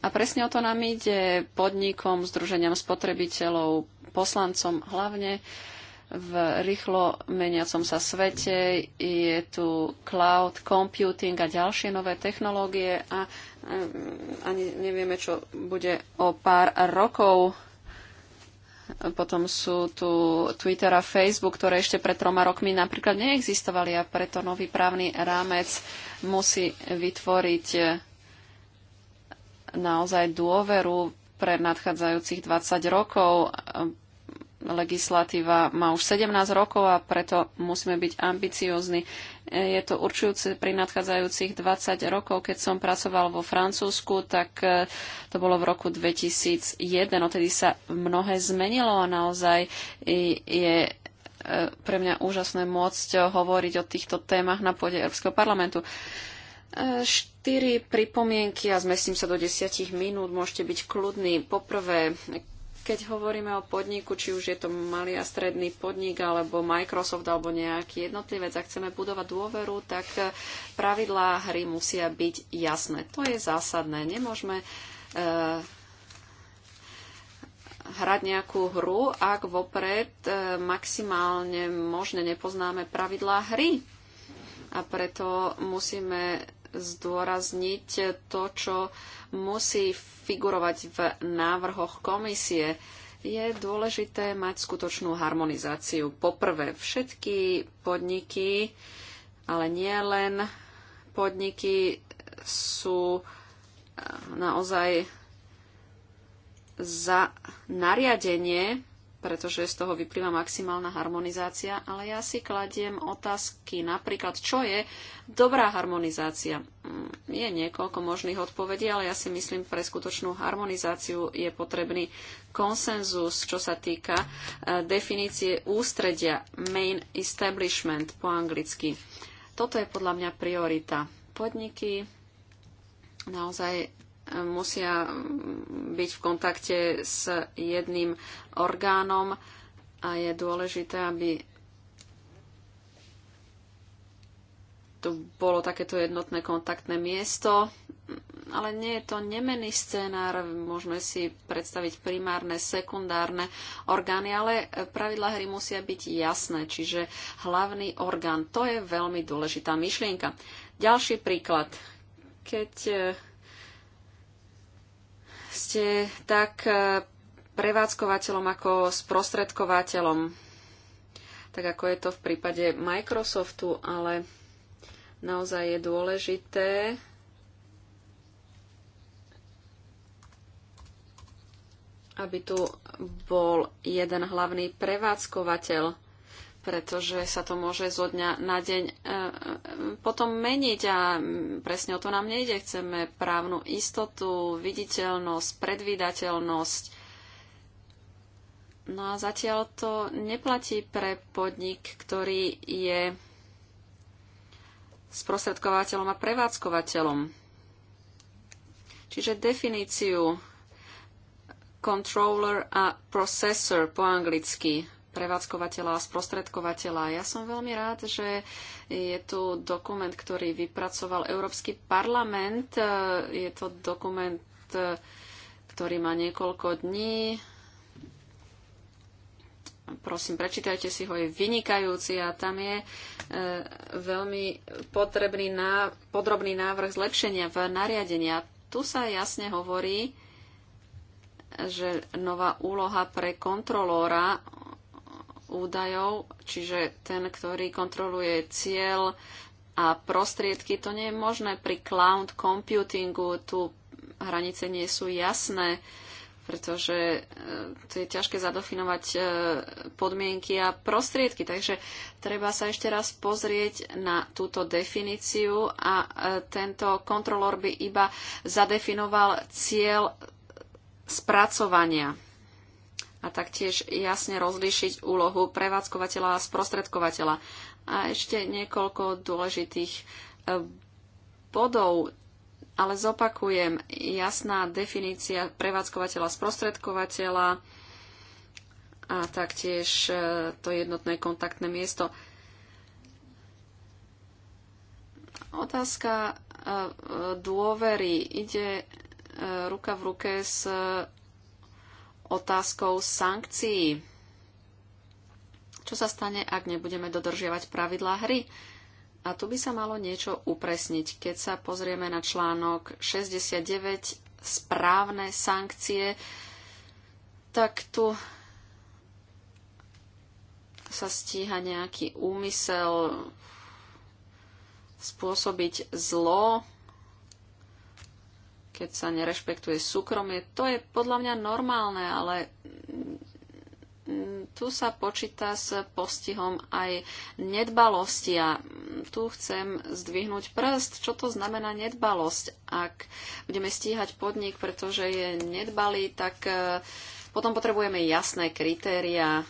A presne o to nám ide podnikom, združeniam spotrebiteľov, poslancom hlavne v rýchlo meniacom sa svete. Je tu cloud computing a ďalšie nové technológie a ani nevieme, čo bude o pár rokov. Potom sú tu Twitter a Facebook, ktoré ešte pred troma rokmi napríklad neexistovali a preto nový právny rámec musí vytvoriť naozaj dôveru pre nadchádzajúcich 20 rokov legislatíva má už 17 rokov a preto musíme byť ambiciózni. Je to určujúce pri nadchádzajúcich 20 rokov. Keď som pracoval vo Francúzsku, tak e, to bolo v roku 2001. Odtedy sa mnohé zmenilo a naozaj je e, pre mňa úžasné môcť hovoriť o týchto témach na pôde Európskeho parlamentu. E, štyri pripomienky a zmestím sa do desiatich minút. Môžete byť kľudní. Poprvé, keď hovoríme o podniku, či už je to malý a stredný podnik, alebo Microsoft, alebo nejaký jednotlivec, a chceme budovať dôveru, tak eh, pravidlá hry musia byť jasné. To je zásadné. Nemôžeme eh, hrať nejakú hru, ak vopred eh, maximálne možne nepoznáme pravidlá hry. A preto musíme zdôrazniť to, čo musí figurovať v návrhoch komisie. Je dôležité mať skutočnú harmonizáciu. Poprvé, všetky podniky, ale nie len podniky, sú eh, naozaj za nariadenie pretože z toho vyplýva maximálna harmonizácia, ale ja si kladiem otázky napríklad, čo je dobrá harmonizácia. Mm, je niekoľko možných odpovedí, ale ja si myslím, pre skutočnú harmonizáciu je potrebný konsenzus, čo sa týka e, definície ústredia, main establishment po anglicky. Toto je podľa mňa priorita. Podniky naozaj musia byť v kontakte s jedným orgánom a je dôležité, aby tu bolo takéto jednotné kontaktné miesto, ale nie je to nemený scénár, môžeme si predstaviť primárne, sekundárne orgány, ale pravidla hry musia byť jasné, čiže hlavný orgán, to je veľmi dôležitá myšlienka. Ďalší príklad. Keď eh, ste tak e, prevádzkovateľom ako sprostredkovateľom, tak ako je to v prípade Microsoftu, ale naozaj je dôležité aby tu bol jeden hlavný prevádzkovateľ pretože sa to môže zo dňa na deň e, e, potom meniť a presne o to nám nejde. Chceme právnu istotu, viditeľnosť, predvídateľnosť. No a zatiaľ to neplatí pre podnik, ktorý je sprostredkovateľom a prevádzkovateľom. Čiže definíciu controller a processor po anglicky prevádzkovateľa a sprostredkovateľa. Ja som veľmi rád, že je tu dokument, ktorý vypracoval Európsky parlament. E, je to dokument, e, ktorý má niekoľko dní. Prosím, prečítajte si ho, je vynikajúci a tam je e, veľmi potrebný na podrobný návrh zlepšenia v nariadenia. Tu sa jasne hovorí, že nová úloha pre kontrolóra údajov, čiže ten, ktorý kontroluje cieľ a prostriedky, to nie je možné pri cloud computingu, tu hranice nie sú jasné, pretože e, to je ťažké zadofinovať e, podmienky a prostriedky. Takže treba sa ešte raz pozrieť na túto definíciu a e, tento kontrolór by iba zadefinoval cieľ spracovania a taktiež jasne rozlíšiť úlohu prevádzkovateľa a sprostredkovateľa. A ešte niekoľko dôležitých e, bodov, ale zopakujem, jasná definícia prevádzkovateľa, sprostredkovateľa a taktiež e, to jednotné kontaktné miesto. Otázka e, dôvery ide ruka v ruke s otázkou sankcií. Čo sa stane, ak nebudeme dodržiavať pravidlá hry? A tu by sa malo niečo upresniť. Keď sa pozrieme na článok 69, správne sankcie, tak tu sa stíha nejaký úmysel spôsobiť zlo, keď sa nerešpektuje súkromie. To je podľa mňa normálne, ale tu sa počíta s postihom aj nedbalosti a tu chcem zdvihnúť prst, čo to znamená nedbalosť. Ak budeme stíhať podnik, pretože je nedbalý, tak eh, potom potrebujeme jasné kritéria,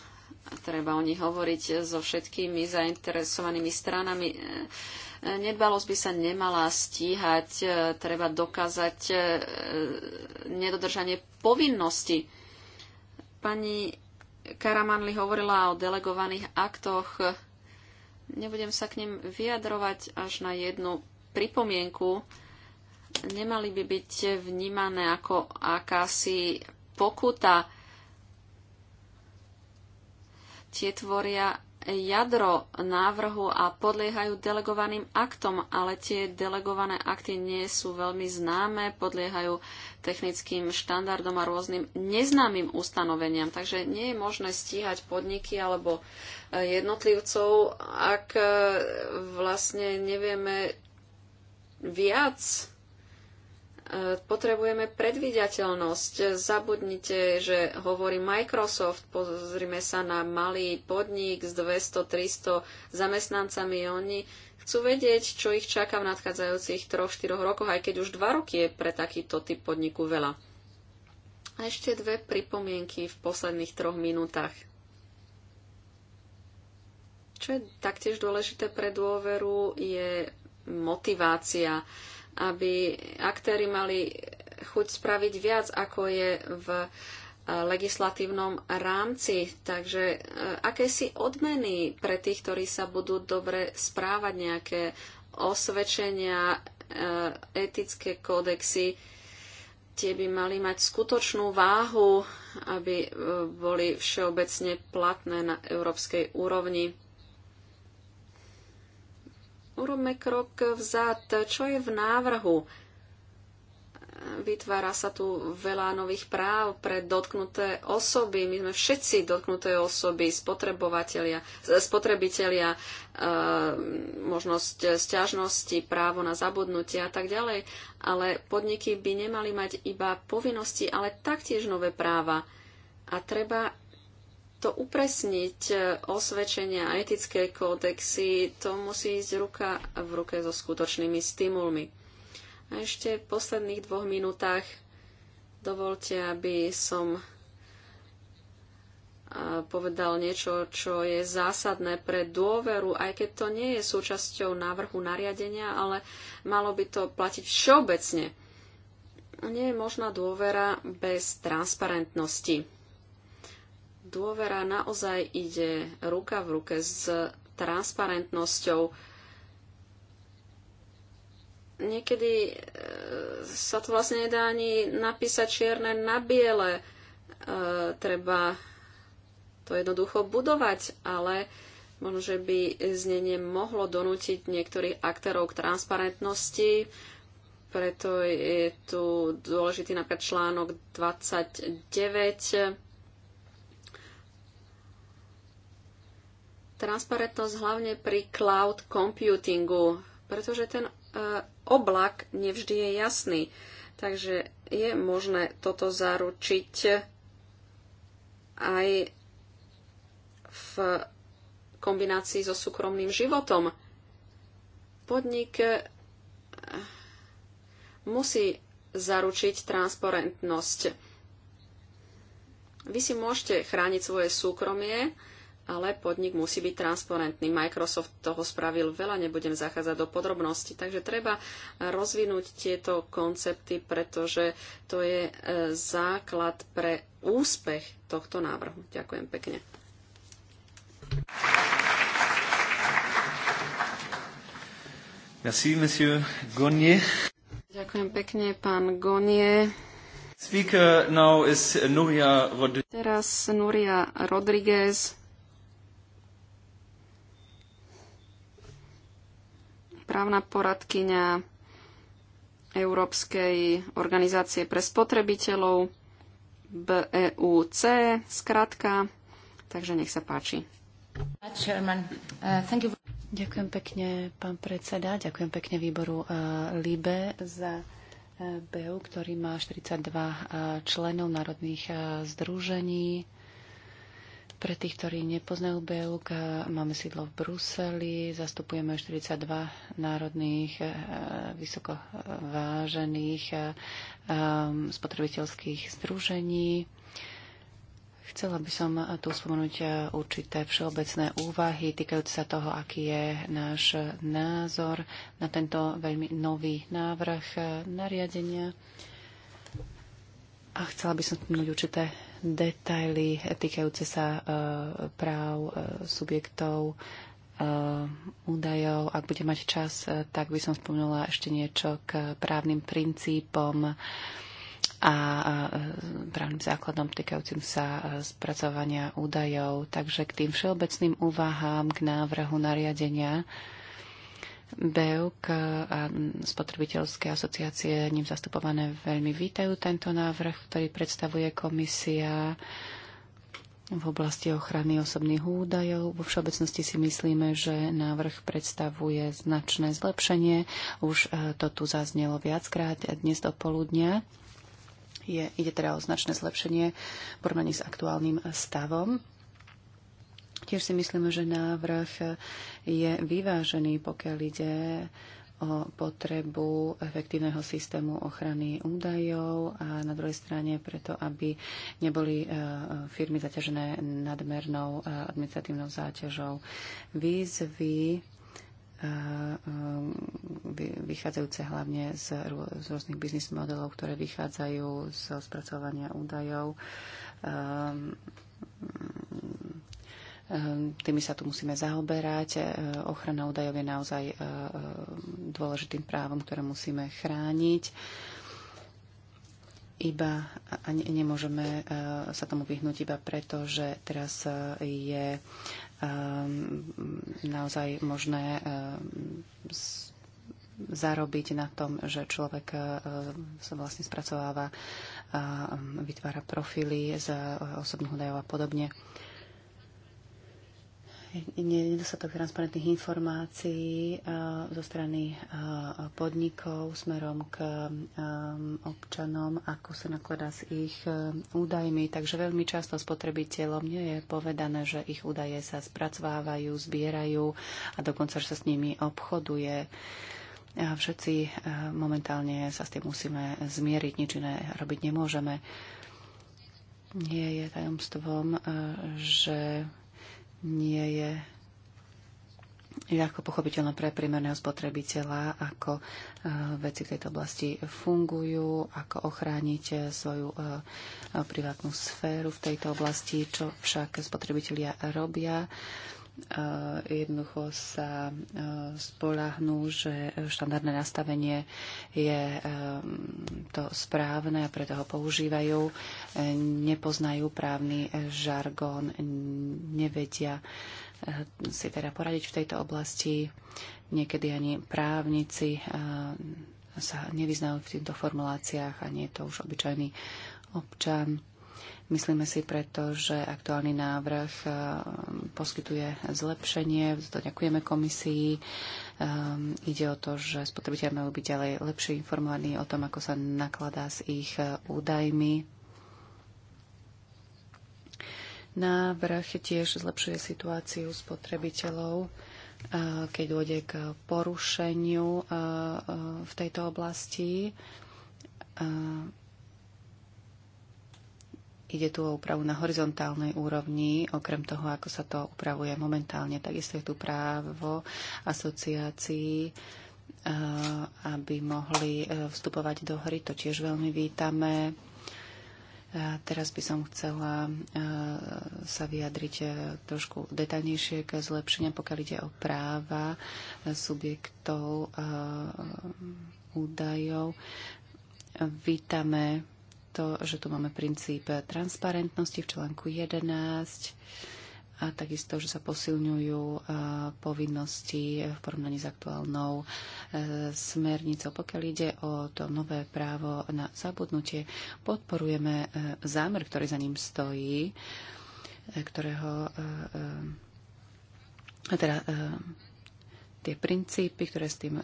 treba o nich hovoriť so všetkými zainteresovanými stranami. Nedbalosť by sa nemala stíhať, treba dokázať e, nedodržanie povinnosti. Pani Karamanli hovorila o delegovaných aktoch. Nebudem sa k ním vyjadrovať až na jednu pripomienku. Nemali by byť vnímané ako akási pokuta, Tie tvoria jadro návrhu a podliehajú delegovaným aktom, ale tie delegované akty nie sú veľmi známe, podliehajú technickým štandardom a rôznym neznámym ustanoveniam. Takže nie je možné stíhať podniky alebo e, jednotlivcov, ak e, vlastne nevieme viac Potrebujeme predvidateľnosť. Zabudnite, že hovorí Microsoft. Pozrime sa na malý podnik s 200-300 zamestnancami. Oni chcú vedieť, čo ich čaká v nadchádzajúcich 3-4 rokoch, aj keď už 2 roky je pre takýto typ podniku veľa. A ešte dve pripomienky v posledných troch minútach. Čo je taktiež dôležité pre dôveru, je motivácia. Uh, aby aktéry mali chuť spraviť viac, ako je v e, legislatívnom rámci. Takže e, aké si odmeny pre tých, ktorí sa budú dobre správať, nejaké osvedčenia, e, etické kódexy, tie by mali mať skutočnú váhu, aby boli všeobecne platné na európskej úrovni urobme krok vzad. Čo je v návrhu? Vytvára sa tu veľa nových práv pre dotknuté osoby. My sme všetci dotknuté osoby, spotrebovateľia, spotrebitelia, e, možnosť sťažnosti, právo na zabudnutie a tak ďalej. Ale podniky by nemali mať iba povinnosti, ale taktiež nové práva. A treba to upresniť, e, osvedčenia, etické kódexy, to musí ísť ruka v ruke so skutočnými stimulmi. A ešte v posledných dvoch minútach dovolte, aby som e, povedal niečo, čo je zásadné pre dôveru, aj keď to nie je súčasťou návrhu nariadenia, ale malo by to platiť všeobecne. Nie je možná dôvera bez transparentnosti Dôvera naozaj ide ruka v ruke s transparentnosťou. Niekedy e, sa to vlastne nedá ani napísať čierne na biele. E, treba to jednoducho budovať, ale možno, že by znenie mohlo donútiť niektorých aktérov k transparentnosti, preto je tu dôležitý napríklad článok 29 transparentnosť hlavne pri cloud computingu, pretože ten e, oblak nevždy je jasný. Takže je možné toto zaručiť aj v kombinácii so súkromným životom. Podnik e, musí zaručiť transparentnosť. Vy si môžete chrániť svoje súkromie, ale podnik musí byť transparentný. Microsoft toho spravil veľa, nebudem zachádzať do podrobností, takže treba rozvinúť tieto koncepty, pretože to je e, základ pre úspech tohto návrhu. Ďakujem pekne. Merci, monsieur Gonier. Ďakujem pekne, pán Gonie. Speaker now is Nuria Rodriguez. Teraz Nuria Rodriguez. právna poradkyňa Európskej organizácie pre spotrebiteľov BEUC, skratka. Takže nech sa páči. Uh, Ďakujem pekne, pán predseda. Ďakujem pekne výboru uh, LIBE za uh, BEU, ktorý má 42 členov národných združení pre tých, ktorí nepoznajú BEUK, e, máme sídlo v Bruseli, zastupujeme 42 národných, e, vysoko e, vážených spotrebiteľských združení. Chcela by som tu spomenúť určité všeobecné úvahy týkajúce sa toho, aký je náš názor na tento veľmi nový návrh nariadenia. A chcela by som spomenúť určité detaily týkajúce sa e, práv e, subjektov, e, údajov. Ak bude mať čas, tak by som spomenula ešte niečo k právnym princípom a právnym základom týkajúcim sa spracovania údajov. Takže k tým všeobecným úvahám, k návrhu nariadenia, BEUK a spotrebiteľské asociácie ním zastupované veľmi vítajú tento návrh, ktorý predstavuje komisia v oblasti ochrany osobných údajov. Vo všeobecnosti si myslíme, že návrh predstavuje značné zlepšenie. Už e, to tu zaznelo viackrát dnes do poludnia. Je, ide teda o značné zlepšenie v porovnaní s aktuálnym stavom Tiež si myslíme, že návrh je vyvážený, pokiaľ ide o potrebu efektívneho systému ochrany údajov a na druhej strane preto, aby neboli e, firmy zaťažené nadmernou e, administratívnou záťažou. Výzvy e, vychádzajúce hlavne z, rôznych biznis modelov, ktoré vychádzajú zo spracovania údajov, Ehm, tými sa tu musíme zaoberať. Ehm, ochrana údajov je naozaj ehm, dôležitým právom, ktoré musíme chrániť. Iba a nemôžeme sa tomu vyhnúť iba preto, že teraz je naozaj možné zarobiť na tom, že človek sa vlastne spracováva, a vytvára profily z e, osobných údajov a podobne nedostatok transparentných informácií eh, zo strany eh, podnikov smerom k eh, občanom, ako sa nakladá s ich údajmi. Takže veľmi často spotrebiteľom nie je povedané, že ich údaje sa spracovávajú, zbierajú a dokonca, že sa s nimi obchoduje. A všetci momentálne sa s tým musíme zmieriť, nič iné robiť nemôžeme. Nie je tajomstvom, že nie je ľahko pochopiteľné pre primerného spotrebiteľa, ako e, veci v tejto oblasti fungujú, ako ochrániť e, svoju e, privátnu sféru v tejto oblasti, čo však spotrebitelia robia. E, jednoducho sa e, spolahnú, že štandardné nastavenie je e, to správne a preto ho používajú. Nepoznajú právny žargón, nevedia si teda poradiť v tejto oblasti. Niekedy ani právnici sa nevyznajú v týchto formuláciách a nie je to už obyčajný občan. Myslíme si preto, že aktuálny návrh eh, poskytuje zlepšenie. To ďakujeme komisii. Um, ide o to, že spotrebitelia majú byť ďalej lepšie informovaní o tom, ako sa nakladá s ich eh, údajmi. Návrh tiež zlepšuje situáciu spotrebiteľov, keď dôjde k porušeniu v tejto oblasti Ide tu o úpravu na horizontálnej úrovni, okrem toho, ako sa to upravuje momentálne. Takisto je tu právo asociácií, eh, aby mohli eh, vstupovať do hry. To tiež veľmi vítame. A teraz by som chcela eh, sa vyjadriť trošku detaľnejšie k zlepšenia, pokiaľ ide o práva subjektov údajov. Vítame to, že tu máme princíp transparentnosti v článku 11 a takisto, že sa posilňujú e, povinnosti v porovnaní s aktuálnou e, smernicou. Pokiaľ ide o to nové právo na zabudnutie, podporujeme e, zámer, ktorý za ním stojí, ktorého teda tie princípy, ktoré s tým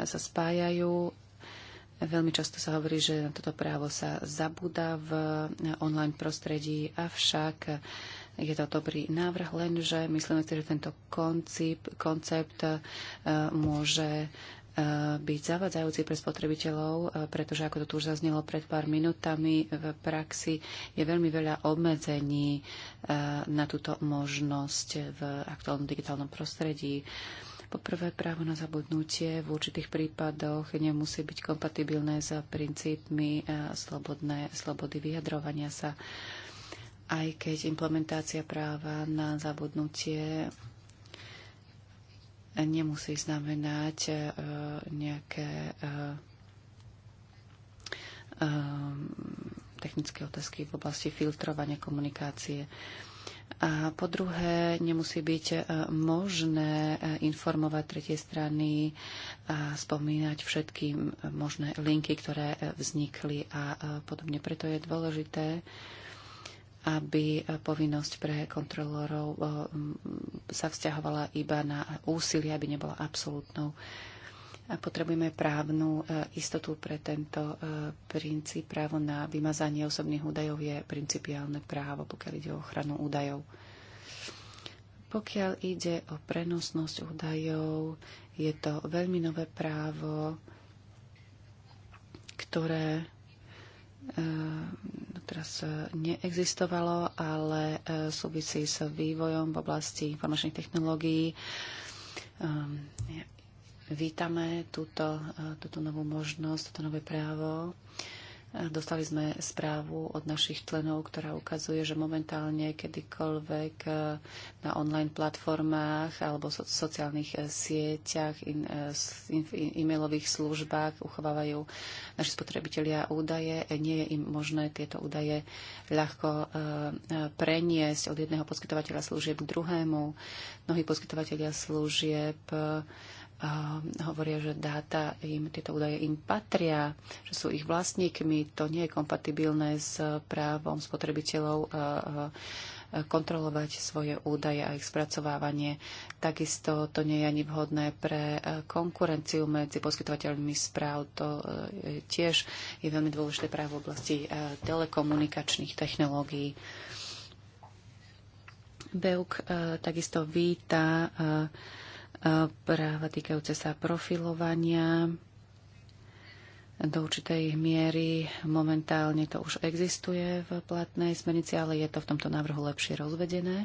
sa spájajú Veľmi často sa hovorí, že toto právo sa zabúda v online prostredí, avšak je to dobrý návrh, lenže myslíme si, že tento koncept, koncept môže e, byť zavadzajúci pre spotrebiteľov, e, pretože ako to tu už zaznelo pred pár minutami, v praxi je veľmi veľa obmedzení e, na túto možnosť v aktuálnom digitálnom prostredí. Poprvé, právo na zabudnutie v určitých prípadoch nemusí byť kompatibilné s princípmi eh, slobodné, slobody vyjadrovania sa, aj keď implementácia práva na zabudnutie nemusí znamenať eh, nejaké eh, technické otázky v oblasti filtrovania komunikácie. A po druhé, nemusí byť e, možné e, informovať tretie strany a spomínať všetky e, možné linky, ktoré vznikli a podobne. Preto je dôležité, aby povinnosť pre kontrolorov sa vzťahovala iba na úsilie, aby nebola absolútnou Potrebujeme právnu e, istotu pre tento e, princíp. Právo na vymazanie osobných údajov je principiálne právo, pokiaľ ide o ochranu údajov. Pokiaľ ide o prenosnosť údajov, je to veľmi nové právo, ktoré e, teraz neexistovalo, ale súvisí s vývojom v oblasti informačných technológií. Ehm, Vítame túto, eh, túto novú možnosť, toto nové právo. Eh, dostali sme správu od našich členov, ktorá ukazuje, že momentálne kedykoľvek eh, na online platformách alebo sociálnych sieťach, e-mailových službách uchovávajú naši spotrebitelia údaje. Nie je im možné tieto údaje ľahko preniesť od jedného poskytovateľa služieb k druhému. Mnohí poskytovateľia služieb hovoria, že dáta im, tieto údaje im patria, že sú ich vlastníkmi. To nie je kompatibilné s právom spotrebiteľov kontrolovať svoje údaje a ich spracovávanie. Takisto to nie je ani vhodné pre konkurenciu medzi poskytovateľmi správ. To tiež je veľmi dôležité právo v oblasti telekomunikačných technológií. BEUK takisto víta práva týkajúce sa profilovania. Do určitej miery momentálne to už existuje v platnej smernici, ale je to v tomto návrhu lepšie rozvedené.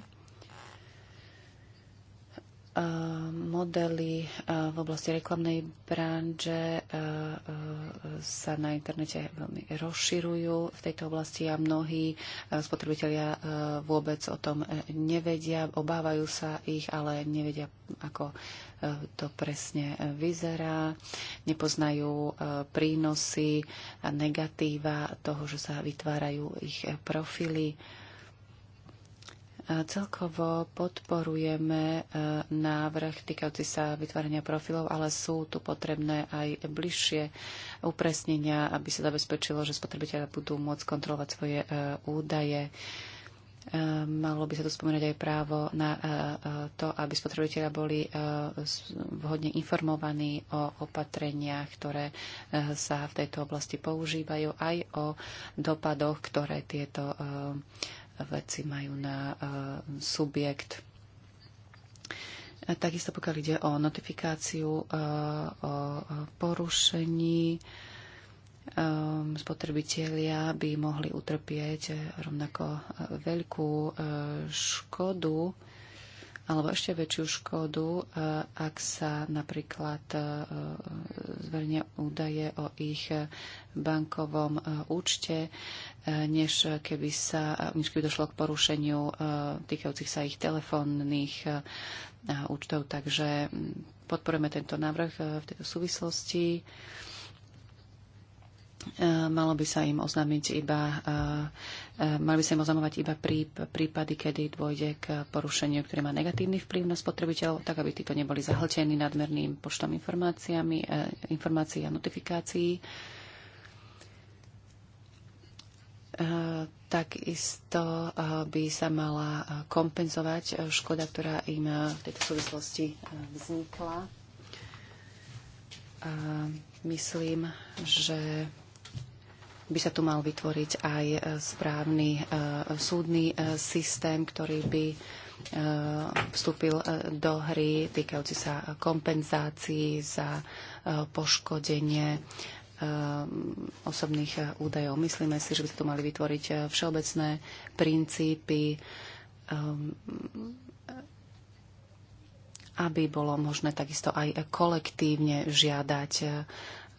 Eh, modely eh, v oblasti reklamnej branže eh, sa na internete veľmi rozširujú v tejto oblasti a mnohí spotrebitelia vôbec o tom nevedia, obávajú sa ich, ale nevedia, ako to presne vyzerá, nepoznajú prínosy a negatíva toho, že sa vytvárajú ich profily Celkovo podporujeme e, návrh týkajúci sa vytvárania profilov, ale sú tu potrebné aj bližšie upresnenia, aby sa zabezpečilo, že spotrebitelia budú môcť kontrolovať svoje e, údaje. E, malo by sa tu spomínať aj právo na to, aby spotrebitelia boli vhodne informovaní o opatreniach, ktoré sa v tejto oblasti používajú, aj o dopadoch, ktoré tieto veci majú na e, subjekt. A takisto pokiaľ ide o notifikáciu e, o porušení, um, spotrebitelia by mohli utrpieť rovnako veľkú škodu alebo ešte väčšiu škodu, ak sa napríklad zverne údaje o ich bankovom účte než keby, sa, než keby došlo k porušeniu e, týkajúcich sa ich telefónnych e, účtov. Takže mm, podporujeme tento návrh e, v tejto súvislosti. Malo by sa im oznámiť iba, mali by sa im oznamovať iba prí, prípady, kedy dôjde k porušeniu, ktoré má negatívny vplyv na spotrebiteľov, tak aby títo neboli zahltení nadmerným počtom informáciami, informácií a notifikácií. Eh, takisto eh, by sa mala eh, kompenzovať škoda, ktorá im v tejto súvislosti vznikla. myslím, že by sa tu mal vytvoriť aj správny súdny systém, ktorý by vstúpil do hry týkajúci sa kompenzácií za poškodenie Eh, osobných eh, údajov. Myslíme si, že by sa tu mali vytvoriť eh, všeobecné princípy, aby bolo možné takisto aj kolektívne žiadať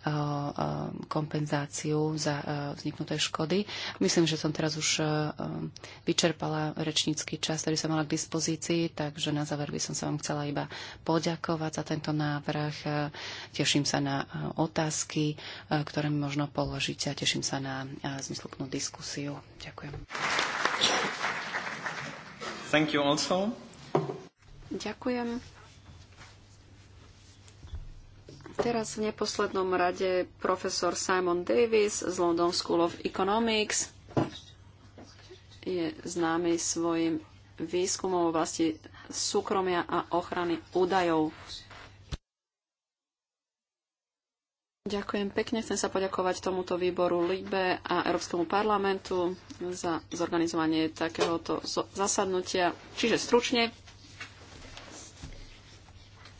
Eh, eh, kompenzáciu za eh, vzniknuté škody. Myslím, že som teraz už vyčerpala rečnícky čas, ktorý som mala k dispozícii, takže na záver by som sa vám chcela iba poďakovať za tento návrh. Teším sa na otázky, ktoré mi možno položíte a teším sa na zmysluplnú diskusiu. Ďakujem. Thank you also. Ďakujem. Teraz v neposlednom rade profesor Simon Davis z London School of Economics je známy svojim výskumom v oblasti súkromia a ochrany údajov. Ďakujem pekne. Chcem sa poďakovať tomuto výboru LIBE a Európskemu parlamentu za zorganizovanie takéhoto zasadnutia. Čiže stručne,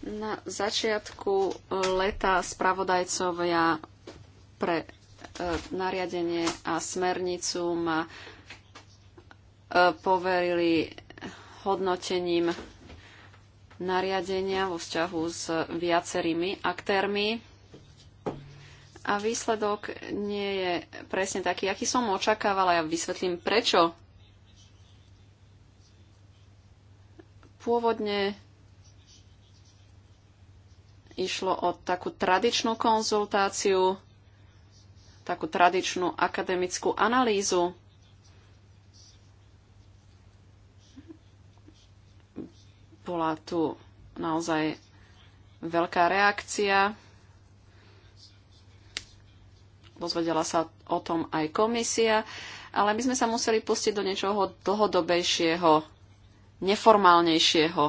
na začiatku e, leta spravodajcovia pre e, nariadenie a smernicu ma e, poverili hodnotením nariadenia vo vzťahu s viacerými aktérmi. A výsledok nie je presne taký, aký som očakávala. Ja vysvetlím prečo. Pôvodne išlo o takú tradičnú konzultáciu, takú tradičnú akademickú analýzu. Bola tu naozaj veľká reakcia. Dozvedela sa o tom aj komisia, ale my sme sa museli pustiť do niečoho dlhodobejšieho, neformálnejšieho,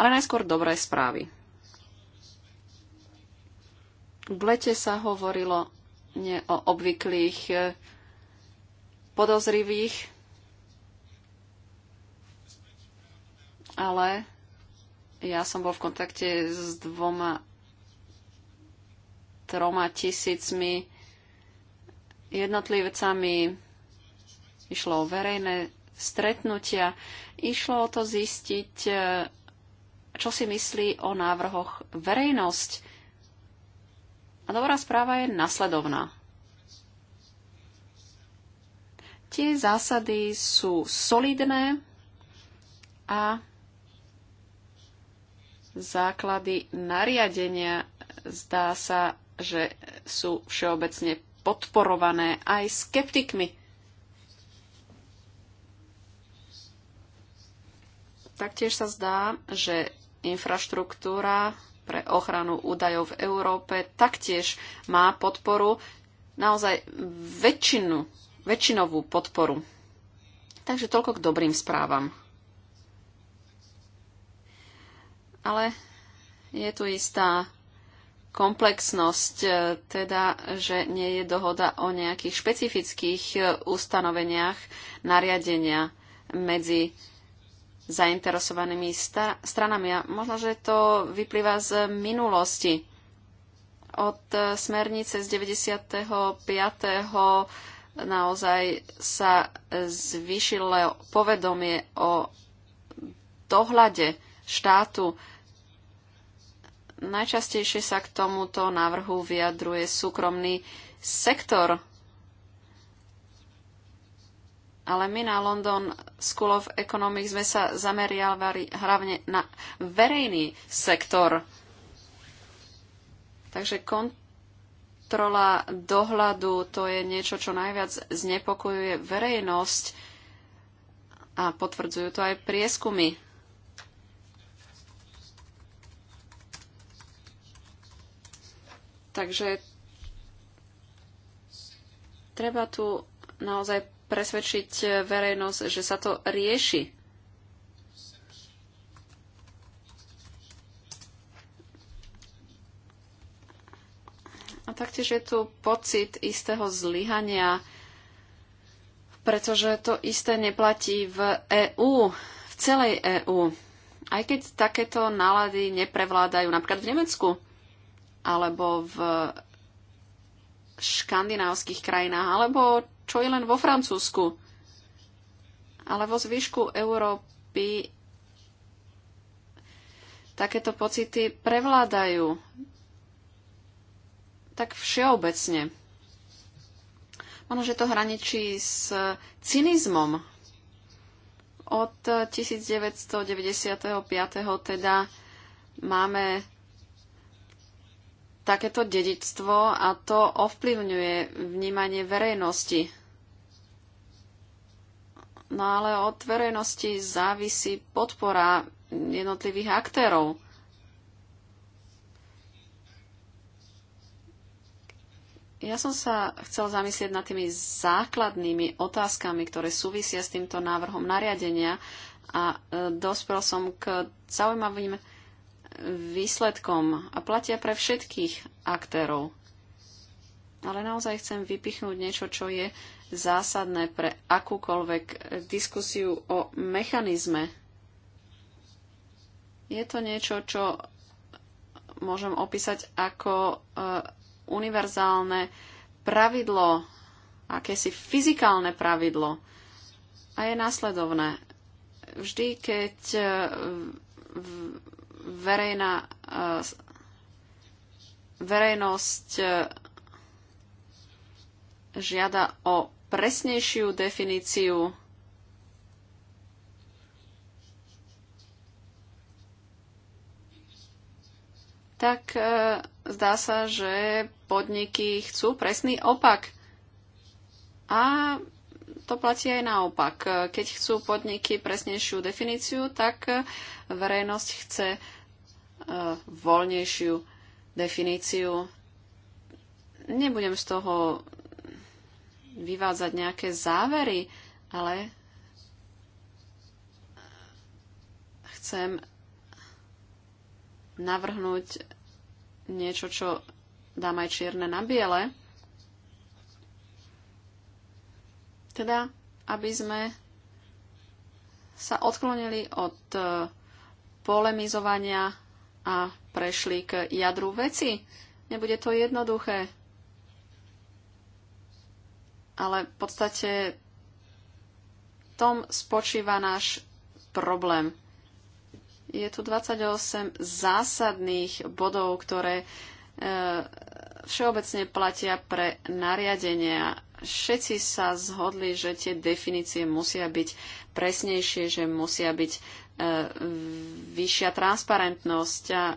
ale najskôr dobré správy. V lete sa hovorilo nie o obvyklých e, podozrivých, ale ja som bol v kontakte s dvoma, troma tisícmi jednotlivcami. Išlo o verejné stretnutia. Išlo o to zistiť, e, čo si myslí o návrhoch verejnosť dobrá správa je nasledovná. Tie zásady sú solidné a základy nariadenia zdá sa, že sú všeobecne podporované aj skeptikmi. Taktiež sa zdá, že infraštruktúra pre ochranu údajov v Európe taktiež má podporu, naozaj väčšinu, väčšinovú podporu. Takže toľko k dobrým správam. Ale je tu istá komplexnosť, e, teda, že nie je dohoda o nejakých špecifických e, ustanoveniach nariadenia medzi zainteresovanými stranami. A možno, že to vyplýva z minulosti. Od e, smernice z 95. naozaj sa zvyšilo povedomie o dohľade štátu. Najčastejšie sa k tomuto návrhu vyjadruje súkromný sektor ale my na London School of Economics sme sa zameriavali hlavne na verejný sektor. Takže kontrola dohľadu to je niečo, čo najviac znepokojuje verejnosť a potvrdzujú to aj prieskumy. Takže treba tu naozaj presvedčiť verejnosť, že sa to rieši. A taktiež je tu pocit istého zlyhania, pretože to isté neplatí v EÚ, v celej EÚ. Aj keď takéto nálady neprevládajú napríklad v Nemecku alebo v škandinávskych krajinách alebo čo je len vo Francúzsku. Ale vo zvyšku Európy takéto pocity prevládajú tak všeobecne. Ono, že to hraničí s cynizmom. Od 1995. teda máme takéto dedičstvo a to ovplyvňuje vnímanie verejnosti. No ale od verejnosti závisí podpora jednotlivých aktérov. Ja som sa chcel zamyslieť nad tými základnými otázkami, ktoré súvisia s týmto návrhom nariadenia a e, dospel som k zaujímavým výsledkom a platia pre všetkých aktérov. Ale naozaj chcem vypichnúť niečo, čo je zásadné pre akúkoľvek diskusiu o mechanizme. Je to niečo, čo môžem opísať ako e, univerzálne pravidlo, akési fyzikálne pravidlo. A je následovné. Vždy, keď e, verejná eh, verejnosť eh, žiada o presnejšiu definíciu tak eh, zdá sa, že podniky chcú presný opak. A to platí aj naopak. Keď chcú podniky presnejšiu definíciu, tak Verejnosť chce e, voľnejšiu definíciu. Nebudem z toho vyvádzať nejaké závery, ale chcem navrhnúť niečo, čo dám aj čierne na biele. Teda, aby sme sa odklonili od e, polemizovania a prešli k jadru veci. Nebude to jednoduché. Ale v podstate tom spočíva náš problém. Je tu 28 zásadných bodov, ktoré e, všeobecne platia pre nariadenia. Všetci sa zhodli, že tie definície musia byť presnejšie, že musia byť E, vyššia transparentnosť a e,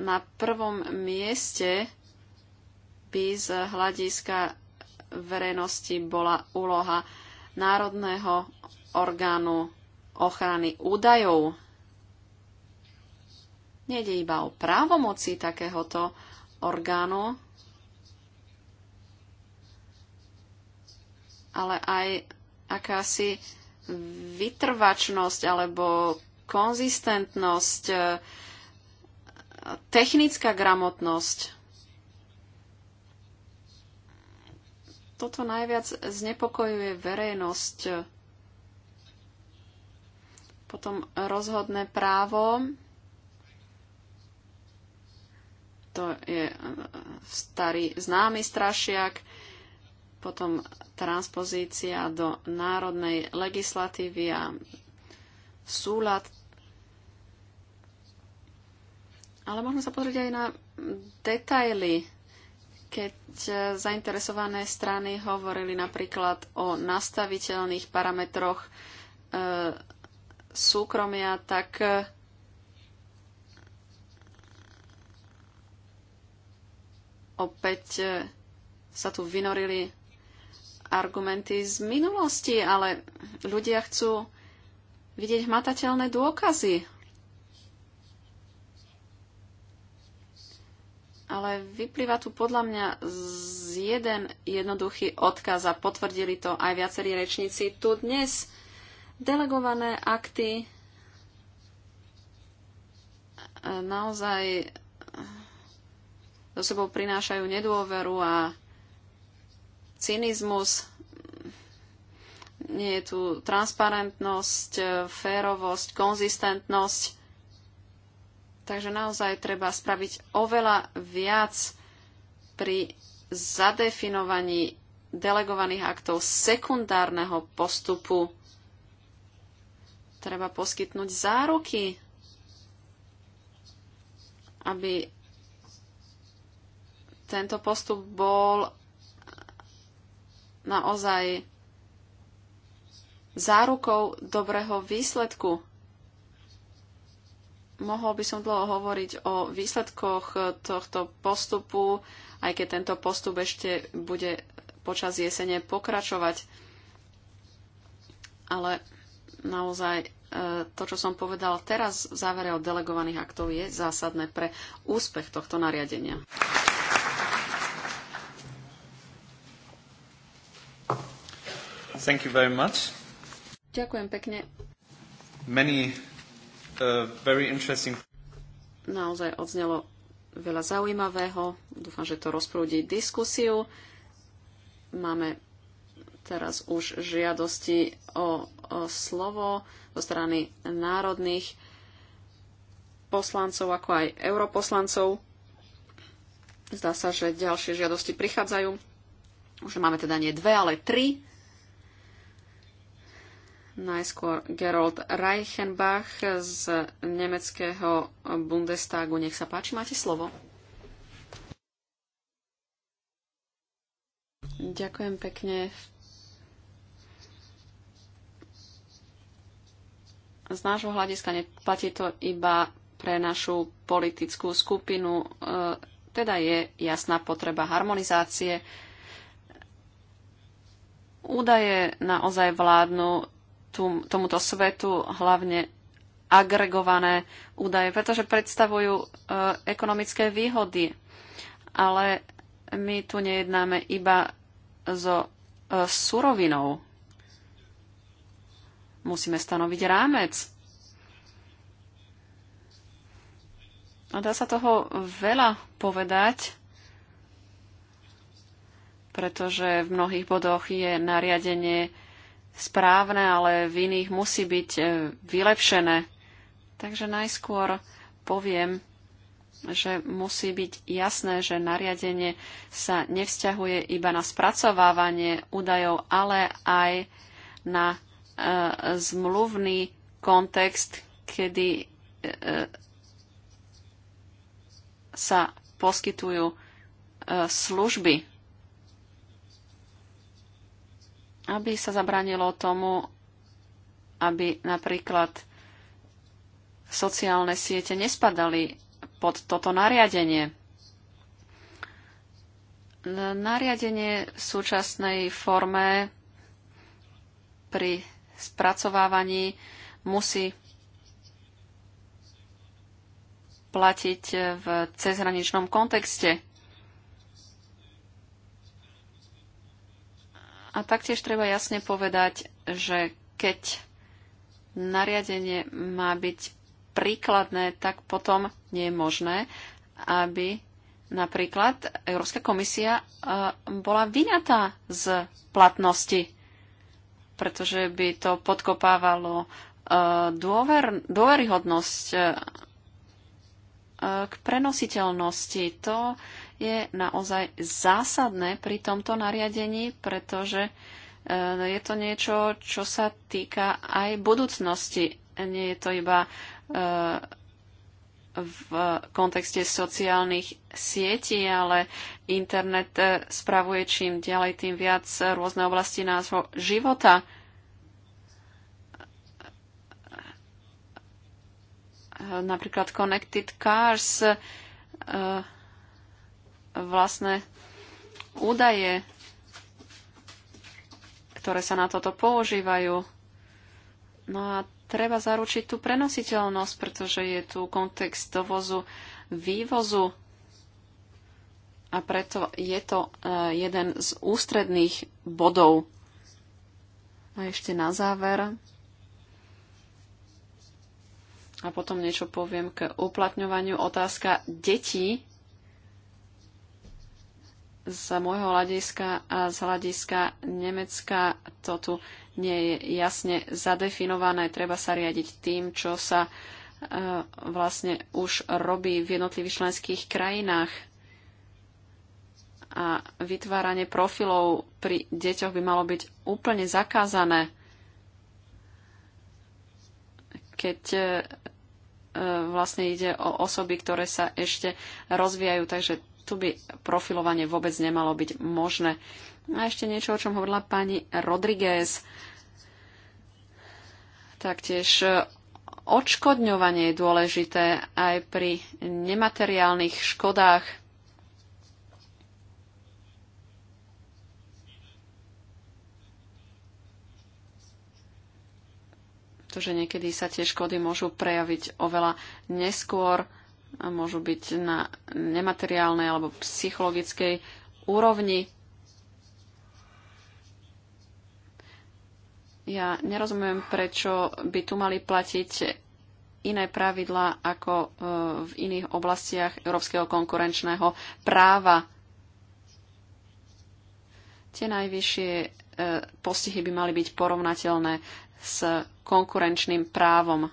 na prvom mieste by z hľadiska verejnosti bola úloha Národného orgánu ochrany údajov. Nede iba o právomoci takéhoto orgánu, ale aj akási vytrvačnosť alebo konzistentnosť, e, technická gramotnosť. Toto najviac znepokojuje verejnosť. Potom rozhodné právo. To je e, e, starý známy strašiak potom transpozícia do národnej legislatívy a súlad. Ale môžeme sa pozrieť aj na detaily, keď e, zainteresované strany hovorili napríklad o nastaviteľných parametroch e, súkromia, tak e, opäť e, sa tu vynorili argumenty z minulosti, ale ľudia chcú vidieť hmatateľné dôkazy. Ale vyplýva tu podľa mňa z jeden jednoduchý odkaz a potvrdili to aj viacerí rečníci tu dnes. Delegované akty e, naozaj do sebou prinášajú nedôveru a cynizmus, nie je tu transparentnosť, e, férovosť, konzistentnosť. Takže naozaj treba spraviť oveľa viac pri zadefinovaní delegovaných aktov sekundárneho postupu. Treba poskytnúť záruky, aby tento postup bol naozaj zárukou dobrého výsledku. Mohol by som dlho hovoriť o výsledkoch tohto postupu, aj keď tento postup ešte bude počas jesene pokračovať. Ale naozaj e, to, čo som povedal teraz v závere o delegovaných aktov, je zásadné pre úspech tohto nariadenia. Thank you very much. Ďakujem pekne. Many, uh, very interesting... Naozaj odznelo veľa zaujímavého. Dúfam, že to rozprúdi diskusiu. Máme teraz už žiadosti o, o slovo zo strany národných poslancov, ako aj europoslancov. Zdá sa, že ďalšie žiadosti prichádzajú. Už máme teda nie dve, ale tri. Najskôr Gerold Reichenbach z nemeckého Bundestagu. Nech sa páči, máte slovo. Ďakujem pekne. Z nášho hľadiska neplatí to iba pre našu politickú skupinu. E, teda je jasná potreba harmonizácie. Údaje naozaj vládnu tomuto svetu, hlavne agregované údaje, pretože predstavujú e, ekonomické výhody. Ale my tu nejednáme iba so e, surovinou. Musíme stanoviť rámec. A dá sa toho veľa povedať, pretože v mnohých bodoch je nariadenie správne, ale v iných musí byť e, vylepšené. Takže najskôr poviem, že musí byť jasné, že nariadenie sa nevzťahuje iba na spracovávanie údajov, ale aj na e, zmluvný kontext, kedy e, e sa poskytujú e, služby aby sa zabránilo tomu, aby napríklad sociálne siete nespadali pod toto nariadenie. Nariadenie v súčasnej forme pri spracovávaní musí platiť v cezhraničnom kontexte. A taktiež treba jasne povedať, že keď nariadenie má byť príkladné, tak potom nie je možné, aby napríklad Európska komisia e, bola vyňatá z platnosti, pretože by to podkopávalo e, dôver, dôveryhodnosť e, k prenositeľnosti. To je naozaj zásadné pri tomto nariadení, pretože e, je to niečo, čo sa týka aj budúcnosti. Nie je to iba e, v kontexte sociálnych sietí, ale internet e, spravuje čím ďalej, tým viac rôzne oblasti nášho života. Napríklad Connected Cars, vlastné údaje, ktoré sa na toto používajú. No a treba zaručiť tú prenositeľnosť, pretože je tu kontext dovozu, vývozu a preto je to e, jeden z ústredných bodov. A ešte na záver. A potom niečo poviem k uplatňovaniu otázka detí z môjho hľadiska a z hľadiska Nemecka to tu nie je jasne zadefinované. Treba sa riadiť tým, čo sa e, vlastne už robí v jednotlivých členských krajinách. A vytváranie profilov pri deťoch by malo byť úplne zakázané. Keď e, e vlastne ide o osoby, ktoré sa ešte rozvíjajú. Takže tu by profilovanie vôbec nemalo byť možné. A ešte niečo, o čom hovorila pani Rodriguez. Taktiež e, odškodňovanie je dôležité aj pri nemateriálnych škodách. pretože niekedy sa tie škody môžu prejaviť oveľa neskôr a môžu byť na nemateriálnej alebo psychologickej úrovni. Ja nerozumiem, prečo by tu mali platiť iné pravidlá ako e, v iných oblastiach európskeho konkurenčného práva. Tie najvyššie e, postihy by mali byť porovnateľné s konkurenčným právom.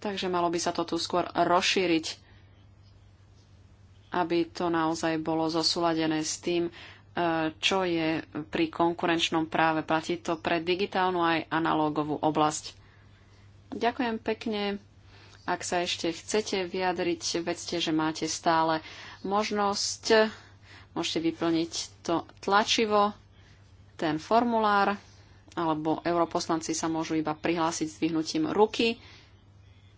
Takže malo by sa to tu skôr rozšíriť, aby to naozaj bolo zosúladené s tým, e, čo je pri konkurenčnom práve. Platí to pre digitálnu aj analógovú oblasť. Ďakujem pekne. Ak sa ešte chcete vyjadriť, vedzte, že máte stále možnosť. Môžete vyplniť to tlačivo, ten formulár, alebo europoslanci sa môžu iba prihlásiť s vyhnutím ruky.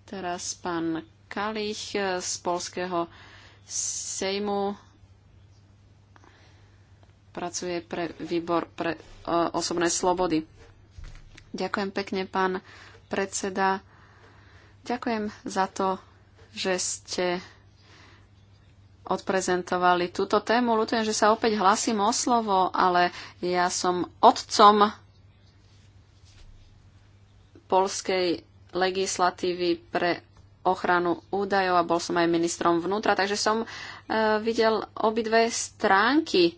Teraz pán Kalich eh, z Polského Sejmu pracuje pre výbor pre eh, osobné slobody. Ďakujem pekne, pán predseda. Ďakujem za to, že ste odprezentovali túto tému. Ľutujem, že sa opäť hlasím o slovo, ale ja som otcom polskej legislatívy pre ochranu údajov a bol som aj ministrom vnútra, takže som e, videl obidve stránky.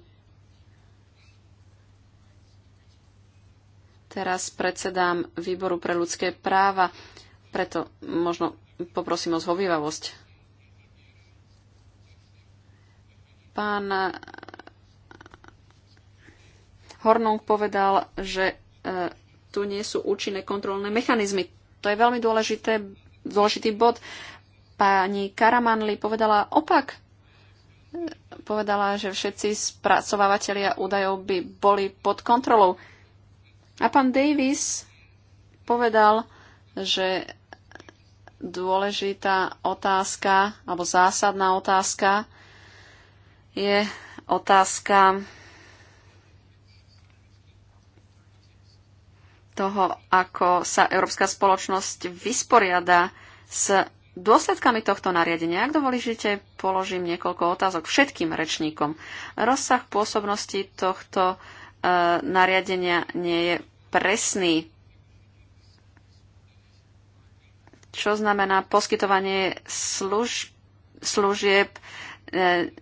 Teraz predsedám výboru pre ľudské práva, preto možno poprosím o zhovývavosť. Pán Hornung povedal, že e, tu nie sú účinné kontrolné mechanizmy. To je veľmi dôležité, dôležitý bod. Pani Karamanli povedala opak. Povedala, že všetci spracovávateľia údajov by boli pod kontrolou. A pán Davis povedal, že dôležitá otázka, alebo zásadná otázka je otázka toho, ako sa európska spoločnosť vysporiada s dôsledkami tohto nariadenia. Ak dovolíte, položím niekoľko otázok všetkým rečníkom. Rozsah pôsobnosti tohto e, nariadenia nie je presný. Čo znamená poskytovanie služ, služieb e,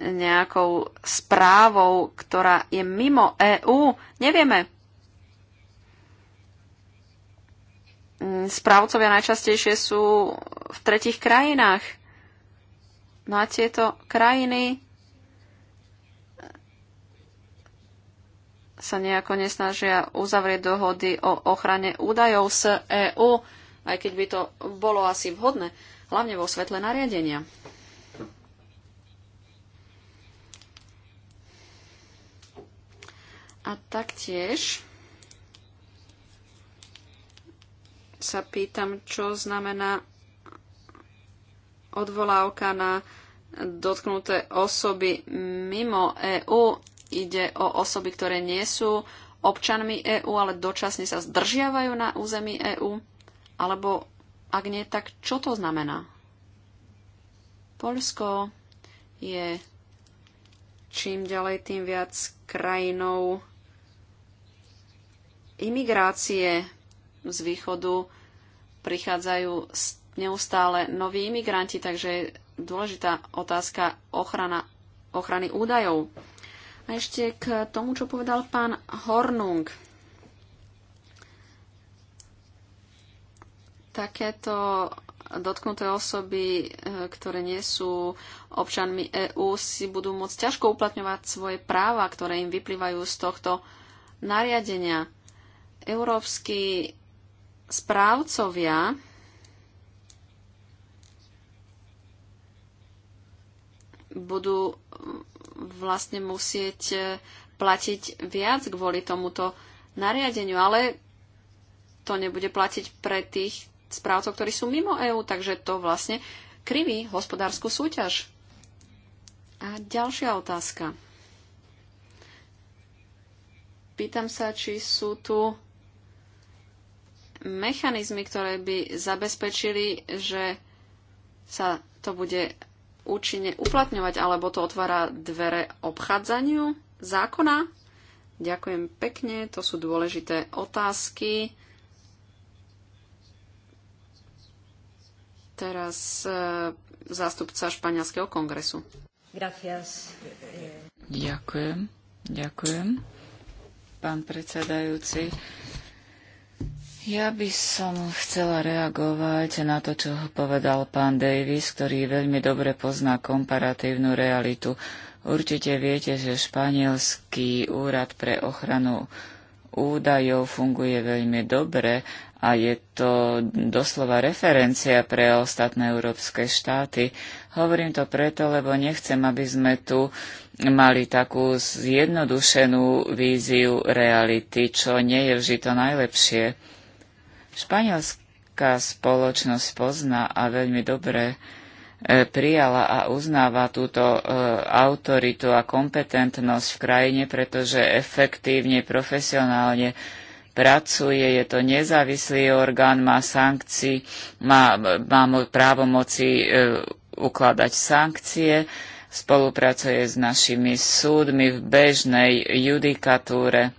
nejakou správou, ktorá je mimo EÚ? Nevieme správcovia najčastejšie sú v tretich krajinách. No a tieto krajiny sa nejako nesnažia uzavrieť dohody o ochrane údajov z EÚ, aj keď by to bolo asi vhodné, hlavne vo svetle nariadenia. A taktiež sa pýtam, čo znamená odvolávka na dotknuté osoby mimo EÚ. Ide o osoby, ktoré nie sú občanmi EÚ, ale dočasne sa zdržiavajú na území EÚ? Alebo ak nie, tak čo to znamená? Polsko je čím ďalej tým viac krajinou imigrácie z východu prichádzajú neustále noví imigranti, takže je dôležitá otázka ochrana, ochrany údajov. A ešte k tomu, čo povedal pán Hornung. Takéto dotknuté osoby, e, ktoré nie sú občanmi EÚ, si budú môcť ťažko uplatňovať svoje práva, ktoré im vyplývajú z tohto nariadenia. Európsky správcovia budú vlastne musieť platiť viac kvôli tomuto nariadeniu, ale to nebude platiť pre tých správcov, ktorí sú mimo EÚ, takže to vlastne kriví hospodárskú súťaž. A ďalšia otázka. Pýtam sa, či sú tu mechanizmy, ktoré by zabezpečili, že sa to bude účinne uplatňovať, alebo to otvára dvere obchádzaniu zákona? Ďakujem pekne, to sú dôležité otázky. Teraz e, zástupca Španielského kongresu. Gracias. Ďakujem, ďakujem. Pán predsedajúci, ja by som chcela reagovať na to, čo povedal pán Davis, ktorý veľmi dobre pozná komparatívnu realitu. Určite viete, že Španielský úrad pre ochranu údajov funguje veľmi dobre a je to doslova referencia pre ostatné európske štáty. Hovorím to preto, lebo nechcem, aby sme tu mali takú zjednodušenú víziu reality, čo nie je vždy to najlepšie. Španielská spoločnosť pozná a veľmi dobre e, prijala a uznáva túto e, autoritu a kompetentnosť v krajine, pretože efektívne, profesionálne pracuje, je to nezávislý orgán, má sankcii, má, má právomoci e, ukladať sankcie, spolupracuje s našimi súdmi v bežnej judikatúre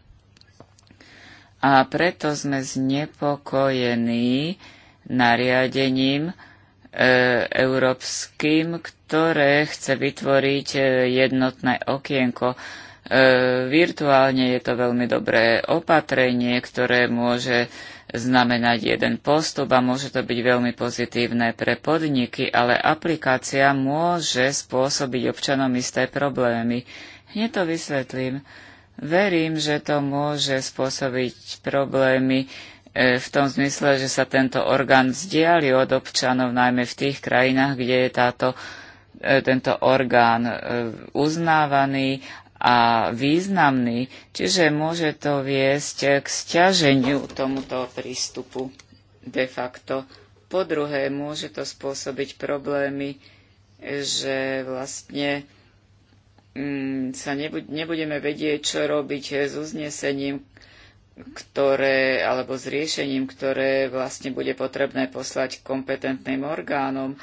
a preto sme znepokojení nariadením e, európskym, ktoré chce vytvoriť e, jednotné okienko. E, virtuálne je to veľmi dobré opatrenie, ktoré môže znamenať jeden postup a môže to byť veľmi pozitívne pre podniky, ale aplikácia môže spôsobiť občanom isté problémy. Hneď to vysvetlím. E, Verím, že to môže spôsobiť problémy e, v tom zmysle, že sa tento orgán vzdiali od občanov, najmä v tých krajinách, kde je táto, e, tento orgán e, uznávaný a významný, čiže môže to viesť k stiaženiu tomuto prístupu de facto. Po druhé, môže to spôsobiť problémy, že vlastne Mm, sa nebudeme vedieť, čo robiť s uznesením, ktoré, alebo s riešením, ktoré vlastne bude potrebné poslať kompetentným orgánom,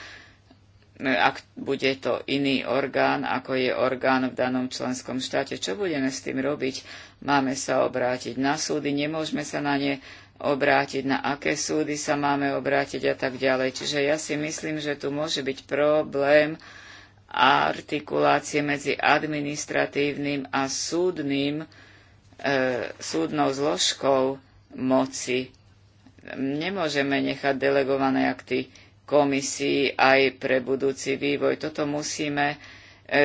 ak bude to iný orgán, ako je orgán v danom členskom štáte. Čo budeme s tým robiť? Máme sa obrátiť na súdy, nemôžeme sa na ne obrátiť, na aké súdy sa máme obrátiť a tak ďalej. Čiže ja si myslím, že tu môže byť problém, a artikulácie medzi administratívnym a súdnym, e, súdnou zložkou moci. Nemôžeme nechať delegované akty komisii aj pre budúci vývoj. Toto musíme e,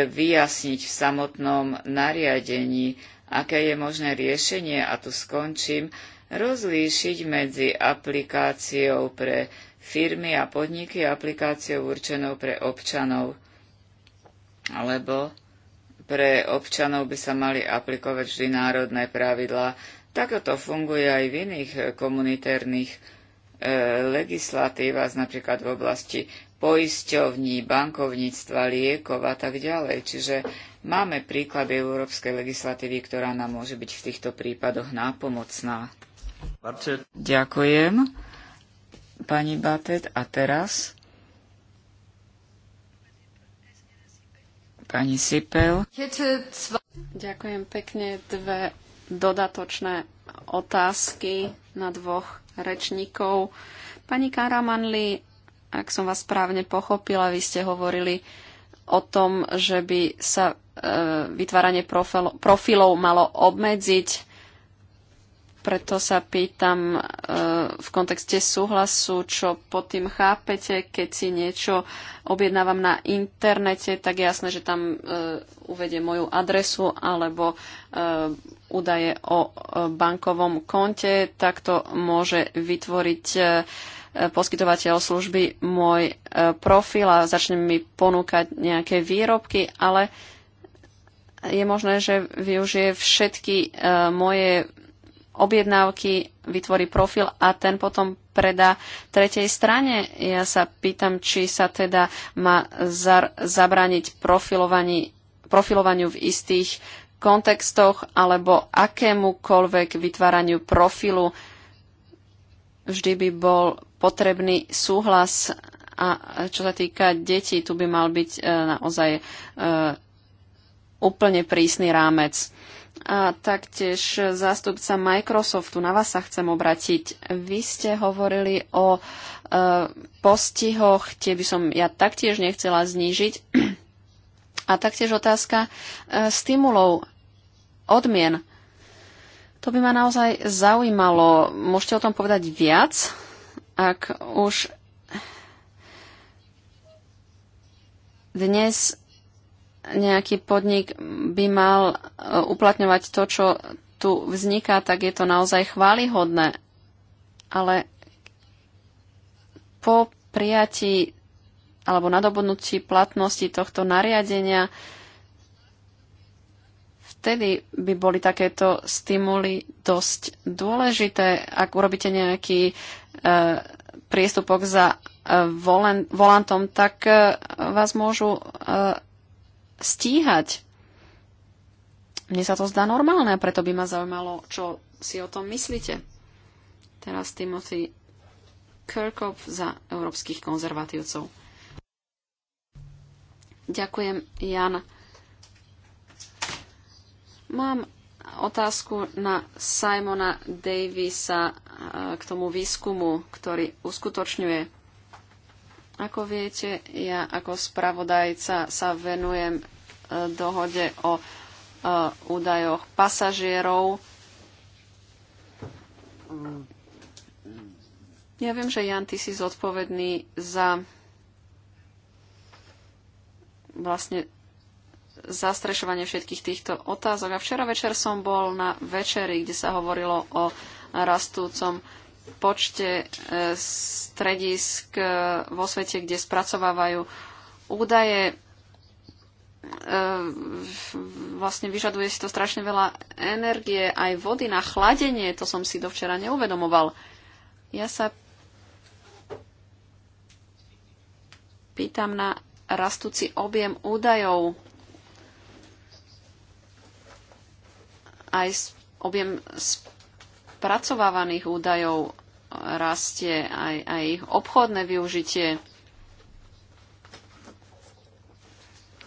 vyjasniť v samotnom nariadení, aké je možné riešenie, a tu skončím, rozlíšiť medzi aplikáciou pre firmy a podniky a aplikáciou určenou pre občanov alebo pre občanov by sa mali aplikovať vždy národné pravidlá. Takto to funguje aj v iných e, komunitárnych e, legislatívach, napríklad v oblasti poisťovní, bankovníctva, liekov a tak ďalej. Čiže máme príklady európskej legislatívy, ktorá nám môže byť v týchto prípadoch nápomocná. Ďakujem, pani Batet. A teraz Pani Sipel. Ďakujem pekne. Dve dodatočné otázky na dvoch rečníkov. Pani Karamanli, ak som vás správne pochopila, vy ste hovorili o tom, že by sa e, vytváranie profil, profilov malo obmedziť. Preto sa pýtam, e, v kontexte súhlasu, čo pod tým chápete, keď si niečo objednávam na internete, tak jasné, že tam e, uvedie moju adresu alebo e, údaje o e, bankovom konte, tak to môže vytvoriť poskytovateľ služby môj profil a začne mi ponúkať nejaké výrobky, ale je možné, že využije všetky moje objednávky, vytvorí profil a ten potom predá tretej strane. Ja sa pýtam, či sa teda má zar- zabrániť profilovaniu v istých kontextoch alebo akémukoľvek vytváraniu profilu. Vždy by bol potrebný súhlas a čo sa týka detí, tu by mal byť e, naozaj e, úplne prísny rámec a taktiež zástupca Microsoftu. Na vás sa chcem obratiť. Vy ste hovorili o e, postihoch, tie by som ja taktiež nechcela znížiť. *clears throat* A taktiež otázka e, stimulov, odmien. To by ma naozaj zaujímalo. Môžete o tom povedať viac, ak už dnes nejaký podnik by mal e, uplatňovať to, čo tu vzniká, tak je to naozaj chválihodné. Ale po prijatí alebo nadobudnutí platnosti tohto nariadenia vtedy by boli takéto stimuly dosť dôležité. Ak urobíte nejaký e, priestupok za e, volen, volantom, tak e, vás môžu e, stíhať. Mne sa to zdá normálne a preto by ma zaujímalo, čo si o tom myslíte. Teraz Timothy Kirkhoff za európskych konzervatívcov. Ďakujem, Jan. Mám otázku na Simona Davisa eh, k tomu výskumu, ktorý uskutočňuje. Ako viete, ja ako spravodajca sa venujem dohode o e, údajoch pasažierov. Ja viem, že Jan, ty si zodpovedný za vlastne zastrešovanie všetkých týchto otázok. A včera večer som bol na večeri, kde sa hovorilo o rastúcom počte e, stredisk e, vo svete, kde spracovávajú údaje vlastne vyžaduje si to strašne veľa energie, aj vody na chladenie, to som si dovčera neuvedomoval. Ja sa pýtam na rastúci objem údajov, aj objem spracovávaných údajov rastie, aj, aj ich obchodné využitie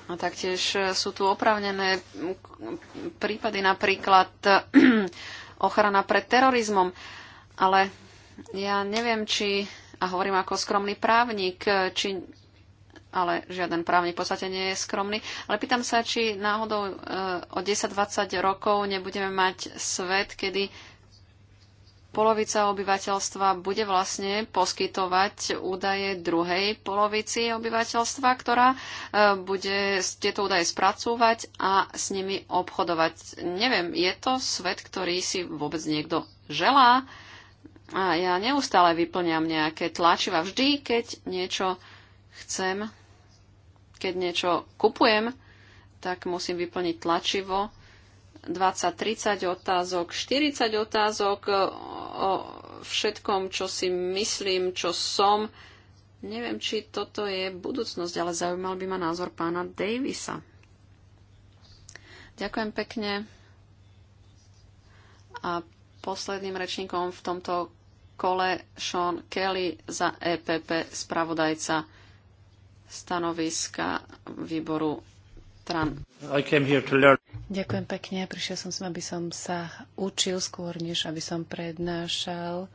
A taktiež e, sú tu opravnené prípady, napríklad *clears throat* ochrana pred terorizmom. Ale ja neviem, či, a hovorím ako skromný právnik, e, či ale žiaden právnik v podstate nie je skromný. Ale pýtam sa, či náhodou e, o 10-20 rokov nebudeme mať svet, kedy polovica obyvateľstva bude vlastne poskytovať údaje druhej polovici obyvateľstva, ktorá e, bude tieto údaje spracúvať a s nimi obchodovať. Neviem, je to svet, ktorý si vôbec niekto želá? A ja neustále vyplňam nejaké tlačiva vždy, keď niečo chcem, keď niečo kupujem, tak musím vyplniť tlačivo 20-30 otázok, 40 otázok o všetkom, čo si myslím, čo som. Neviem, či toto je budúcnosť, ale zaujímal by ma názor pána Davisa. Ďakujem pekne. A posledným rečníkom v tomto kole Sean Kelly za EPP, spravodajca stanoviska výboru learn. Ďakujem pekne. Prišiel som sem, aby som sa učil skôr, než aby som prednášal.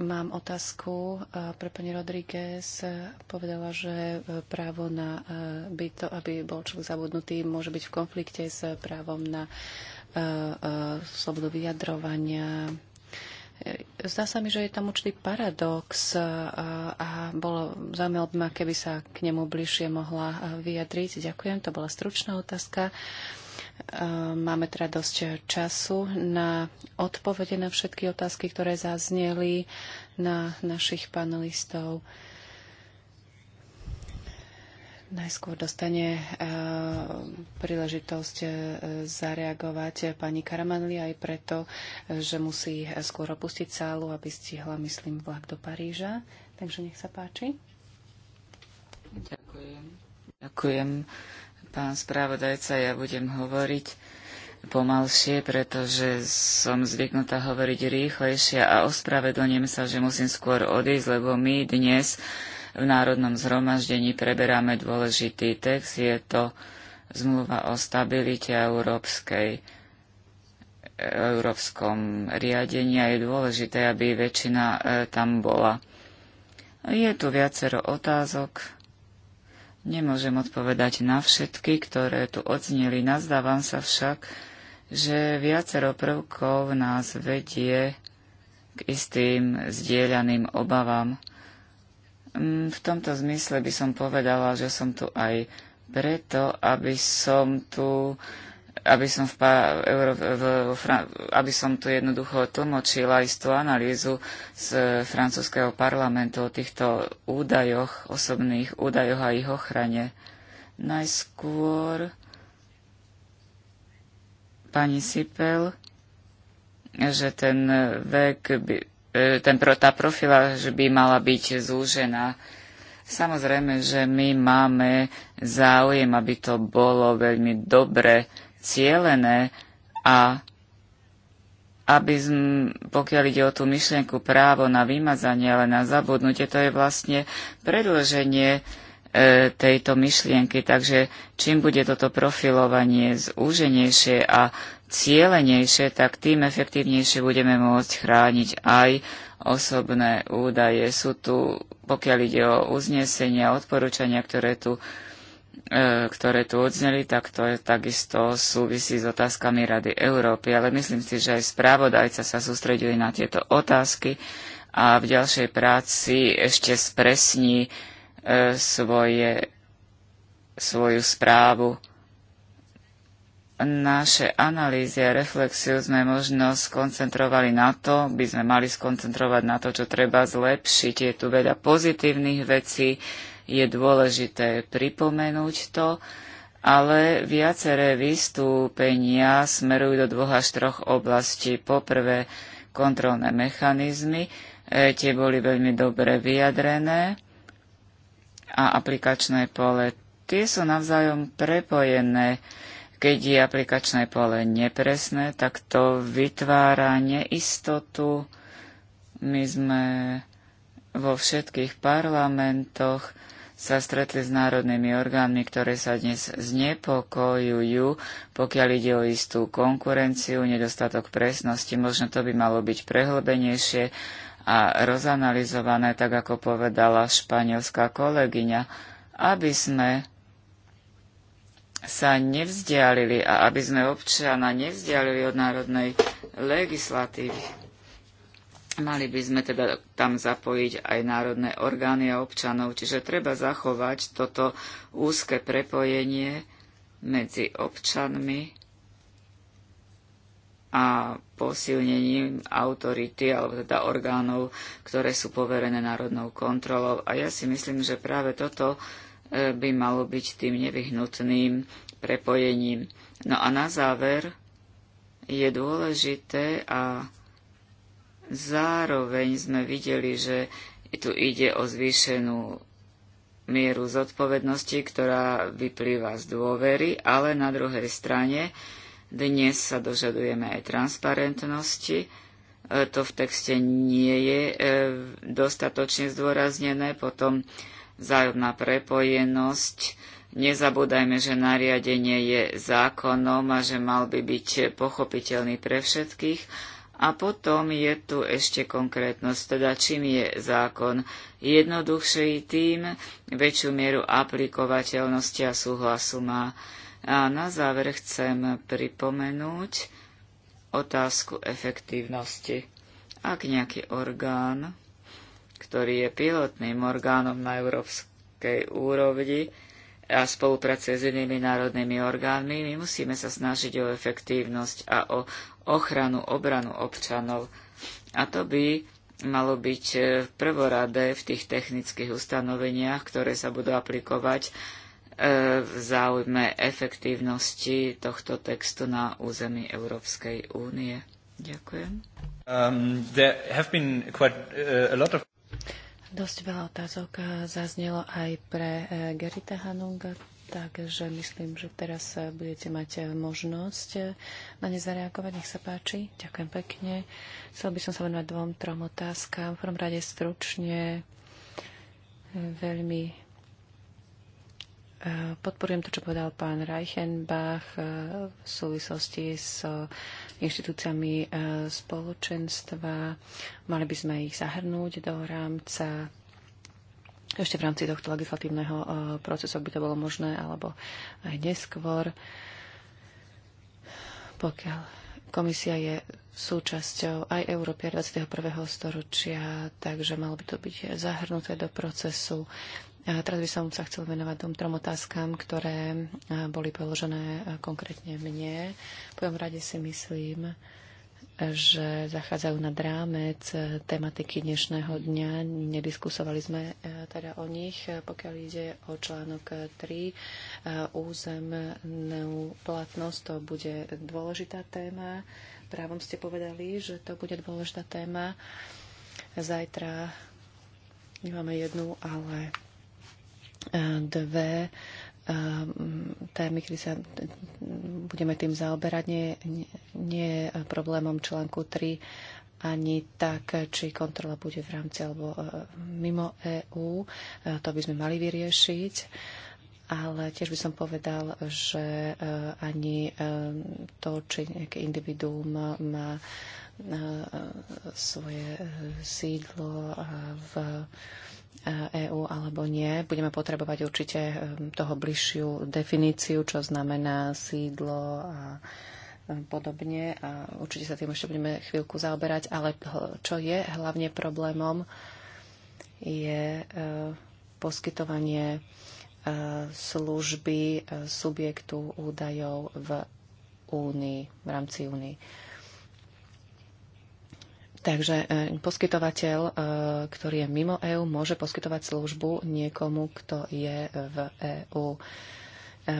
Mám otázku pre pani Rodríguez. Povedala, že e, právo na e, byto, aby bol človek zabudnutý, môže byť v konflikte s právom na e, slobodu vyjadrovania, Zdá sa mi, že je tam určitý paradox a bolo zaujímavé ma, keby sa k nemu bližšie mohla vyjadriť. Ďakujem, to bola stručná otázka. Máme teda dosť času na odpovede na všetky otázky, ktoré zazneli na našich panelistov. Najskôr dostane eh, príležitosť eh, zareagovať pani Karamanli aj preto, eh, že musí skôr opustiť sálu, aby stihla, myslím, vlak do Paríža. Takže nech sa páči. Ďakujem. Ďakujem, pán spravodajca. Ja budem hovoriť pomalšie, pretože som zvyknutá hovoriť rýchlejšie a ospravedlňujem sa, že musím skôr odísť, lebo my dnes v Národnom zhromaždení preberáme dôležitý text. Je to zmluva o stabilite európskej európskom riadení a je dôležité, aby väčšina e, tam bola. Je tu viacero otázok. Nemôžem odpovedať na všetky, ktoré tu odznili. Nazdávam sa však, že viacero prvkov nás vedie k istým zdieľaným obavám. Mm, v tomto zmysle by som povedala, že som tu aj preto, aby som tu aby som, v, Euro, v, aby som tu jednoducho tlmočila istú analýzu z francúzského parlamentu o týchto údajoch, osobných údajoch a ich ochrane. Najskôr pani Sipel, že ten vek by, E, ten, tá profiláž by mala byť zúžená. Samozrejme, že my máme záujem, aby to bolo veľmi dobre cielené a aby sme, pokiaľ ide o tú myšlienku právo na vymazanie, ale na zabudnutie, to je vlastne predloženie e, tejto myšlienky. Takže čím bude toto profilovanie zúženejšie a cielenejšie, tak tým efektívnejšie budeme môcť chrániť aj osobné údaje. Sú tu, pokiaľ ide o uznesenia, odporúčania, ktoré tu e, ktoré tu odzneli, tak to je takisto súvisí s otázkami Rady Európy. Ale myslím si, že aj správodajca sa sústreduje na tieto otázky a v ďalšej práci ešte spresní e, svoje, svoju správu naše analýzy a reflexiu sme možno skoncentrovali na to, by sme mali skoncentrovať na to, čo treba zlepšiť. Je tu veľa pozitívnych vecí, je dôležité pripomenúť to, ale viaceré vystúpenia smerujú do dvoch až troch oblastí. Poprvé, kontrolné mechanizmy, e, tie boli veľmi dobre vyjadrené a aplikačné pole. Tie sú navzájom prepojené. E, keď je aplikačné pole nepresné, tak to vytvára neistotu. My sme vo všetkých parlamentoch sa stretli s národnými orgánmi, ktoré sa dnes znepokojujú, pokiaľ ide o istú konkurenciu, nedostatok presnosti. Možno to by malo byť prehlbenejšie a rozanalizované, tak ako povedala španielská kolegyňa, aby sme sa nevzdialili a aby sme občana nevzdialili od národnej legislatívy. Mali by sme teda tam zapojiť aj národné orgány a občanov, čiže treba zachovať toto úzke prepojenie medzi občanmi a posilnením autority alebo teda orgánov, ktoré sú poverené národnou kontrolou. A ja si myslím, že práve toto E, by malo byť tým nevyhnutným prepojením. No a na záver je dôležité a zároveň sme videli, že tu ide o zvýšenú mieru zodpovednosti, ktorá vyplýva z dôvery, ale na druhej strane dnes sa dožadujeme aj transparentnosti. E, to v texte nie je e, dostatočne zdôraznené. Potom vzájomná prepojenosť. Nezabúdajme, že nariadenie je zákonom a že mal by byť pochopiteľný pre všetkých. A potom je tu ešte konkrétnosť, teda čím je zákon jednoduchší, tým väčšiu mieru aplikovateľnosti a súhlasu má. A na záver chcem pripomenúť otázku efektívnosti. Ak nejaký orgán ktorý je pilotným orgánom na európskej úrovni a spolupracuje s inými národnými orgánmi, my musíme sa snažiť o efektívnosť a o ochranu, obranu občanov. A to by malo byť v e, prvoradé v tých technických ustanoveniach, ktoré sa budú aplikovať e, v záujme efektívnosti tohto textu na území Európskej únie. Ďakujem. Um, quite, uh, of... Dosť veľa otázok eh, zaznelo aj pre eh, Gerita Hanunga, takže myslím, že teraz eh, budete mať možnosť na ne zareagovať. Nech sa páči. Ďakujem pekne. Chcel by som sa venovať dvom, trom otázkam. V prvom rade stručne veľmi Eh, podporujem to, čo povedal pán Reichenbach eh, v súvislosti s eh, inštitúciami spoločenstva. Mali by sme ich zahrnúť do rámca ešte v rámci tohto legislatívneho procesu, ak by to bolo možné, alebo aj neskôr. Pokiaľ komisia je súčasťou aj Európia 21. storočia, takže malo by to byť zahrnuté do procesu a teraz by som sa chcel venovať tom trom otázkam, ktoré boli položené konkrétne mne. V prvom rade si myslím, že zachádzajú na drámec e, tematiky dnešného dňa. Nediskusovali sme e, teda o nich, e, pokiaľ ide o článok 3. Územnú platnosť to bude dôležitá téma. Právom ste povedali, že to bude dôležitá téma. Zajtra nemáme jednu, ale dve eh, témy, kedy sa budeme tým zaoberať, nie, nie je problémom článku 3 ani tak, či kontrola bude v rámci alebo eh, mimo EÚ. Eh, to by sme mali vyriešiť. Ale tiež by som povedal, že ani to, či nejaké individuum má svoje sídlo v EÚ e alebo nie. Budeme potrebovať určite e, toho bližšiu definíciu, čo znamená sídlo a e, podobne. A určite sa tým ešte budeme chvíľku zaoberať. Ale čo je hlavne problémom, je poskytovanie služby subjektu údajov v Únii, v rámci Únii. Takže e, poskytovateľ, e, ktorý je mimo EÚ, môže poskytovať službu niekomu, kto je e, v EÚ.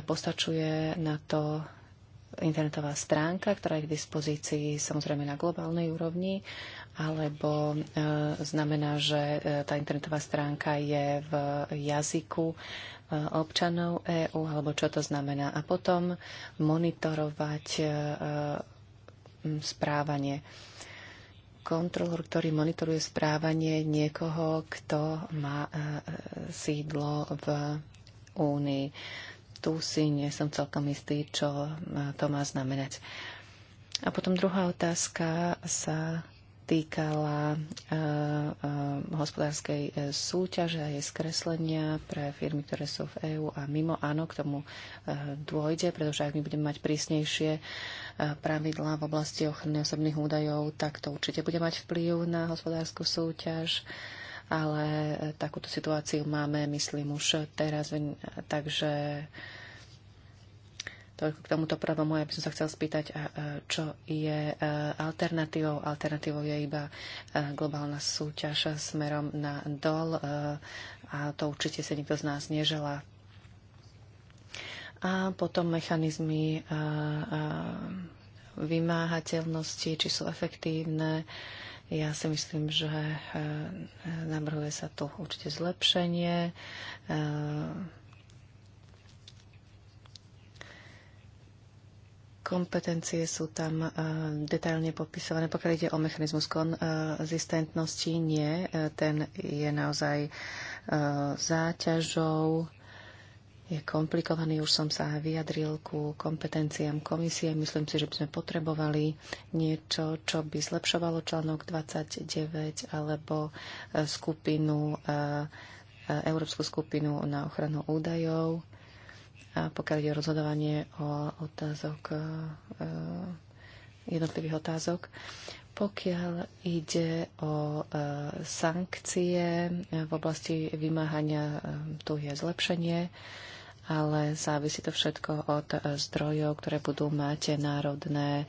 Postačuje na to internetová stránka, ktorá je k dispozícii samozrejme na globálnej úrovni, alebo e, znamená, že e, tá internetová stránka je v jazyku e, občanov EÚ, alebo čo to znamená. A potom monitorovať e, správanie. E, kontrolór, ktorý monitoruje správanie niekoho, kto má e, sídlo v Únii. Tu si nie som celkom istý, čo e, to má znamenať. A potom druhá otázka sa týkala eh, eh, hospodárskej eh, súťaže a jej skreslenia pre firmy, ktoré sú v EÚ a mimo. Áno, k tomu dôjde, pretože ak my budeme mať prísnejšie pravidlá v oblasti ochrany osobných údajov, tak to určite bude mať vplyv na hospodárskú súťaž ale takúto situáciu máme, myslím, už teraz, takže Toľko k tomuto prvomu, ja by som sa chcel spýtať, čo je e, alternatívou. Alternatívou je iba e, globálna súťaž smerom na dol e, a to určite sa nikto z nás neželá. A potom mechanizmy vymáhateľnosti, či sú efektívne. Ja si myslím, že navrhuje sa tu určite zlepšenie kompetencie sú tam eh, detailne popisované. Pokiaľ ide o mechanizmus konzistentnosti, nie. Eh, ten je naozaj eh, záťažou, je komplikovaný. Už som sa vyjadril ku kompetenciám komisie. Myslím si, že by sme potrebovali niečo, čo by zlepšovalo článok 29 alebo skupinu, Európsku skupinu na ochranu údajov pokiaľ ide o rozhodovanie o otázok, e, jednotlivých otázok. Pokiaľ ide o e, sankcie v oblasti vymáhania, e, tu je zlepšenie, ale závisí to všetko od zdrojov, ktoré budú mať národné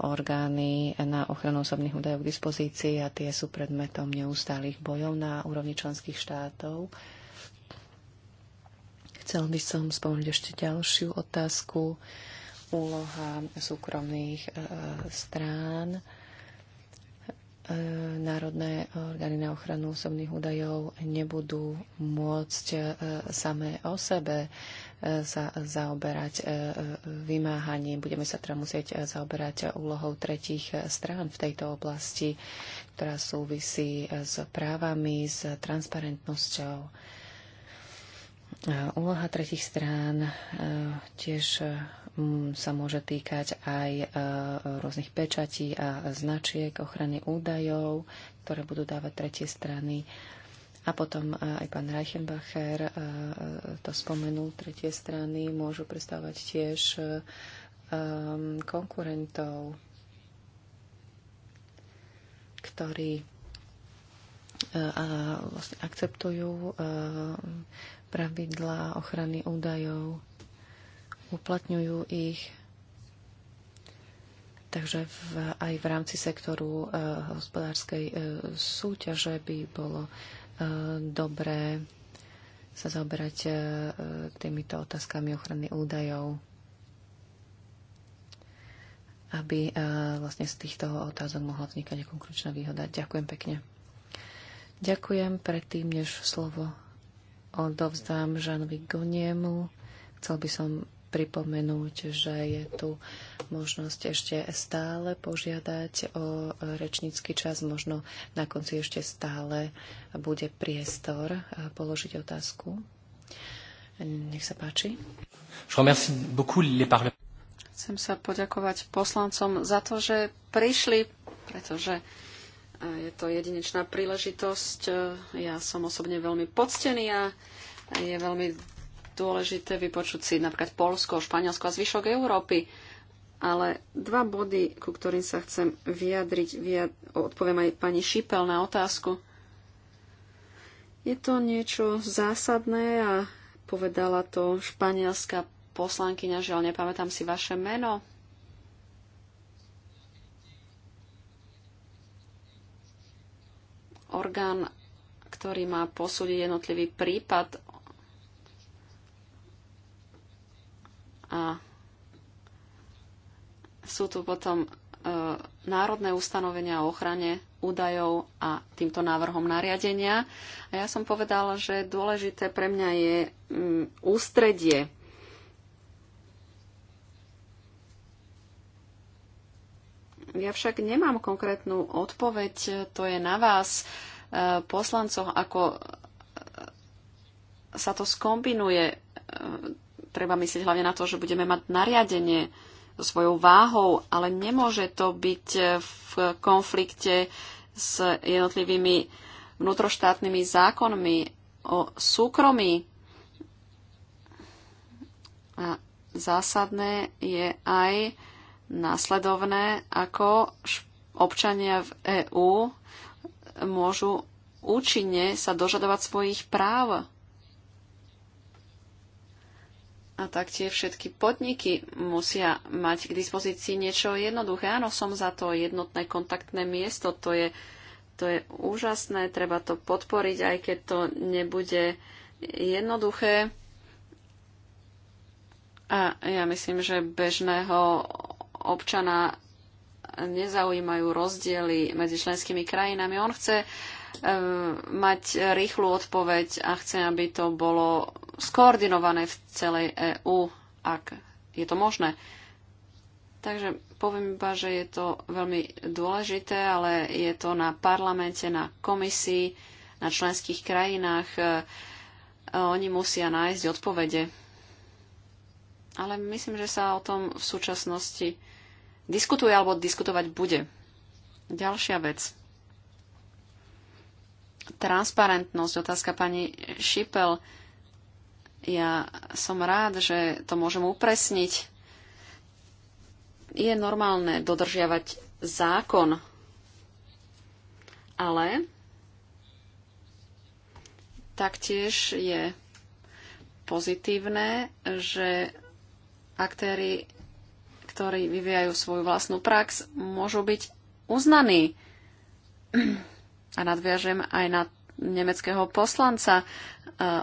orgány na ochranu osobných údajov k dispozícii a tie sú predmetom neustálých bojov na úrovni členských štátov. Chcel by som spomenúť ešte ďalšiu otázku. Úloha súkromných e, strán. E, národné orgány na ochranu osobných údajov nebudú môcť e, samé o sebe sa e, zaoberať e, vymáhaním. Budeme sa teda musieť e, zaoberať úlohou tretích strán v tejto oblasti, ktorá súvisí s právami, s transparentnosťou. Úloha tretich strán e, tiež e, sa môže týkať aj e, rôznych pečatí a značiek ochrany údajov, ktoré budú dávať tretie strany. A potom aj pán Reichenbacher to spomenul, tretie strany môžu predstavovať tiež konkurentov, ktorí vlastne akceptujú pravidlá ochrany údajov, uplatňujú ich. Takže v, aj v rámci sektoru e, hospodárskej e, súťaže by bolo e, dobré sa zaoberať e, týmito otázkami ochrany údajov, aby e, vlastne z týchto otázok mohla vznikať konkrétna výhoda. Ďakujem pekne. Ďakujem predtým, než slovo odovzdám Žanovi Goniemu. Chcel by som pripomenúť, že je tu možnosť ešte stále požiadať o rečnícky čas. Možno na konci ešte stále bude priestor eh, položiť otázku. Nech sa páči. Chcem sa poďakovať poslancom za to, že prišli, pretože je to jedinečná príležitosť. Ja som osobne veľmi poctený a je veľmi dôležité vypočuť si napríklad Polsko, Španielsko a zvyšok Európy. Ale dva body, ku ktorým sa chcem vyjadriť, vyjad... odpoviem aj pani Šipel na otázku. Je to niečo zásadné a povedala to španielská poslankyňa, žiaľ nepamätám si vaše meno, orgán, ktorý má posúdiť jednotlivý prípad a sú tu potom e, národné ustanovenia o ochrane údajov a týmto návrhom nariadenia. A ja som povedala, že dôležité pre mňa je m, mm, ústredie Ja však nemám konkrétnu odpoveď, to je na vás, e, poslancoch, ako e, sa to skombinuje. E, treba myslieť hlavne na to, že budeme mať nariadenie so svojou váhou, ale nemôže to byť v konflikte s jednotlivými vnútroštátnymi zákonmi o súkromí. A zásadné je aj následovné, ako občania v EÚ môžu účinne sa dožadovať svojich práv. A taktiež všetky podniky musia mať k dispozícii niečo jednoduché. Áno, som za to jednotné kontaktné miesto. To je, to je úžasné, treba to podporiť, aj keď to nebude jednoduché. A ja myslím, že bežného občana nezaujímajú rozdiely medzi členskými krajinami. On chce e, mať rýchlu odpoveď a chce, aby to bolo skoordinované v celej EÚ, ak je to možné. Takže poviem iba, že je to veľmi dôležité, ale je to na parlamente, na komisii, na členských krajinách. E, oni musia nájsť odpovede. Ale myslím, že sa o tom v súčasnosti diskutuje alebo diskutovať bude. Ďalšia vec. Transparentnosť, otázka pani Šipel. Ja som rád, že to môžem upresniť. Je normálne dodržiavať zákon, ale taktiež je pozitívne, že aktéry ktorí vyvíjajú svoju vlastnú prax, môžu byť uznaní. A nadviažem aj na nemeckého poslanca. E,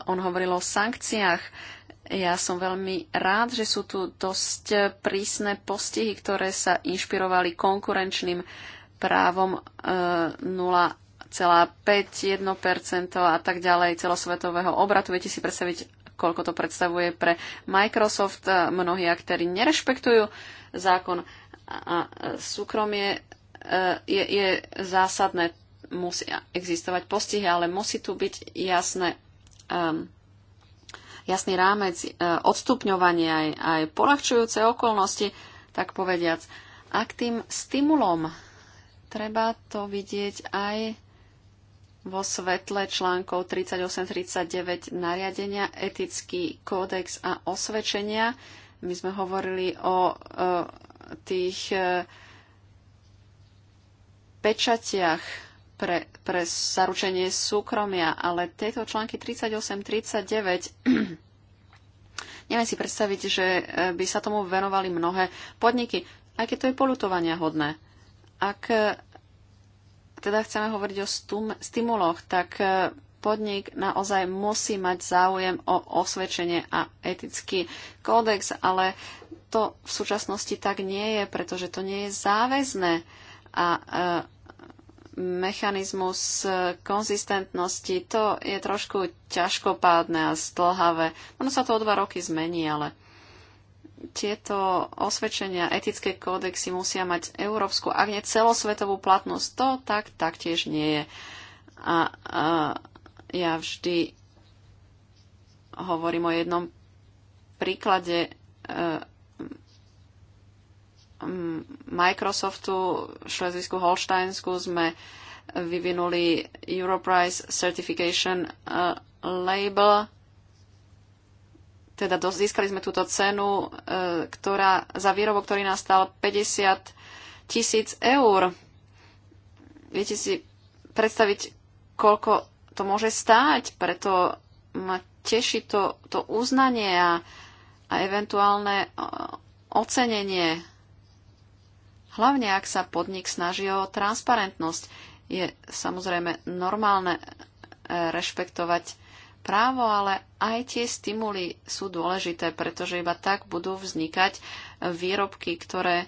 on hovoril o sankciách. Ja som veľmi rád, že sú tu dosť prísne postihy, ktoré sa inšpirovali konkurenčným právom 0,5, e, 1% a tak ďalej celosvetového obratu. Viete si predstaviť, koľko to predstavuje pre Microsoft. Mnohí aktéry nerešpektujú zákon a súkromie e, je, je zásadné. Musí existovať postihy, ale musí tu byť jasné, um, jasný rámec uh, e, odstupňovania aj, aj polahčujúce okolnosti, tak povediac. A k tým stimulom treba to vidieť aj vo svetle článkov 38-39 nariadenia, etický kódex a osvedčenia. My sme hovorili o e, tých e, pečatiach pre, pre zaručenie súkromia, ale tieto články 38-39 *clears throat* Neviem si predstaviť, že e, by sa tomu venovali mnohé podniky, aj keď to je polutovania hodné. Ak teda chceme hovoriť o stum, stimuloch, tak e, podnik naozaj musí mať záujem o osvedčenie a etický kódex, ale to v súčasnosti tak nie je, pretože to nie je záväzné a e, mechanizmus e, konzistentnosti, to je trošku ťažkopádne a stlhavé. Ono sa to o dva roky zmení, ale tieto osvedčenia, etické kódexy musia mať európsku, ak nie celosvetovú platnosť. To tak taktiež nie je. A, a ja vždy hovorím o jednom príklade e, Microsoftu, Šlezisku Holštajnsku sme vyvinuli Europrice Certification e, Label, teda získali sme túto cenu, e, ktorá za výrobok, ktorý nás stal 50 tisíc eur. Viete si predstaviť, koľko to môže stáť, preto ma teší to, to uznanie a, a eventuálne e, ocenenie. Hlavne, ak sa podnik snaží o transparentnosť, je samozrejme normálne e, rešpektovať právo, ale aj tie stimuly sú dôležité, pretože iba tak budú vznikať e, výrobky, ktoré e,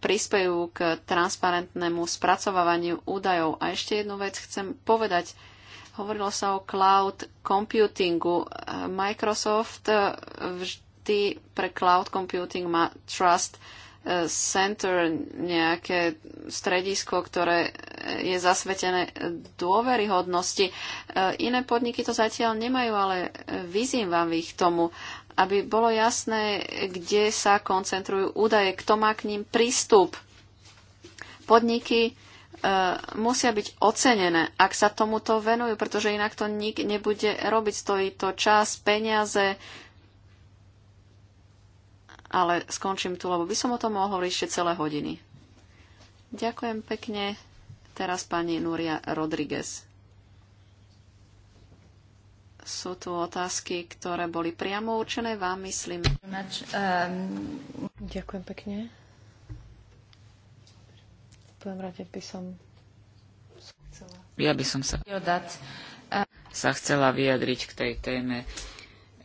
prispejú k transparentnému spracovávaniu údajov. A ešte jednu vec chcem povedať. Hovorilo sa o cloud computingu. E, Microsoft vždy pre cloud computing má trust center, nejaké stredisko, ktoré je zasvetené dôveryhodnosti. E, iné podniky to zatiaľ nemajú, ale vyzývam ich tomu, aby bolo jasné, kde sa koncentrujú údaje, kto má k ním prístup. Podniky e, musia byť ocenené, ak sa tomuto venujú, pretože inak to nik nebude robiť. Stojí to čas, peniaze, ale skončím tu, lebo by som o tom mohol hovoriť ešte celé hodiny. Ďakujem pekne. Teraz pani Núria Rodriguez. Sú tu otázky, ktoré boli priamo určené vám, myslím. Ďakujem pekne. V prvom rade by som chcela... Ja by som sa, sa chcela vyjadriť k tej téme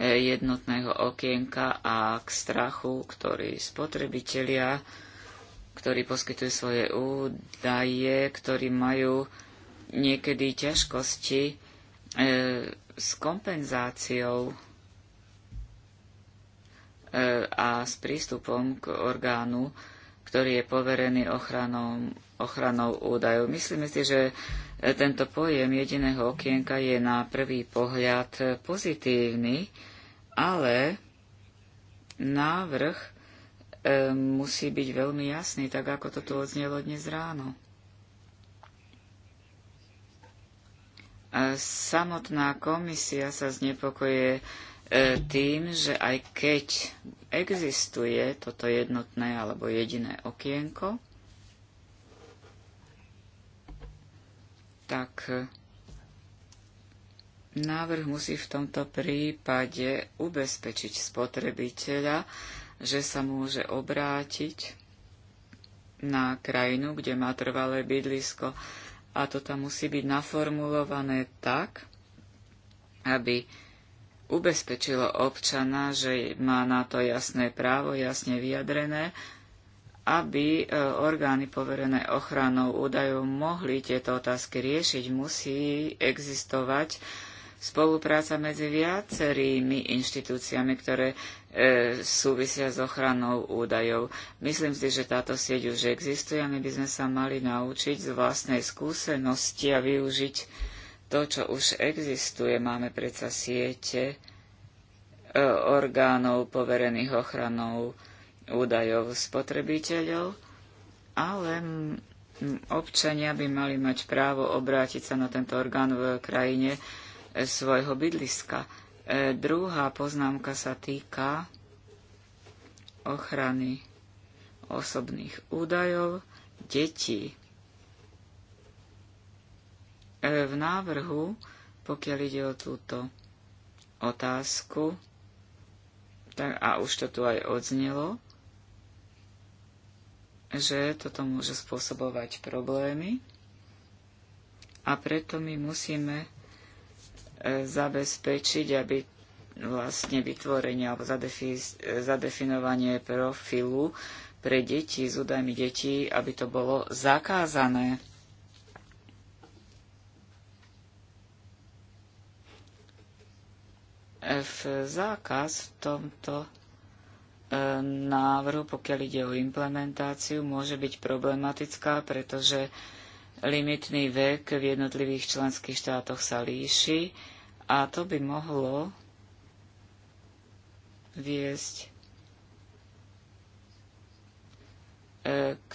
jednotného okienka a k strachu, ktorý spotrebitelia, ktorí poskytujú svoje údaje, ktorí majú niekedy ťažkosti e, s kompenzáciou e, a s prístupom k orgánu, ktorý je poverený ochranou, ochranou údajov. Myslíme si, že e, tento pojem jediného okienka je na prvý pohľad e, pozitívny, ale návrh e, musí byť veľmi jasný, tak ako to tu odznelo dnes ráno. A samotná komisia sa znepokoje e, tým, že aj keď existuje toto jednotné alebo jediné okienko, tak Návrh musí v tomto prípade ubezpečiť spotrebiteľa, že sa môže obrátiť na krajinu, kde má trvalé bydlisko a to tam musí byť naformulované tak, aby ubezpečilo občana, že má na to jasné právo, jasne vyjadrené, aby e, orgány poverené ochranou údajov mohli tieto otázky riešiť, musí existovať spolupráca medzi viacerými inštitúciami, ktoré e, súvisia s ochranou údajov. Myslím si, že táto sieť už existuje a my by sme sa mali naučiť z vlastnej skúsenosti a využiť to, čo už existuje. Máme predsa siete e, orgánov poverených ochranou údajov spotrebiteľov, ale občania by mali mať právo obrátiť sa na tento orgán v krajine, svojho bydliska. E, druhá poznámka sa týka ochrany osobných údajov detí. E, v návrhu, pokiaľ ide o túto otázku, tak, a už to tu aj odznelo, že toto môže spôsobovať problémy a preto my musíme E, zabezpečiť, aby vlastne vytvorenie alebo e, zadefinovanie profilu pre deti s údajmi detí, aby to bolo zakázané. F e, zákaz v tomto návrhu, pokiaľ ide o implementáciu, môže byť problematická, pretože limitný vek v jednotlivých členských štátoch sa líši a to by mohlo viesť e, k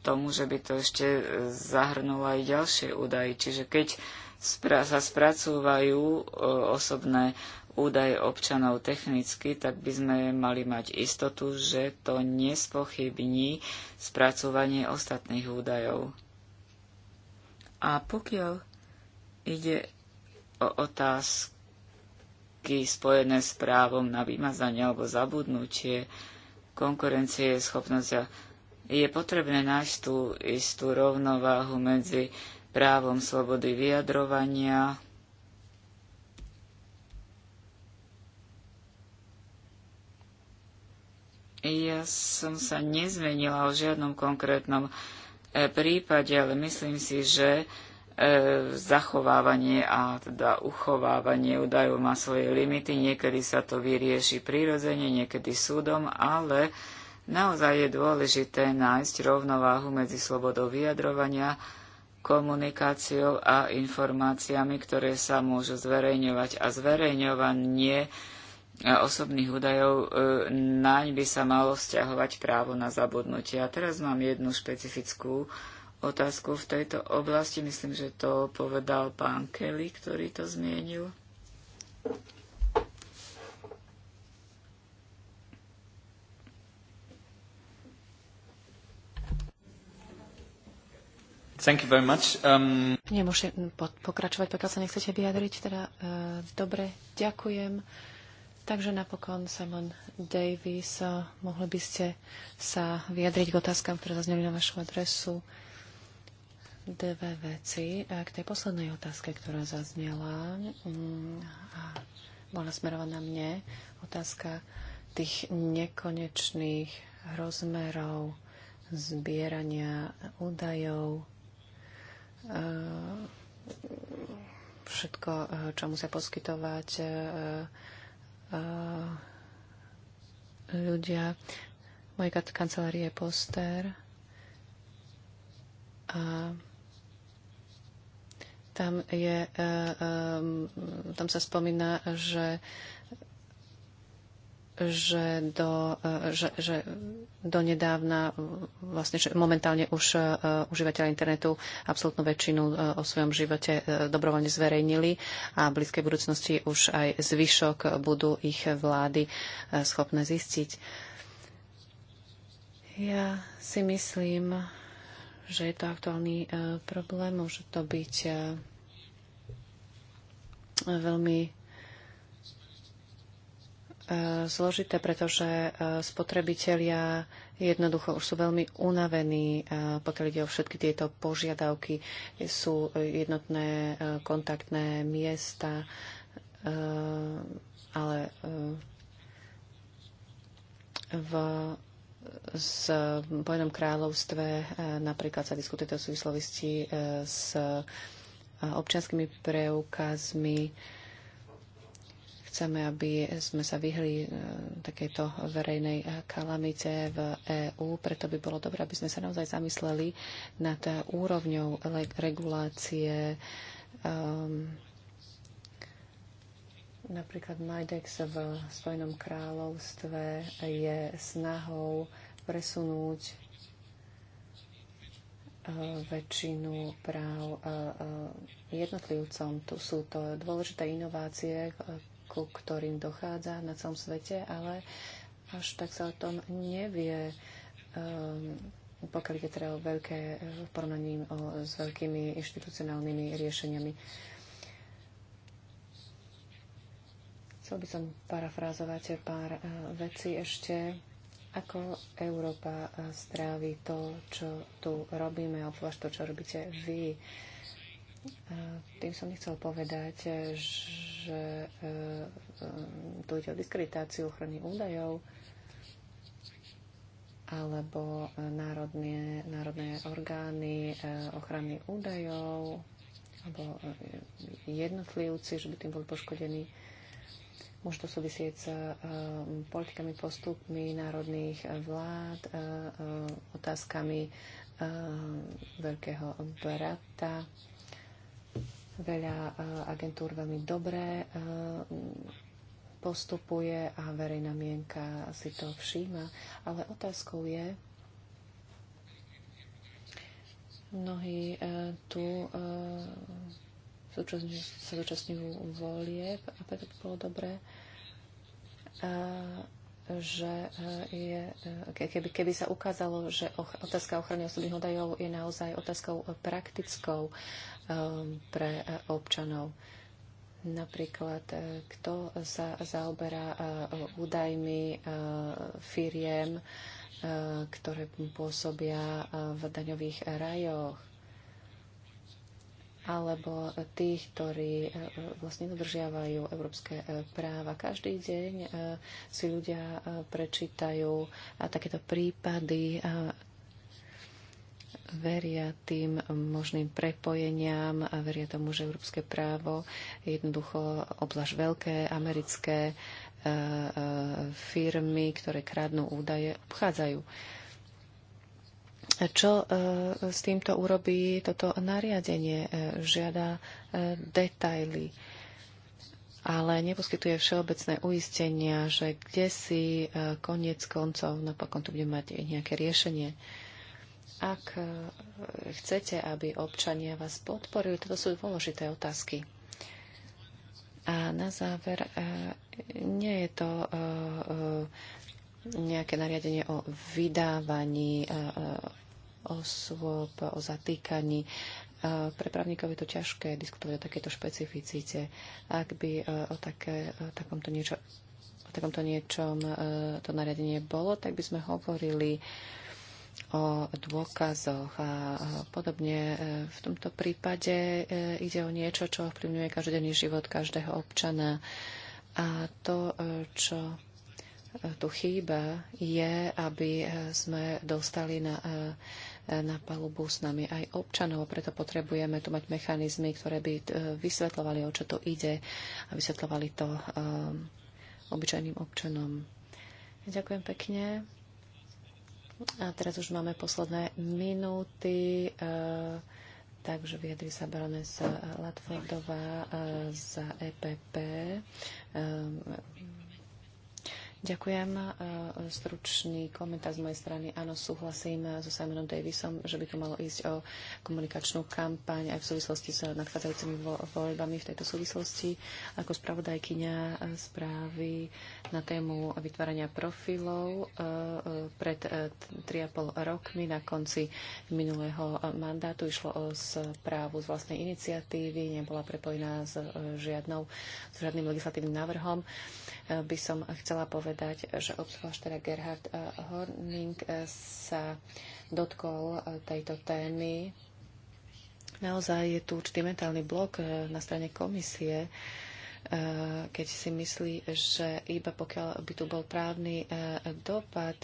tomu, že by to ešte zahrnulo aj ďalšie údaje. Čiže keď sa spracúvajú e, osobné údaje občanov technicky, tak by sme mali mať istotu, že to nespochybní spracúvanie ostatných údajov. A pokiaľ ide o otázky spojené s právom na vymazanie alebo zabudnutie, konkurencie, schopnosť a je potrebné nájsť tú istú rovnováhu medzi právom slobody vyjadrovania, Ja som sa nezmenila o žiadnom konkrétnom prípade, ale myslím si, že e, zachovávanie a teda uchovávanie údajov má svoje limity. Niekedy sa to vyrieši prirodzene, niekedy súdom, ale naozaj je dôležité nájsť rovnováhu medzi slobodou vyjadrovania, komunikáciou a informáciami, ktoré sa môžu zverejňovať a zverejňovanie osobných údajov, e, naň by sa malo vzťahovať právo na zabudnutie. A teraz mám jednu špecifickú otázku v tejto oblasti. Myslím, že to povedal pán Kelly, ktorý to zmienil. Thank you very much. Um... pokračovať, pokiaľ sa nechcete vyjadriť. Teda, uh, dobre, ďakujem. Uh, Takže napokon, Simon Davis, mohli by ste sa vyjadriť k otázkam, ktoré zazneli na vašu adresu. Dve veci. K tej poslednej otázke, ktorá zaznela mm, a bola smerovaná mne, otázka tých nekonečných rozmerov zbierania údajov, e, všetko, e, čo musia poskytovať e, ľudia. Moje kancelárie je poster a tam, je, tam sa spomína, že že do, e, že, že do nedávna, e, vlastne, že momentálne už e, užívateľa internetu absolútnu väčšinu o svojom živote dobrovoľne zverejnili a v blízkej budúcnosti už aj zvyšok budú ich vlády schopné zistiť. Ja si myslím, že je to aktuálny problém. Môže to byť veľmi Eh, zložité, pretože eh, spotrebitelia jednoducho už sú veľmi unavení, eh, pokiaľ ide o všetky tieto požiadavky. Sú jednotné kontaktné miesta, ale v s Bojnom kráľovstve napríklad sa diskutuje to v súvislosti s občianskými preukazmi Chceme, aby sme sa vyhli e, takejto verejnej kalamite v EÚ, preto by bolo dobré, aby sme sa naozaj zamysleli nad úrovňou regulácie um, Napríklad Majdex v Spojenom kráľovstve je snahou presunúť e, väčšinu práv e, jednotlivcom. Tu sú to dôležité inovácie, ku ktorým dochádza na celom svete, ale až tak sa o tom nevie, um, pokiaľ ide teda o veľké, eh, v porovnaní eh, s veľkými inštitucionálnymi riešeniami. Chcel by som parafrázovať pár uh, vecí ešte ako Európa strávi to, čo tu robíme, obzvlášť to, čo robíte vy. Uh, Eh, tým som nechcel povedať, eh, že eh, tu ide o diskreditáciu ochrany údajov alebo národné, národné orgány ochrany údajov alebo jednotlivci, že by tým boli poškodení. Môže to súvisieť s politikami, postupmi národných vlád, otázkami veľkého brata Veľa e, agentúr veľmi dobre e, postupuje a verejná mienka si to všíma. Ale otázkou je, mnohí e, tu sa zúčastňujú volieb a preto by bolo dobré, že eh, je, eh, keby, keby sa ukázalo, že otázka ochrany osobných údajov je naozaj otázkou eh, praktickou pre občanov. Napríklad, kto sa zaoberá údajmi firiem, ktoré pôsobia v daňových rajoch, alebo tých, ktorí e, vlastne dodržiavajú európske e, práva. Každý deň e, si ľudia prečítajú takéto prípady a veria tým možným prepojeniam a veria tomu, že európske právo je jednoducho obzvlášť veľké americké firmy, ktoré kradnú údaje, obchádzajú čo e, s týmto urobí toto nariadenie? E, žiada e, detaily, ale neposkytuje všeobecné uistenia, že kde si koniec koncov napokon tu bude mať nejaké riešenie. Ak chcete, aby občania vás podporili, toto sú dôležité otázky. A na záver, nie je to nejaké nariadenie o vydávaní e, e, osôb, o zatýkaní. E, pre právnikov je to ťažké diskutovať o takéto špecificite. Ak by o, také, o takomto niečo o takomto niečom to nariadenie bolo, tak by sme hovorili o dôkazoch a podobne. V tomto prípade ide o niečo, čo ovplyvňuje každodenný život každého občana. A to, čo tu chýba, je, aby sme dostali na, na palubu s nami aj občanov. Preto potrebujeme tu mať mechanizmy, ktoré by e, vysvetľovali, o čo to ide a vysvetľovali to um, obyčajným občanom. Ďakujem pekne. A teraz už máme posledné minúty. Uh, takže vyjadri sa baronesa Latvordová za EPP. Um, Ďakujem. E, Stručný komentár z mojej strany. Áno, súhlasím e, so Simonom Davisom, že by to malo ísť o komunikačnú kampaň aj v súvislosti s nadchádzajúcimi voľbami v tejto súvislosti. Ako spravodajkyňa e, správy na tému vytvárania profilov pred 3,5 rokmi na konci minulého mandátu išlo o správu z vlastnej iniciatívy, nebola prepojená s, žiadnou, s žiadnym legislatívnym návrhom. By som chcela povedať, povedať, že obzvlášť teda Gerhard eh, Horning eh, sa dotkol eh, tejto témy. Naozaj je tu určitý mentálny blok na strane komisie, keď si myslí, že iba pokiaľ by tu bol právny dopad,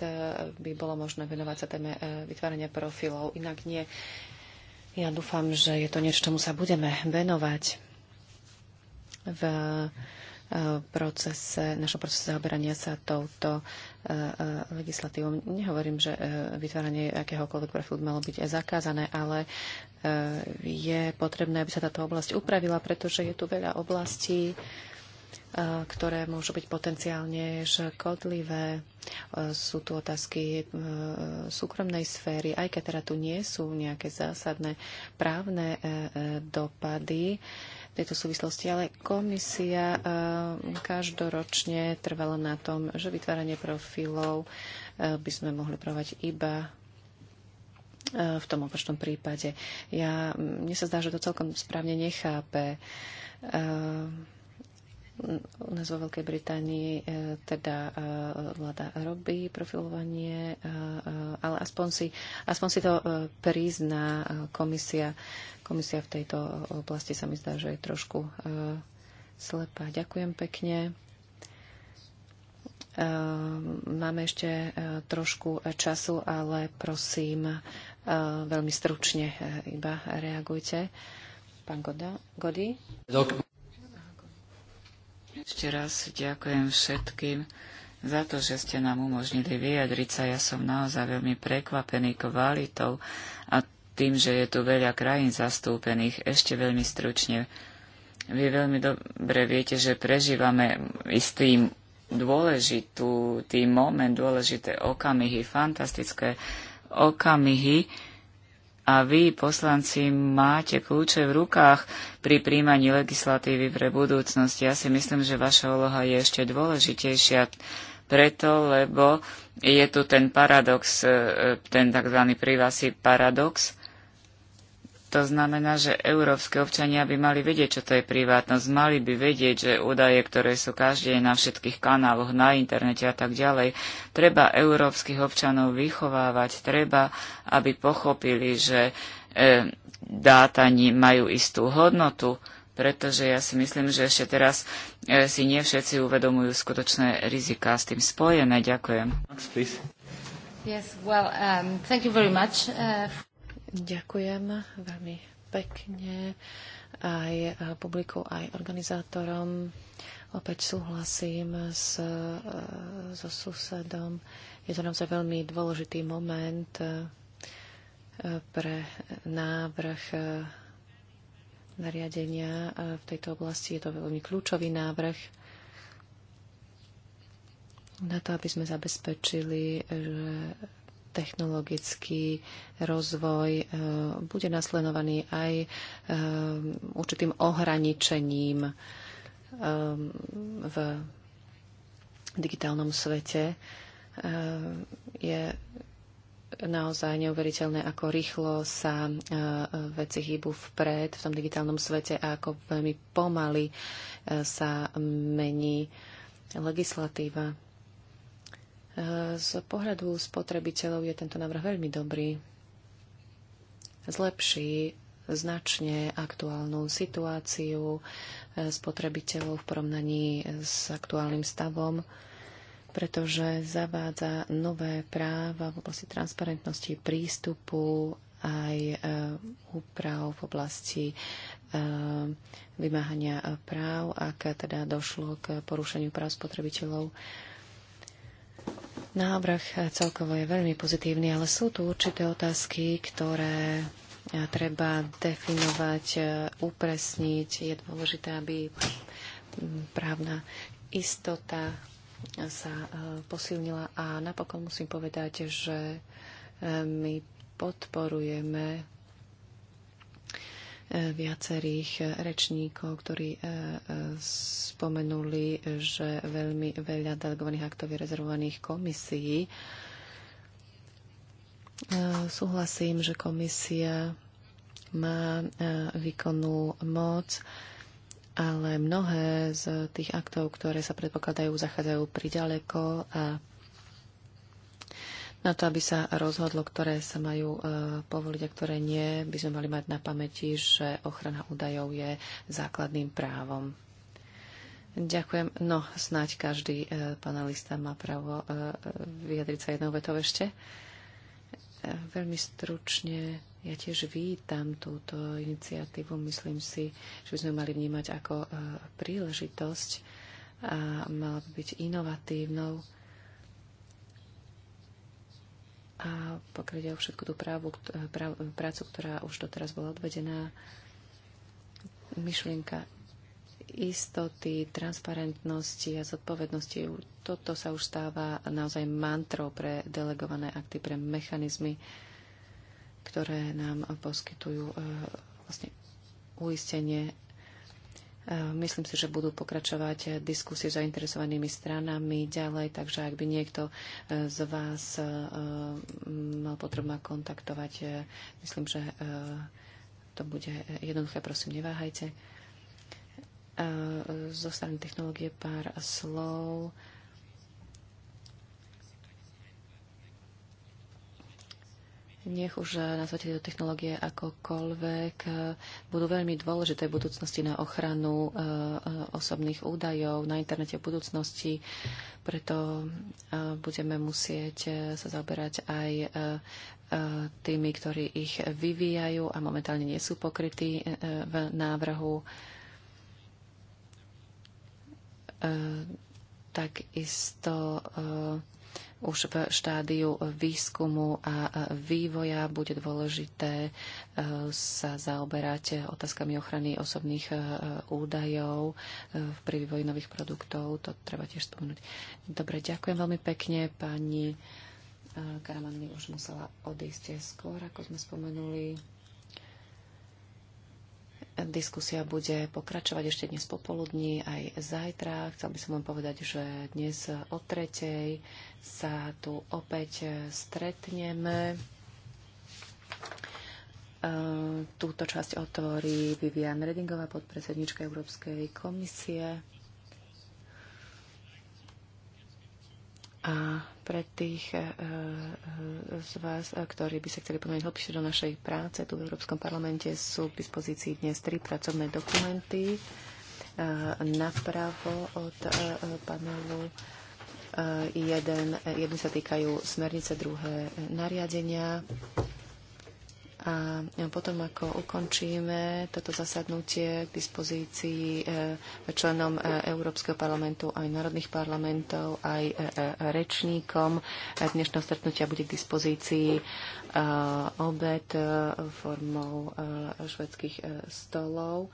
by bolo možné venovať sa téme vytvárania profilov. Inak nie. Ja dúfam, že je to niečo, čomu sa budeme venovať v procese, našom procese zaoberania sa touto e, e, legislatívou. Nehovorím, že e, vytváranie akéhokoľvek profilu malo byť aj zakázané, ale je potrebné, aby sa táto oblasť upravila, pretože je tu veľa oblastí, ktoré môžu byť potenciálne škodlivé. Sú tu otázky súkromnej sféry, aj keď teda tu nie sú nejaké zásadné právne dopady tejto súvislosti, ale komisia eh, každoročne trvala na tom, že vytváranie profilov eh, by sme mohli provať iba eh, v tom opačnom prípade. Ja, mm, mne sa zdá, že to celkom správne nechápe. Uh, u nás vo Veľkej Británii e, teda e, vláda robí profilovanie, e, ale aspoň si, aspoň si to prizná komisia. Komisia v tejto oblasti sa mi zdá, že je trošku slepá. Ďakujem pekne. Máme ešte trošku času, ale prosím, veľmi stručne iba reagujte. Pán Godi? Ešte raz ďakujem všetkým za to, že ste nám umožnili vyjadriť sa. Ja som naozaj veľmi prekvapený kvalitou a tým, že je tu veľa krajín zastúpených. Ešte veľmi stručne. Vy veľmi dobre viete, že prežívame istý dôležitý moment, dôležité okamihy, fantastické okamihy, a vy, poslanci, máte kľúče v rukách pri príjmaní legislatívy pre budúcnosť. Ja si myslím, že vaša úloha je ešte dôležitejšia preto, lebo je tu ten paradox, e, ten tzv. privacy paradox, to znamená, že európske občania by mali vedieť, čo to je privátnosť. Mali by vedieť, že údaje, ktoré sú každej na všetkých kanáloch, na internete a tak ďalej, treba európskych občanov vychovávať. Treba, aby pochopili, že e, dáta majú istú hodnotu, pretože ja si myslím, že ešte teraz e, si nie všetci uvedomujú skutočné riziká s tým spojené. Ďakujem. Yes, well, um, thank you very much, uh... Ďakujem veľmi pekne aj eh, publiku, aj organizátorom. Opäť súhlasím s, eh, so susedom. Je to naozaj veľmi dôležitý moment eh, pre návrh nariadenia v tejto oblasti. Je to veľmi kľúčový návrh na to, aby sme zabezpečili, že technologický rozvoj e, bude nasledovaný aj e, určitým ohraničením e, v digitálnom svete. Je naozaj neuveriteľné, ako rýchlo sa veci hýbu vpred v tom digitálnom svete a ako veľmi pomaly sa mení legislatíva. Z pohľadu spotrebiteľov je tento návrh veľmi dobrý. Zlepší značne aktuálnu situáciu spotrebiteľov v porovnaní s aktuálnym stavom, pretože zavádza nové práva v oblasti transparentnosti prístupu aj e, úprav v oblasti e, vymáhania práv, ak teda došlo k porušeniu práv spotrebiteľov. Návrh celkovo je veľmi pozitívny, ale sú tu určité otázky, ktoré e, treba definovať, e, upresniť. Je dôležité, aby právna istota sa e, posilnila. A napokon musím povedať, že my podporujeme viacerých eh, rečníkov, ktorí eh, eh, spomenuli, že veľmi veľa delegovaných aktov je rezervovaných komisií. Súhlasím, že komisia má výkonnú moc, ale mnohé z tých aktov, ktoré sa predpokladajú, zachádzajú priďaleko a na to, aby sa rozhodlo, ktoré sa majú e, povoliť a ktoré nie, by sme mali mať na pamäti, že ochrana údajov je základným právom. Ďakujem. No, snáď každý e, panelista má právo e, vyjadriť sa jednou vetou ešte. Veľmi stručne ja tiež vítam túto iniciatívu. Myslím si, že by sme mali vnímať ako príležitosť a mala by byť inovatívnou a pokiaľ ide o všetku tú právu, eh, prácu, ktorá už doteraz bola odvedená, myšlienka istoty, transparentnosti a zodpovednosti. Toto sa už stáva naozaj mantrou pre delegované akty, pre mechanizmy, ktoré nám poskytujú eh, vlastne uistenie, E, myslím si, že budú pokračovať diskusie s zainteresovanými stranami ďalej, takže ak by niekto e, z vás e, mal potrebu ma kontaktovať, myslím, že to bude jednoduché, prosím, neváhajte. Zo strany technológie pár slov. nech už eh, nazvete tieto technológie akokoľvek, eh, budú veľmi dôležité v budúcnosti na ochranu eh, osobných údajov na internete v budúcnosti, preto budeme musieť sa zaoberať aj tými, ktorí ich vyvíjajú a momentálne nie sú pokrytí v návrhu. Takisto už v štádiu výskumu a vývoja bude dôležité e, sa zaoberať otázkami ochrany osobných e, údajov e, pri vývoji nových produktov. To treba tiež spomenúť. Dobre, ďakujem veľmi pekne. Pani Karamanli už musela odísť skôr, ako sme spomenuli. Diskusia bude pokračovať ešte dnes popoludní, aj zajtra. Chcel by som vám povedať, že dnes o tretej sa tu opäť stretneme. E, túto časť otvorí Vivian Redingová, podpredsednička Európskej komisie. A pre tých e, e, z vás, e, ktorí by sa chceli ponoriť hlbšie do našej práce tu v Európskom parlamente, sú k dispozícii dnes tri pracovné dokumenty napravo od panelu. Jeden, sa týkajú smernice, druhé nariadenia. A potom, ako ukončíme toto zasadnutie k dispozícii e, členom e, Európskeho parlamentu, aj národných parlamentov, aj e, rečníkom, dnešného stretnutia bude k dispozícii obed formou švedských stolov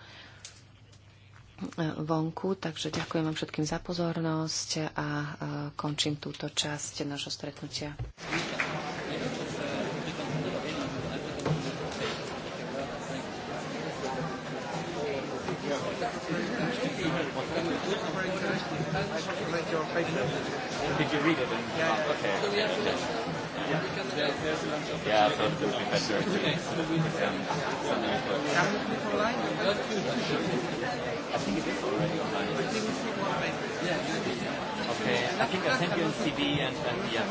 vonku, takže ďakujem vám všetkým za pozornosť a končím túto časť nášho stretnutia. paper? Did you read it? and yeah, yeah. Okay. So we have to lunch. Yeah, there's a lunch. Yeah, I it would be better. Okay. I think it is already online. I think Yeah. Okay, I think I sent you a CV and, and yeah.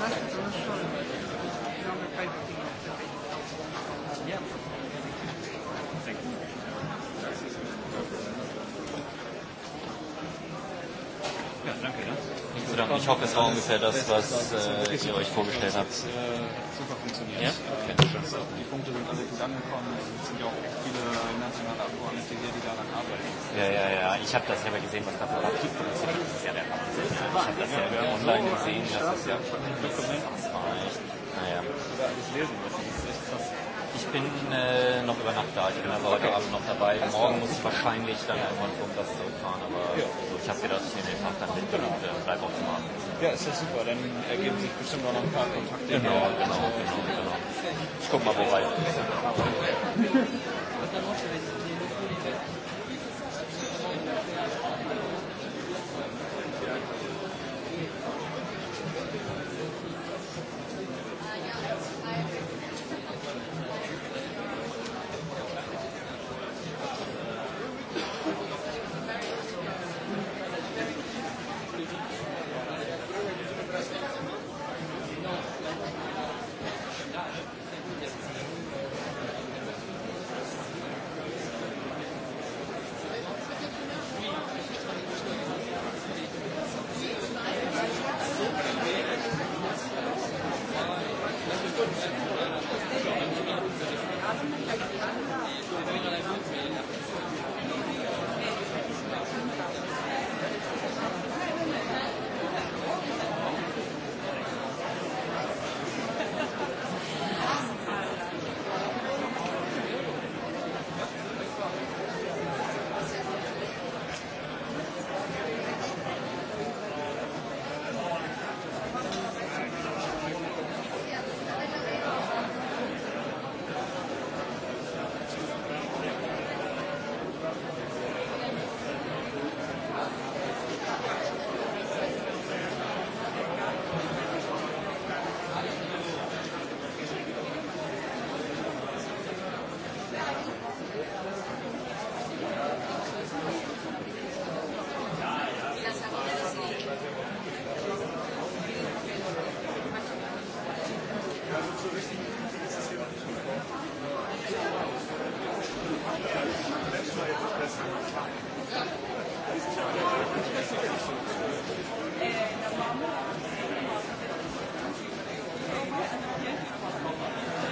ich hoffe, es war ungefähr das, was äh, ihr euch vorgestellt habt. Äh, super funktioniert. Ja? Okay. Die Punkte sind alle gut angekommen. Es sind ja auch viele nationale Abgeordnete hier, die daran arbeiten. Ja, ja, ja. Ich habe das ja gesehen, was da vor Papier produziert wird. Das ist ja der Wahnsinn. Ich habe das ja online gesehen. Das ist ja. Dokument. Naja. Oder alles lesen müssen bin äh, noch über Nacht da. Ich bin also heute okay. Abend noch dabei. Hast Morgen muss ich wahrscheinlich dann irgendwann das zu zurückfahren. Aber ja. so, ich habe gedacht, ich nehme den Tag dann mit genau. und äh, bleibe auch zum Abend. Ja, ist ja super. Dann ergeben sich bestimmt auch noch ein paar Kontakte. Genau, genau, genau, genau. Ich guck mal, wo weit. *laughs*